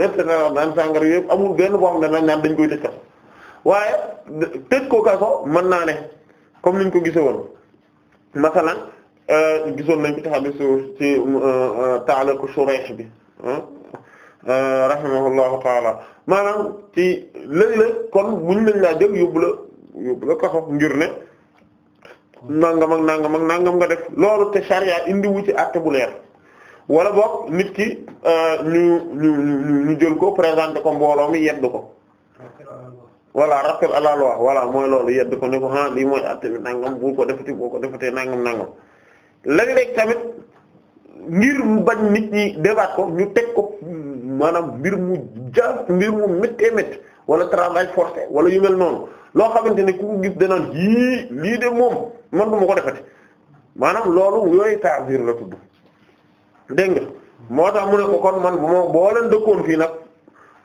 et naan sàngara yëpp amul benn boo xam ne dañ naan dañ koy tëj kaso waaye tëj ko kaso mën naa ne comme niñ ko gisee woon masalan euh, gisoon nañ ko ci hadisu ci euh, euh, ta'liq Shurayh bi rahimahullahu taala maanaam ci léeg-léeg kon muñ lañ laa jël yóbbu la yóbbu la kaso ngir ne nangam ak nangam ak nangam nga def loolu te charia indiwu ci àtte bu leer wala boog nit ki ñu ñu ñu jël ko présenté ko mbooloo mi yedd ko voilà rappel à la mooy loolu yedd ko ne ko ah lii mooy atte bi nangam bu ko defati boo ko defatee nangam nangam léeg-léeg tamit ngir mu nit ñi débat ko ñu teg ko maanaam mbir mu ja mbir mu méttee métti wala travail forcé wala yu mel noonu loo xamante ne ku ko gis danaan yii lii de moom man du ma ko defati maanaam loolu yooyu taasir la tudd dégg moo tax mu ne ko kon man boo leen dëkkoon fii nag.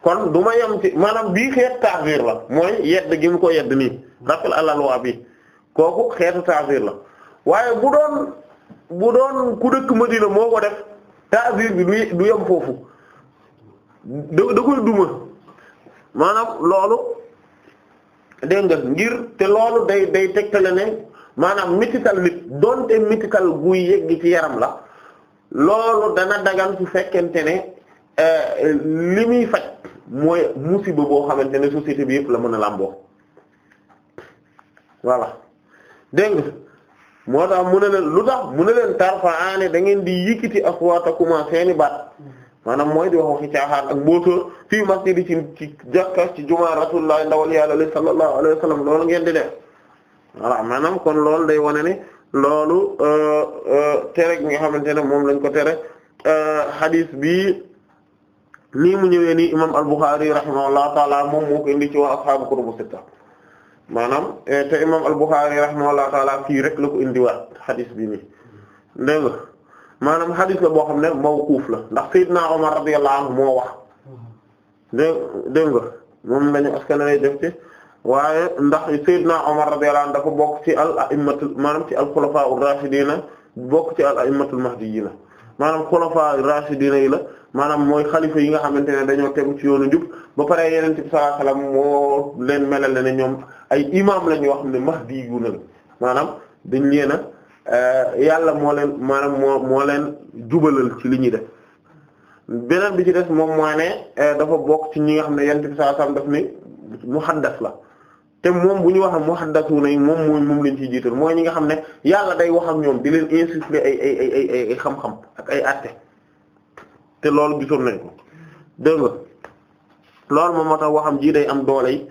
kon du ma ci maanaam bii xeet ta'zir la mooy yedd gi mu ko yedd nii rappel à la loi bi kooku xeetu ta'zir la waaye bu doon bu doon ku dëkk Madina moo ko def ta'zir bi du du foofu da da duma maanaam loolu dégg nga ngir te loolu day day tegtale ne maanaam mitital nit donte mitital guy yegg ci yaram la loolu dana dagan su fekkente ne euh, li muy faj mooy musiba boo xamante ne société bi yëpp la mën a làmboo voilà dégg nga moo tax mu ne leen lu tax mu ne leen tarfa aane da ngeen di yëkkati aswaatakumaa seeni baat maanaam mooy di wax waxi caaxaan ak mbootóor fii masjidi ci ci jàkka ci jumaa rasulullah ndawal yàlla li sallallahu alayhi wa sallam loolu ngeen di def voilà maanaam kon loolu day wane ni loolu euh, euh, tere gi nga xamante ne moom lañ ko tere euh, hadith bi nii mu ñëwee nii imam al-Bukhari rahimahullahu taala moom moo ko indi ci waa ashaabu kutubu sitta maanaam eh, te imam al-Bukhari rahimahullahu taala kii rek la ko indiwaat xadis bi nii dégg nga maanaam xadis la boo xam ne mawquuf la ndax Seydina Omar radiyallahu anhu moo wax dégg dégg nga moom lañu askan lay def ci waaye ndax Seydina Omar radiyallahu anhu dafa bokk ci al a'immatul maanaam ci al-khulafa'ur rashidina bokk ci al a'immatul mahdiyina maanaam xulafaa raashidiina yi la maanaam mooy xalifa yi nga xamante ne dañoo tegu ci yoonu njub ba pare yeneen ci sallallahu alayhi wasallam moo leen melal ne ñoom ay imam la ñu wax ne mahdi yu na maanaam dañ leen a eh, yàlla moo leen maanaam moo moo leen jubalal ci li ñuy def beneen bi ci def moom mooy ne eh, dafa bokk ci ñi nga xam ne yeneen ci sallallahu alayhi wasallam daf ni muhaddas la te moom bu ñu wax muhaddasuna yi moom mooy moom lañ ciy jiital mooy ñi nga xam ne yàlla day wax ak ñoom di leen insuffler ay ay xam-xam ak ay atte te loolu gisoon nañ ko loolu moom moo tax waxam ji day am doole yi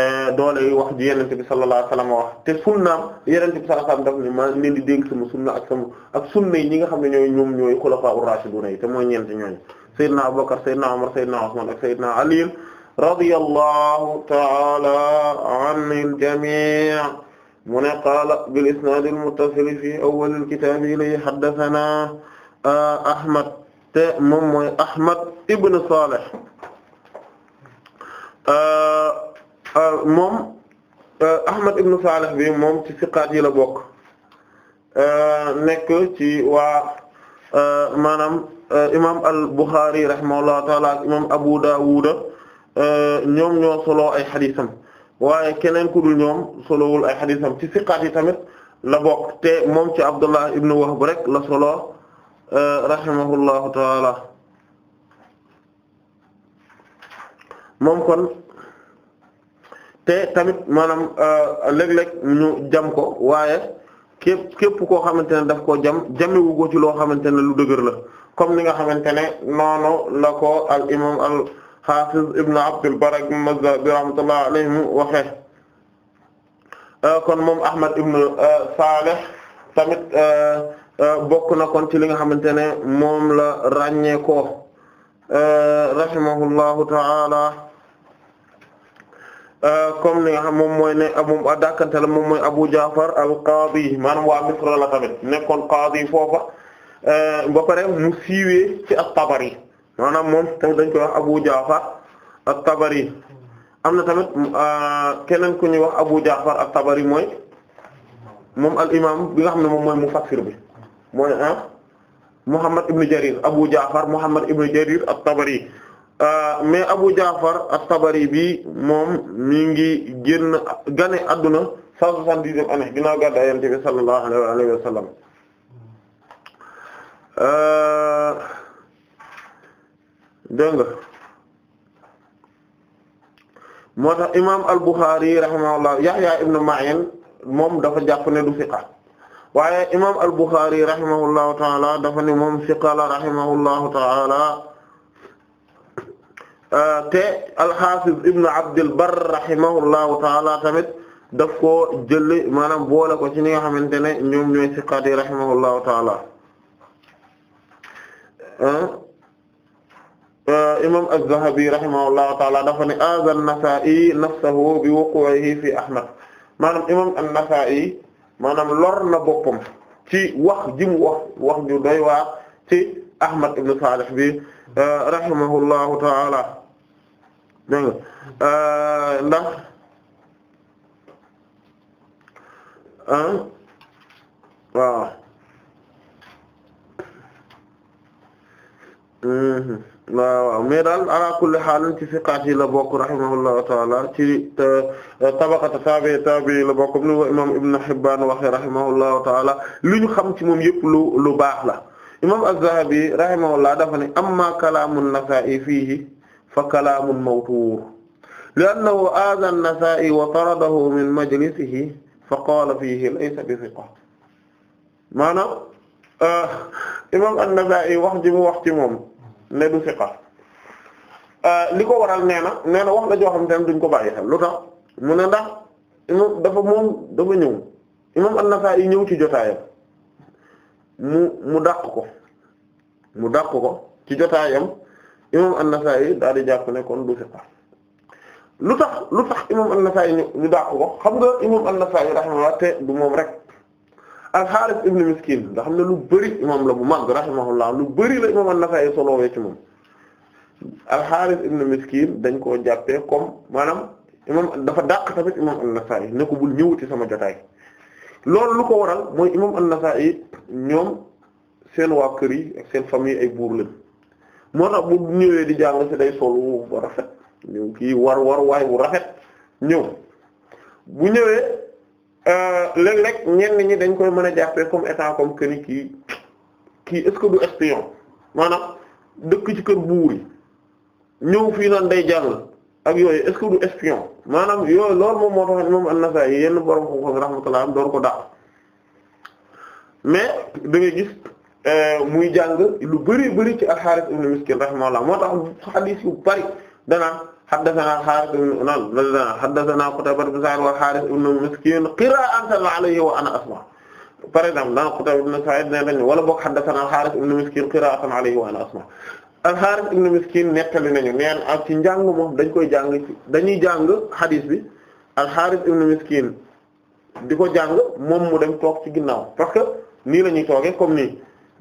eh, doole yi wax ji bi sallallahu alayhi te sunnaam yenente bi sallallahu alayhi wasallam ngi leen di dénk sama sunna ak sama ak sunna ñi nga xam ne ñooy ñoom ñooy xulafaa ur yi te mooy ñeent ñooñu sayyidna Abubakar sayyidna Umar sayyidna Usman ak sayyidna radiyallahu ta'ala anil jami' mu ne qaala bil isnaadil muttasil fi awwalil kitaab ilay haddasanaa Ahmad te moom mooy Ahmad ibn Salih moom Ahmad ibn Salih bi moom ci siqaat yi la bokk nekk ci waa maanaam imaam al Bukhari rahimahullahu ta'ala imaam Abu Dawud Euh, ñoom ñoo solo ay xadisam waaye keneen ku dul ñoom solowul ay xadisam ci siqaat yi tamit la bokk te moom ci Abdullah ibn Wahb rek la solo euh, rahimahullahu taala moom kon te tamit maanaam euh, léeg-léeg ñu jam ko waaye képp képp koo xamante ne daf koo jam jamewu ko ci loo xamante ne lu dëgër la comme ni nga xamante ne noonu la ko al imam al xaafiz ibn Abdul Barr al-Mazzabi rahmatullahi alayhim waxee euh, kon moom Ahmad ibn euh, Salih tamit euh, bokk na kon ci li nga xamante ne moom la ràññee ko rahimahullahu ta'ala comme li nga xam moom mooy ne la moom mooy Abu Ja'far al-Qadi maanaam waa Misra la tamit nekkoon qadi foofa ba pare mu siiwee ci at-Tabari maanaam moom tamit dañ koy wax Abu Ja'far at-Tabari am na tamit euh, keneen ku ñuy wax Abu Ja'far tabari mooy moom al imam bi nga xam ne moom mooy mufassir bi mooy ah Muhammad ibn Jarir Abu Ja'far Muhammad ibn Jarir at-Tabari euh, mais Abu Ja'far at-Tabari bi moom mi ngi génn gane adduna cent soixante-dixième année ginnaaw gàddaay Yonent bi sallallahu alayhi wa dégg nga moo tax imaam al-Bukhari rahimahullah Yahya ibn Ma'in moom dafa jàpp ne du fiqa waaye imaam al-Bukhari rahimahullahu taala dafa ne moom fiqa la rahimahullahu taala euh, te al-Hafiz ibn Abd al-Barr rahimahullahu tamit daf ko jëli maanaam boole ko ci ñi nga xamante ne ñoom ñooy fiqaat yi rahimahullahu Euh, imam az-Zahabi rahimahullahu taala dafa ne aza an-Nasa'i nafsahu bi wuqu'ihi fi Ahmad maanaam imam an-Nasa'i maanaam lor na ci wax ji mu wax wax ju doy ci Ahmad ibn Salih bi euh, rahimahullahu taala dégg nga euh, ndax waaw mais daal ala kulli xaal ci siqaat yi la bokk rahimahullahu taala ci eh, tabaqata taabi taabi la bokk ni ko imaam Ibn Hibbaan waxee rahimahullahu taala li ñu xam ci moom yëpp lu lu baax la imaam Az-Zahabi rahimahullah dafa ne amma kalaamu Nasaa'i fiihi fa kalaamun mawtuur li'annahu aadaa Nasaa'i wa taradahu min majlisihi fa qaala fiihi laysa bi siqa maanaam eh, imaam An-Nasaa'i wax ji mu wax ci moom. ne du siqa euh, li ko waral nee na nee na wax la joo xam te ne duñ ko bàyyi xel lu tax mu ne ndax imam dafa moom dafa ñëw imam an-Nasa'i ñëw ci jotaayam mu mu dàq ko mu dàq ko ci jotaayam imam an-Nasa'i daal di jàpp ne kon du siqa lu tax lu tax imam an ñu dàq ko xam nga imam an-Nasa'i moom rek al-Harith ibn Miskin nga xam ne lu bëri imam la bu mag rahimahullah lu bëri la imam an-Nasa'i solowee ci moom al-Harith ibn Miskin dañ koo jàppee comme maanaam imam dafa dàq tamit imam an-Nasa'i ne ko bul ñëwuti sama jotaay loolu lu ko waral mooy imam an ñoom seen waa kër yi ak seen famille ay buur lañ moo tax bu ñëwee di jàng ci day solu ba rafet ñëw kii war war waay bu rafet ñëw bu ñëwee Euh, léeg-léeg ñenn ñi dañ koy mën a jàppee comme état comme que ni kii kii est du espion maanaam dëkk ci kër buur yi ñëw fii naan day jàll ak yooyu est-ce du espion maanaam yooyu lool moom moo tax moom An-Nasa'i yenn borom xam-xam rahmatullah am doon ko dàq mais da ngay gis euh, muy jàng lu bari bari ci al-Harith ibn Miskin rahimahullah moo tax xadiis yu bari danaa haddasanaa Haaris naan haddasanaa Qutayba ibn Sa'id wa asma' par exemple daan Qutayba ibn Sa'id nee nañu wala boog haddasanaa asma' al-Haaris ibn Miskiin nettali nañu neen ak ci njàng moom dañ koy jàng dañuy jàng hadis bi al-Haaris ibn Miskiin di ko jàng moom mu dem toog ci ginnaaw parce que nii la ñuy toogee comme nii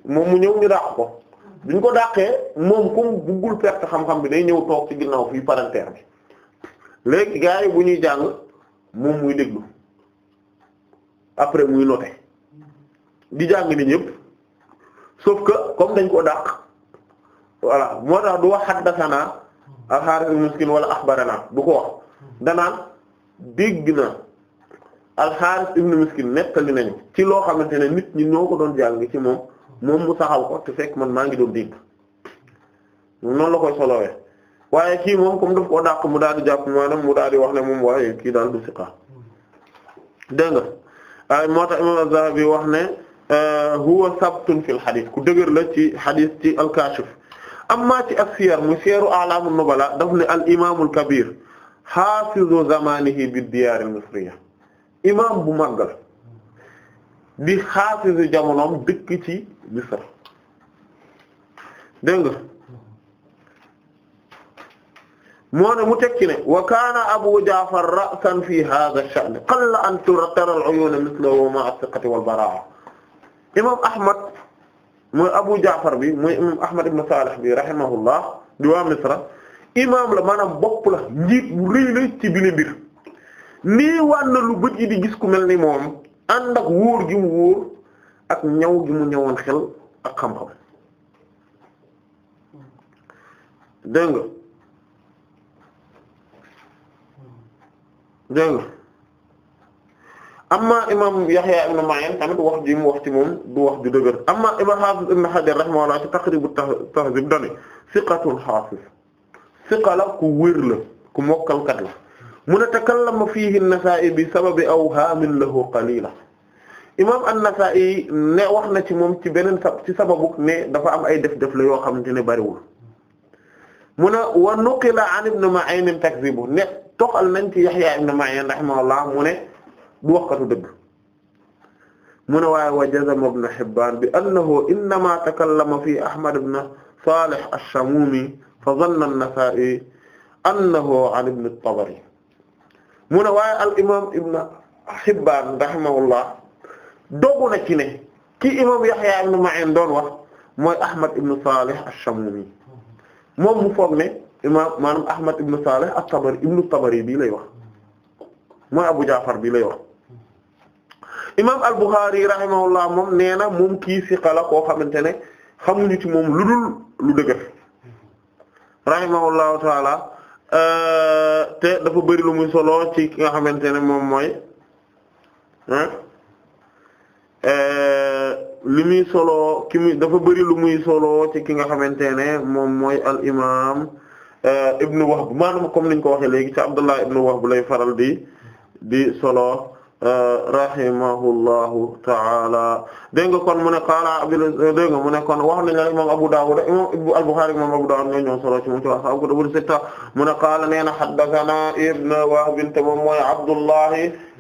moom mu ñëw ñu dàq ko. bi ko dàqee moom comme buggul perte xam-xam bi day ñëw toog ci ginnaaw fii parentère bi léegi gars yi bu ñuy jàng moom muy déglu après muy noter di jàng ni ñëpp sauf que comme dañ ko dàq walla moo tax du wax haddathana al-Harith al-Miskin wala akhbarana du ko wax danaan dégg na al-Harith ibn Miskin nettali nañu ci loo xamante ne nit ñi ñoo ko doon jàng ci moom moom mu saxal ko te fekk man maa ngi doon dégg noonu la koy solowee waaye kii moom comme daf koo dàq mu daal di jàpp maanaam mu daal di wax ne moom waaye ki daal du siqa dégg nga ay moo tax imam Az-Zahabi wax ne euh, huwa sabtun fil xadis ku dëgër la ci xadis ci al-Kashif amma ci as-siyar mu siyaru a'lamu nubala daf ne al imaamul kabir zamanihi bid diyaar al-misriya bu màggal di xaafisi jamonoom dëkk ci Misr dégg nga moo ne mu tekki ne wa kaana Abu Ja'far ra'san fi hadha ash-sha'n qalla an tara al-uyun mithlahu ma'a ath-thiqati wal-bara'a imam Ahmad mooy Abu Ja'far bi mooy imam Ahmad ibn Salih bi rahimahullah di waa Misra imam la maanaam bopp la njiit bu rëy la ci bi mbir nii wàn na lu bët yi di gis ku mel ni moom ànd ak wóor gi mu ak ñaw gi mu ñawoon xel ak xam-xam dégg nga dégg nga amma imam Yahya ibn Ma'in tamit wax ji mu wax ci moom du wax ju dëgër amma imam Hafiz ibn Hajar rahimahullah ci Taqrib at-Tahzib dane siqatul hafiz siqa la ku wér la ku mokkalkat la mu ne takallama fiihi an-Nasaa'i bi sababi awhaamin lahu qaliila imaam an-Nasaa'i ne wax na ci moom ci beneen sab ci sababu ne dafa am ay def-def la yoo xamante ne bariwul mu ne wa nuqila an ibn Ma'in takzibu ne toxal nañ ci Yahya ibn Ma'in rahimahullah mu ne du waxkatu dëgg mu ne waaye wa jazama ibn Hibbaan bi annahu innamaa takallama fii Ahmad ibn Saalih ash-Shamuumi fa zanna an-Nasaa'i annahu an ibn at-Tabari mu ne waaye al imaam Ibn Hibbaan rahimahullah doogu na ci ne kii imaam Yahya ibn Ma'in doon wax mooy Ahmad ibn Salih ash-Shamumi moom mu foog ne imaam maanaam ibn Salih at-Tabari ibn Tabari bii lay wax mooy Abu Ja'far bii lay wax. imaam al-Bukhari rahimahullah moom nee na moom kii siqa la koo xamante ne xamuñu ci moom lu dul lu dëgër rahimahullahu taala Euh, te dafa bëri lu muy solo ci ki nga xamante ne moom mooy euh, li muy solo ki muy dafa bëri lu muy solo ci ki nga xamante ne moom mooy al imam euh, ibnu Wahb maanaam comme niñ ko waxee léegi ci Abdullah ibnu Wahb lay faral di di solo rahimahullahu ta'ala dégg nga kon mu ne qaala dégg nga mu ne kon wax nañ la imam Abu Dawud imam al-Bukhari imam Abu Dawud ñoo ñoo solo ci mu ci wax Abu Dawud sitta mu ne qaala nee na haddathana ibn Wahb moom mooy Abdullah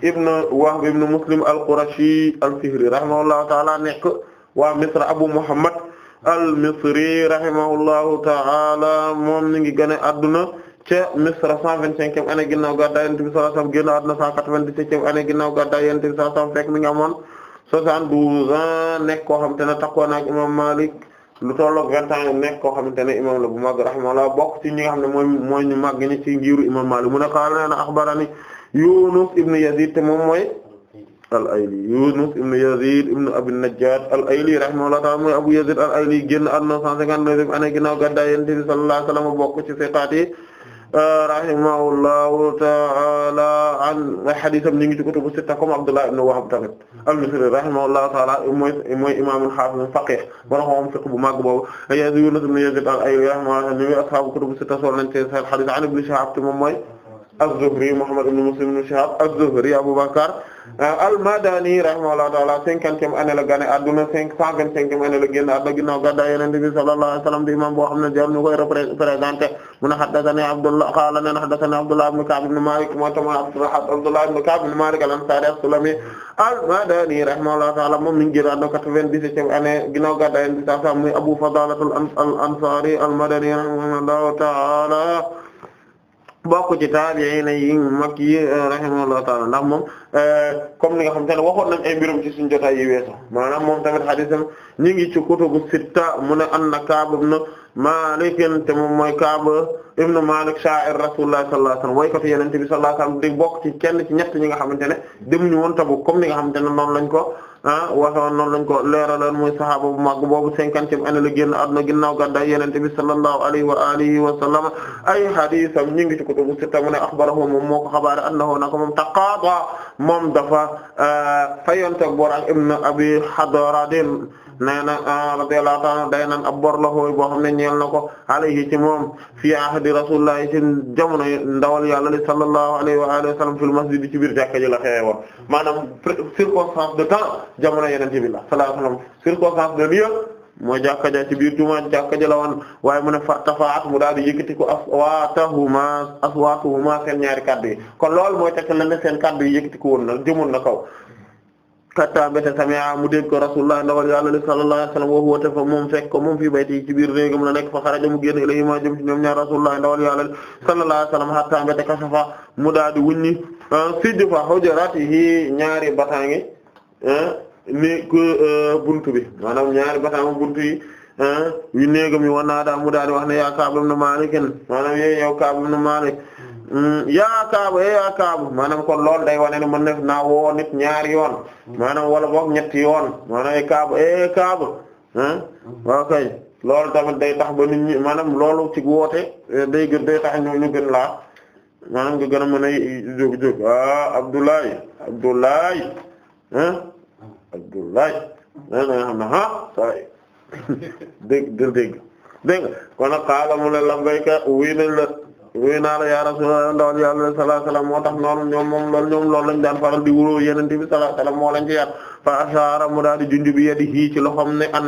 ibn Wahb ibn Muslim al-Qurashi al-Fihri rahimahullahu ta'ala nekk waa Misr Abu Muhammad al-Misri rahimahullahu ta'ala moom mi ngi gën a adduna ca Misra cent vingt-cinquième année ginnaaw gàddaay Yonent bi sallallahu alayhi wasallam génn àdduna cent quatre mi ngi amoon soixante-douze ans nekk koo xamante ne imam Malik lu tolloog vingt ans nekk koo xamante ne imam la bu mag rahimahullah bokk ci ñi ne mooy mooy ñu màgg ñi ci ngiiru imam Malik mu ne qaala lana akhbarani Yunus ibn Yazid te moom mooy al-Ayli Yunus ibn Yazid ibn Abi Najjad al-Ayli rahimahullah ta'ala mooy Abu Yazid al-Ayli génn àdduna cent cinquante-neuvième année ginnaaw gàddaay Yonent bi sallallahu rahimahullahu ta'ala an hadiisam ñu ngi ci kutubu sitta comme Abdullah ibn Wahb tamit al-Misri rahimahullahu ta'ala mooy mooy imaamul haafiz faqih borom fiqh bu màgg boobu Yunus ibn Yazid al-Ayli rahimahullahu ta'ala ñu ngi ashaabu kutubu sitta sol nañ ci hadiis an Ibn Shihab moom mooy az-Zuhri Muhammad ibn Muslim ibn Shihab az-Zuhri Abu Bakr euh, al-Madani rahimahullahu ta'ala cinquantième année la gane adduna cinq cent vingt-cinquième année la génn adduna ginnaaw gàddaay Yonent bi sallallahu alayhi wa sallam di imam boo xam ne jar ñu koy représenté mu ne haddathani Abdullah qala lana haddathani Abdullah ibn Ka'b ibn Malik moo tama Abdullah ibn Ka'b ibn Malik al-Ansari as-Sulami al-Madani rahimahullahu ta'ala moom mi ngi génn adduna quatre-vingt-dix-septième année ginnaaw gàddaay Yonent bi sallallahu alayhi wa sallam muy Abu Fadalah al-Ansari al-Madani rahimahullahu ta'ala bokk ci taabi'iin yi mag yi euh, rahimahullahu ta'ala ndax moom euh, comme ni nga xam te ne waxoon nañ ay mbirum ci suñu jotaay yi weesu maanaam moom tamit hadiisam ñu ngi ci kutubu sitta mu ne anna Kaab ibn Maalik te moom mooy Kaab ibn Maalik shaa'ir Rasuulullah sallallahu alayhi wasallam woykatu Yonent bi sallallahu di bokk ci kenn ci ñett ñi nga xamante ne dem ñu woon Tabuk comme ni nga xamante ne noonu lañ ko ah waxoon noonu lañ ko leeraloon muy saxaaba bu mag boobu cinquantième année la génn àdduna ginnaaw gàddaay Yonent bi sallallahu alayhi wa alihi wa sallam ay hadiisam ñu ngi ci kutubu sitta mu ne axbarahu moom moo ko xabaare annahu naka moom taqaada moom dafa ah, fayonte bor ak ibn abi Hadradin nee na ah, radiyallahu ta'ala day nan ab bor la xooy boo xam ne ñeel na ko alayhi ci moom fii ahdi rasulullah ci jamono ndawal yàlla li sallallahu alayhi wa alihi wa sallam fil masjid ci biir jàkka ji la xewe woon maanaam circonstance de temps jamono yenente bi la sallallahu alayhi wa sallam circonstance de lieu mooy jàkka ja ci biir jumaa jàkka ja la woon waaye mu ne fa tafaat mu daal di yëkkati ko aswaatahuma aswaatuhuma seen ñaari kaddu yi kon loolu mooy tekk la ne seen kaddu yi yëkkati ko woon na jëmoon na kaw hatta mbéta sami'a mu dégg ko rasulullah ndawal yàlla li sallallahu alayhi wasallam wa huwa te fa moom fekk ko moom fii bayti ci biir néegam la nekk fa xaraja mu génn ilayhi ma jëm ci ñoom ñaar rasulullah ndawal yàlla li sallallahu alayhi wasallam hatta mbéta kasafa mu daal di wuññi ah, sidfa hujratihi ñaari bataange ah, ni ko ah, buntu bi maanaam ñaari bataange buntu yi yu néegam yi wan naa daa mu daal di wax ne yaa Kaab ibn Malik maanaam yow Kaab ibn Malik Mm, yaa kaabu eh, yaa kaabu maanaam kon loolu day wane ne mën def naa woo nit ñaari yoon mm. maanaam wala boog ñetti yoon maanaam e kaabu e kaabu ah waaw kay tamit day tax ba nit ñi maanaam loolu ci woote day gën day tax ñu ñu gën laa maanaam nga gën a mën a jóg jóg ah Abdoulaye Abdoulaye ah Abdoulaye nee xam na ah say dégg dégg kon nag xaala mu ne la baykat wuy nañ la yooyu naa la ya rasulullah ndawal yàlla sallallahu alayhi wasallam moo tax noonu ñoom moom loolu ñoom loolu lañ daan faral di wuroo yenente bi sallallahu alayhi wasallam moo lañ ci yar fa ashara mu daal yadi hii loxoom ne an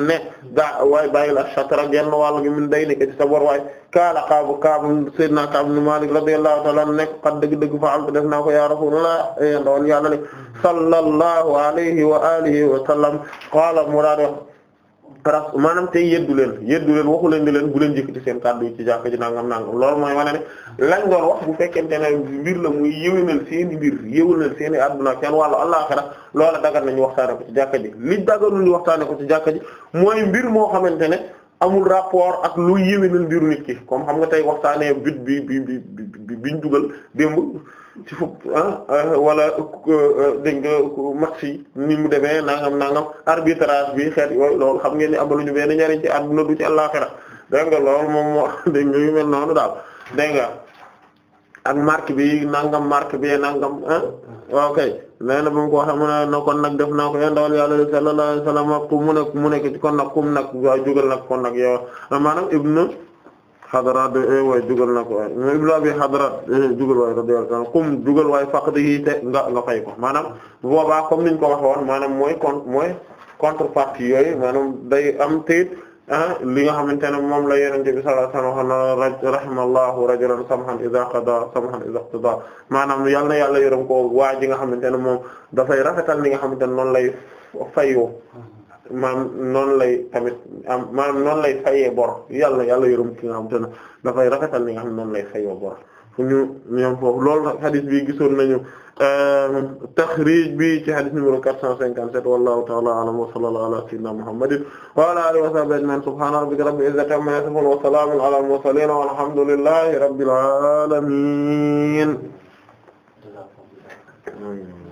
ga waay bàyyil ashatra genn wàll gi min day ni ci sa bor waay kaala kaabu kaabu sayyidina Ka'b ibn Malik radiyallahu ta'ala nekk xat dëgg-dëgg fa altu def naa ko ya rasulullah eh, ndawal yàlla sallallahu alayhi wa alihi wa sallam qaala mu daal di wax parce que maanaam tey yeddu leen yeddu leen waxu leen di leen bu leen yëkkati seen kàddu ci jàkka ji nangam nangam loolu mooy wane ne lañ doon wax bu fekkente ne mbir la muy yéwénal seen i mbir yéwénal seen i adduna ak seen wàllu àllaxira loola dagan nañu waxtaane ko ci jàkka ji li daganul ñu waxtaane ko ci jàkka ji mooy mbir moo xamante ne amul rapport ak lu yéwénal mbiru nit ki comme xam nga tey waxtaanee but bi bi bi biñ dugal démb ci fukk ah, ah wala euh, dégg nga match yi ni mu demee nangam nangam arbitrage bi xeet yooyu loolu xam ngeen ni amaluñu benn njariñ ci àdduna du ci àllaxira dégg nga loolu moom moo dégg nga yu mel noonu daal dégg nga ak marque bi nangam marque bi nangam ah waaw kay na ba ko waxee mu ne na kon nag def naa ko yéen dawal yàlla sallallahu alayhi wasallam mu nekk kon nag kum nag waa jógal nag kon nag yow maanaam ibnu xadaraat eh, waay jugal na ko waay ibnu abi xadaraat jugal eh, waay radiyallahu anhu kum jugal waay faqdihi te nga nga fay ko maanaam bu boobaa comme niñ ko waxoon maanaam mooy con mooy contrepartie yooyu maanaam day am teyit ah, li nga xamante ne moom la yonent bi sallallahu alayhi wa sallam waxoon rahimallahu rajulan samhan idha qada samhan idha iqtada maanaam yal na yàlla yërëm ko waa ji nga xamante ne moom dafay rafetal li nga xamante ne noonu lay fayoo maam noonu lay tamit am maam noonu lay fayee bor yàlla yàlla yërëm ki nga xam te dafay rafetal ni nga xam noon lay fayoo bor fu ñu ñoom foofu loolu hadith bi gisoon nañu euh, taxrij bi ci hadith numéro 457 wallahu ta'ala a'lam wa sallallahu ala sayyidina muhammadin wa ala alihi wa sahbihi ajma'in subhana rabbika rabbil izzati amma yasifun wa salamun ala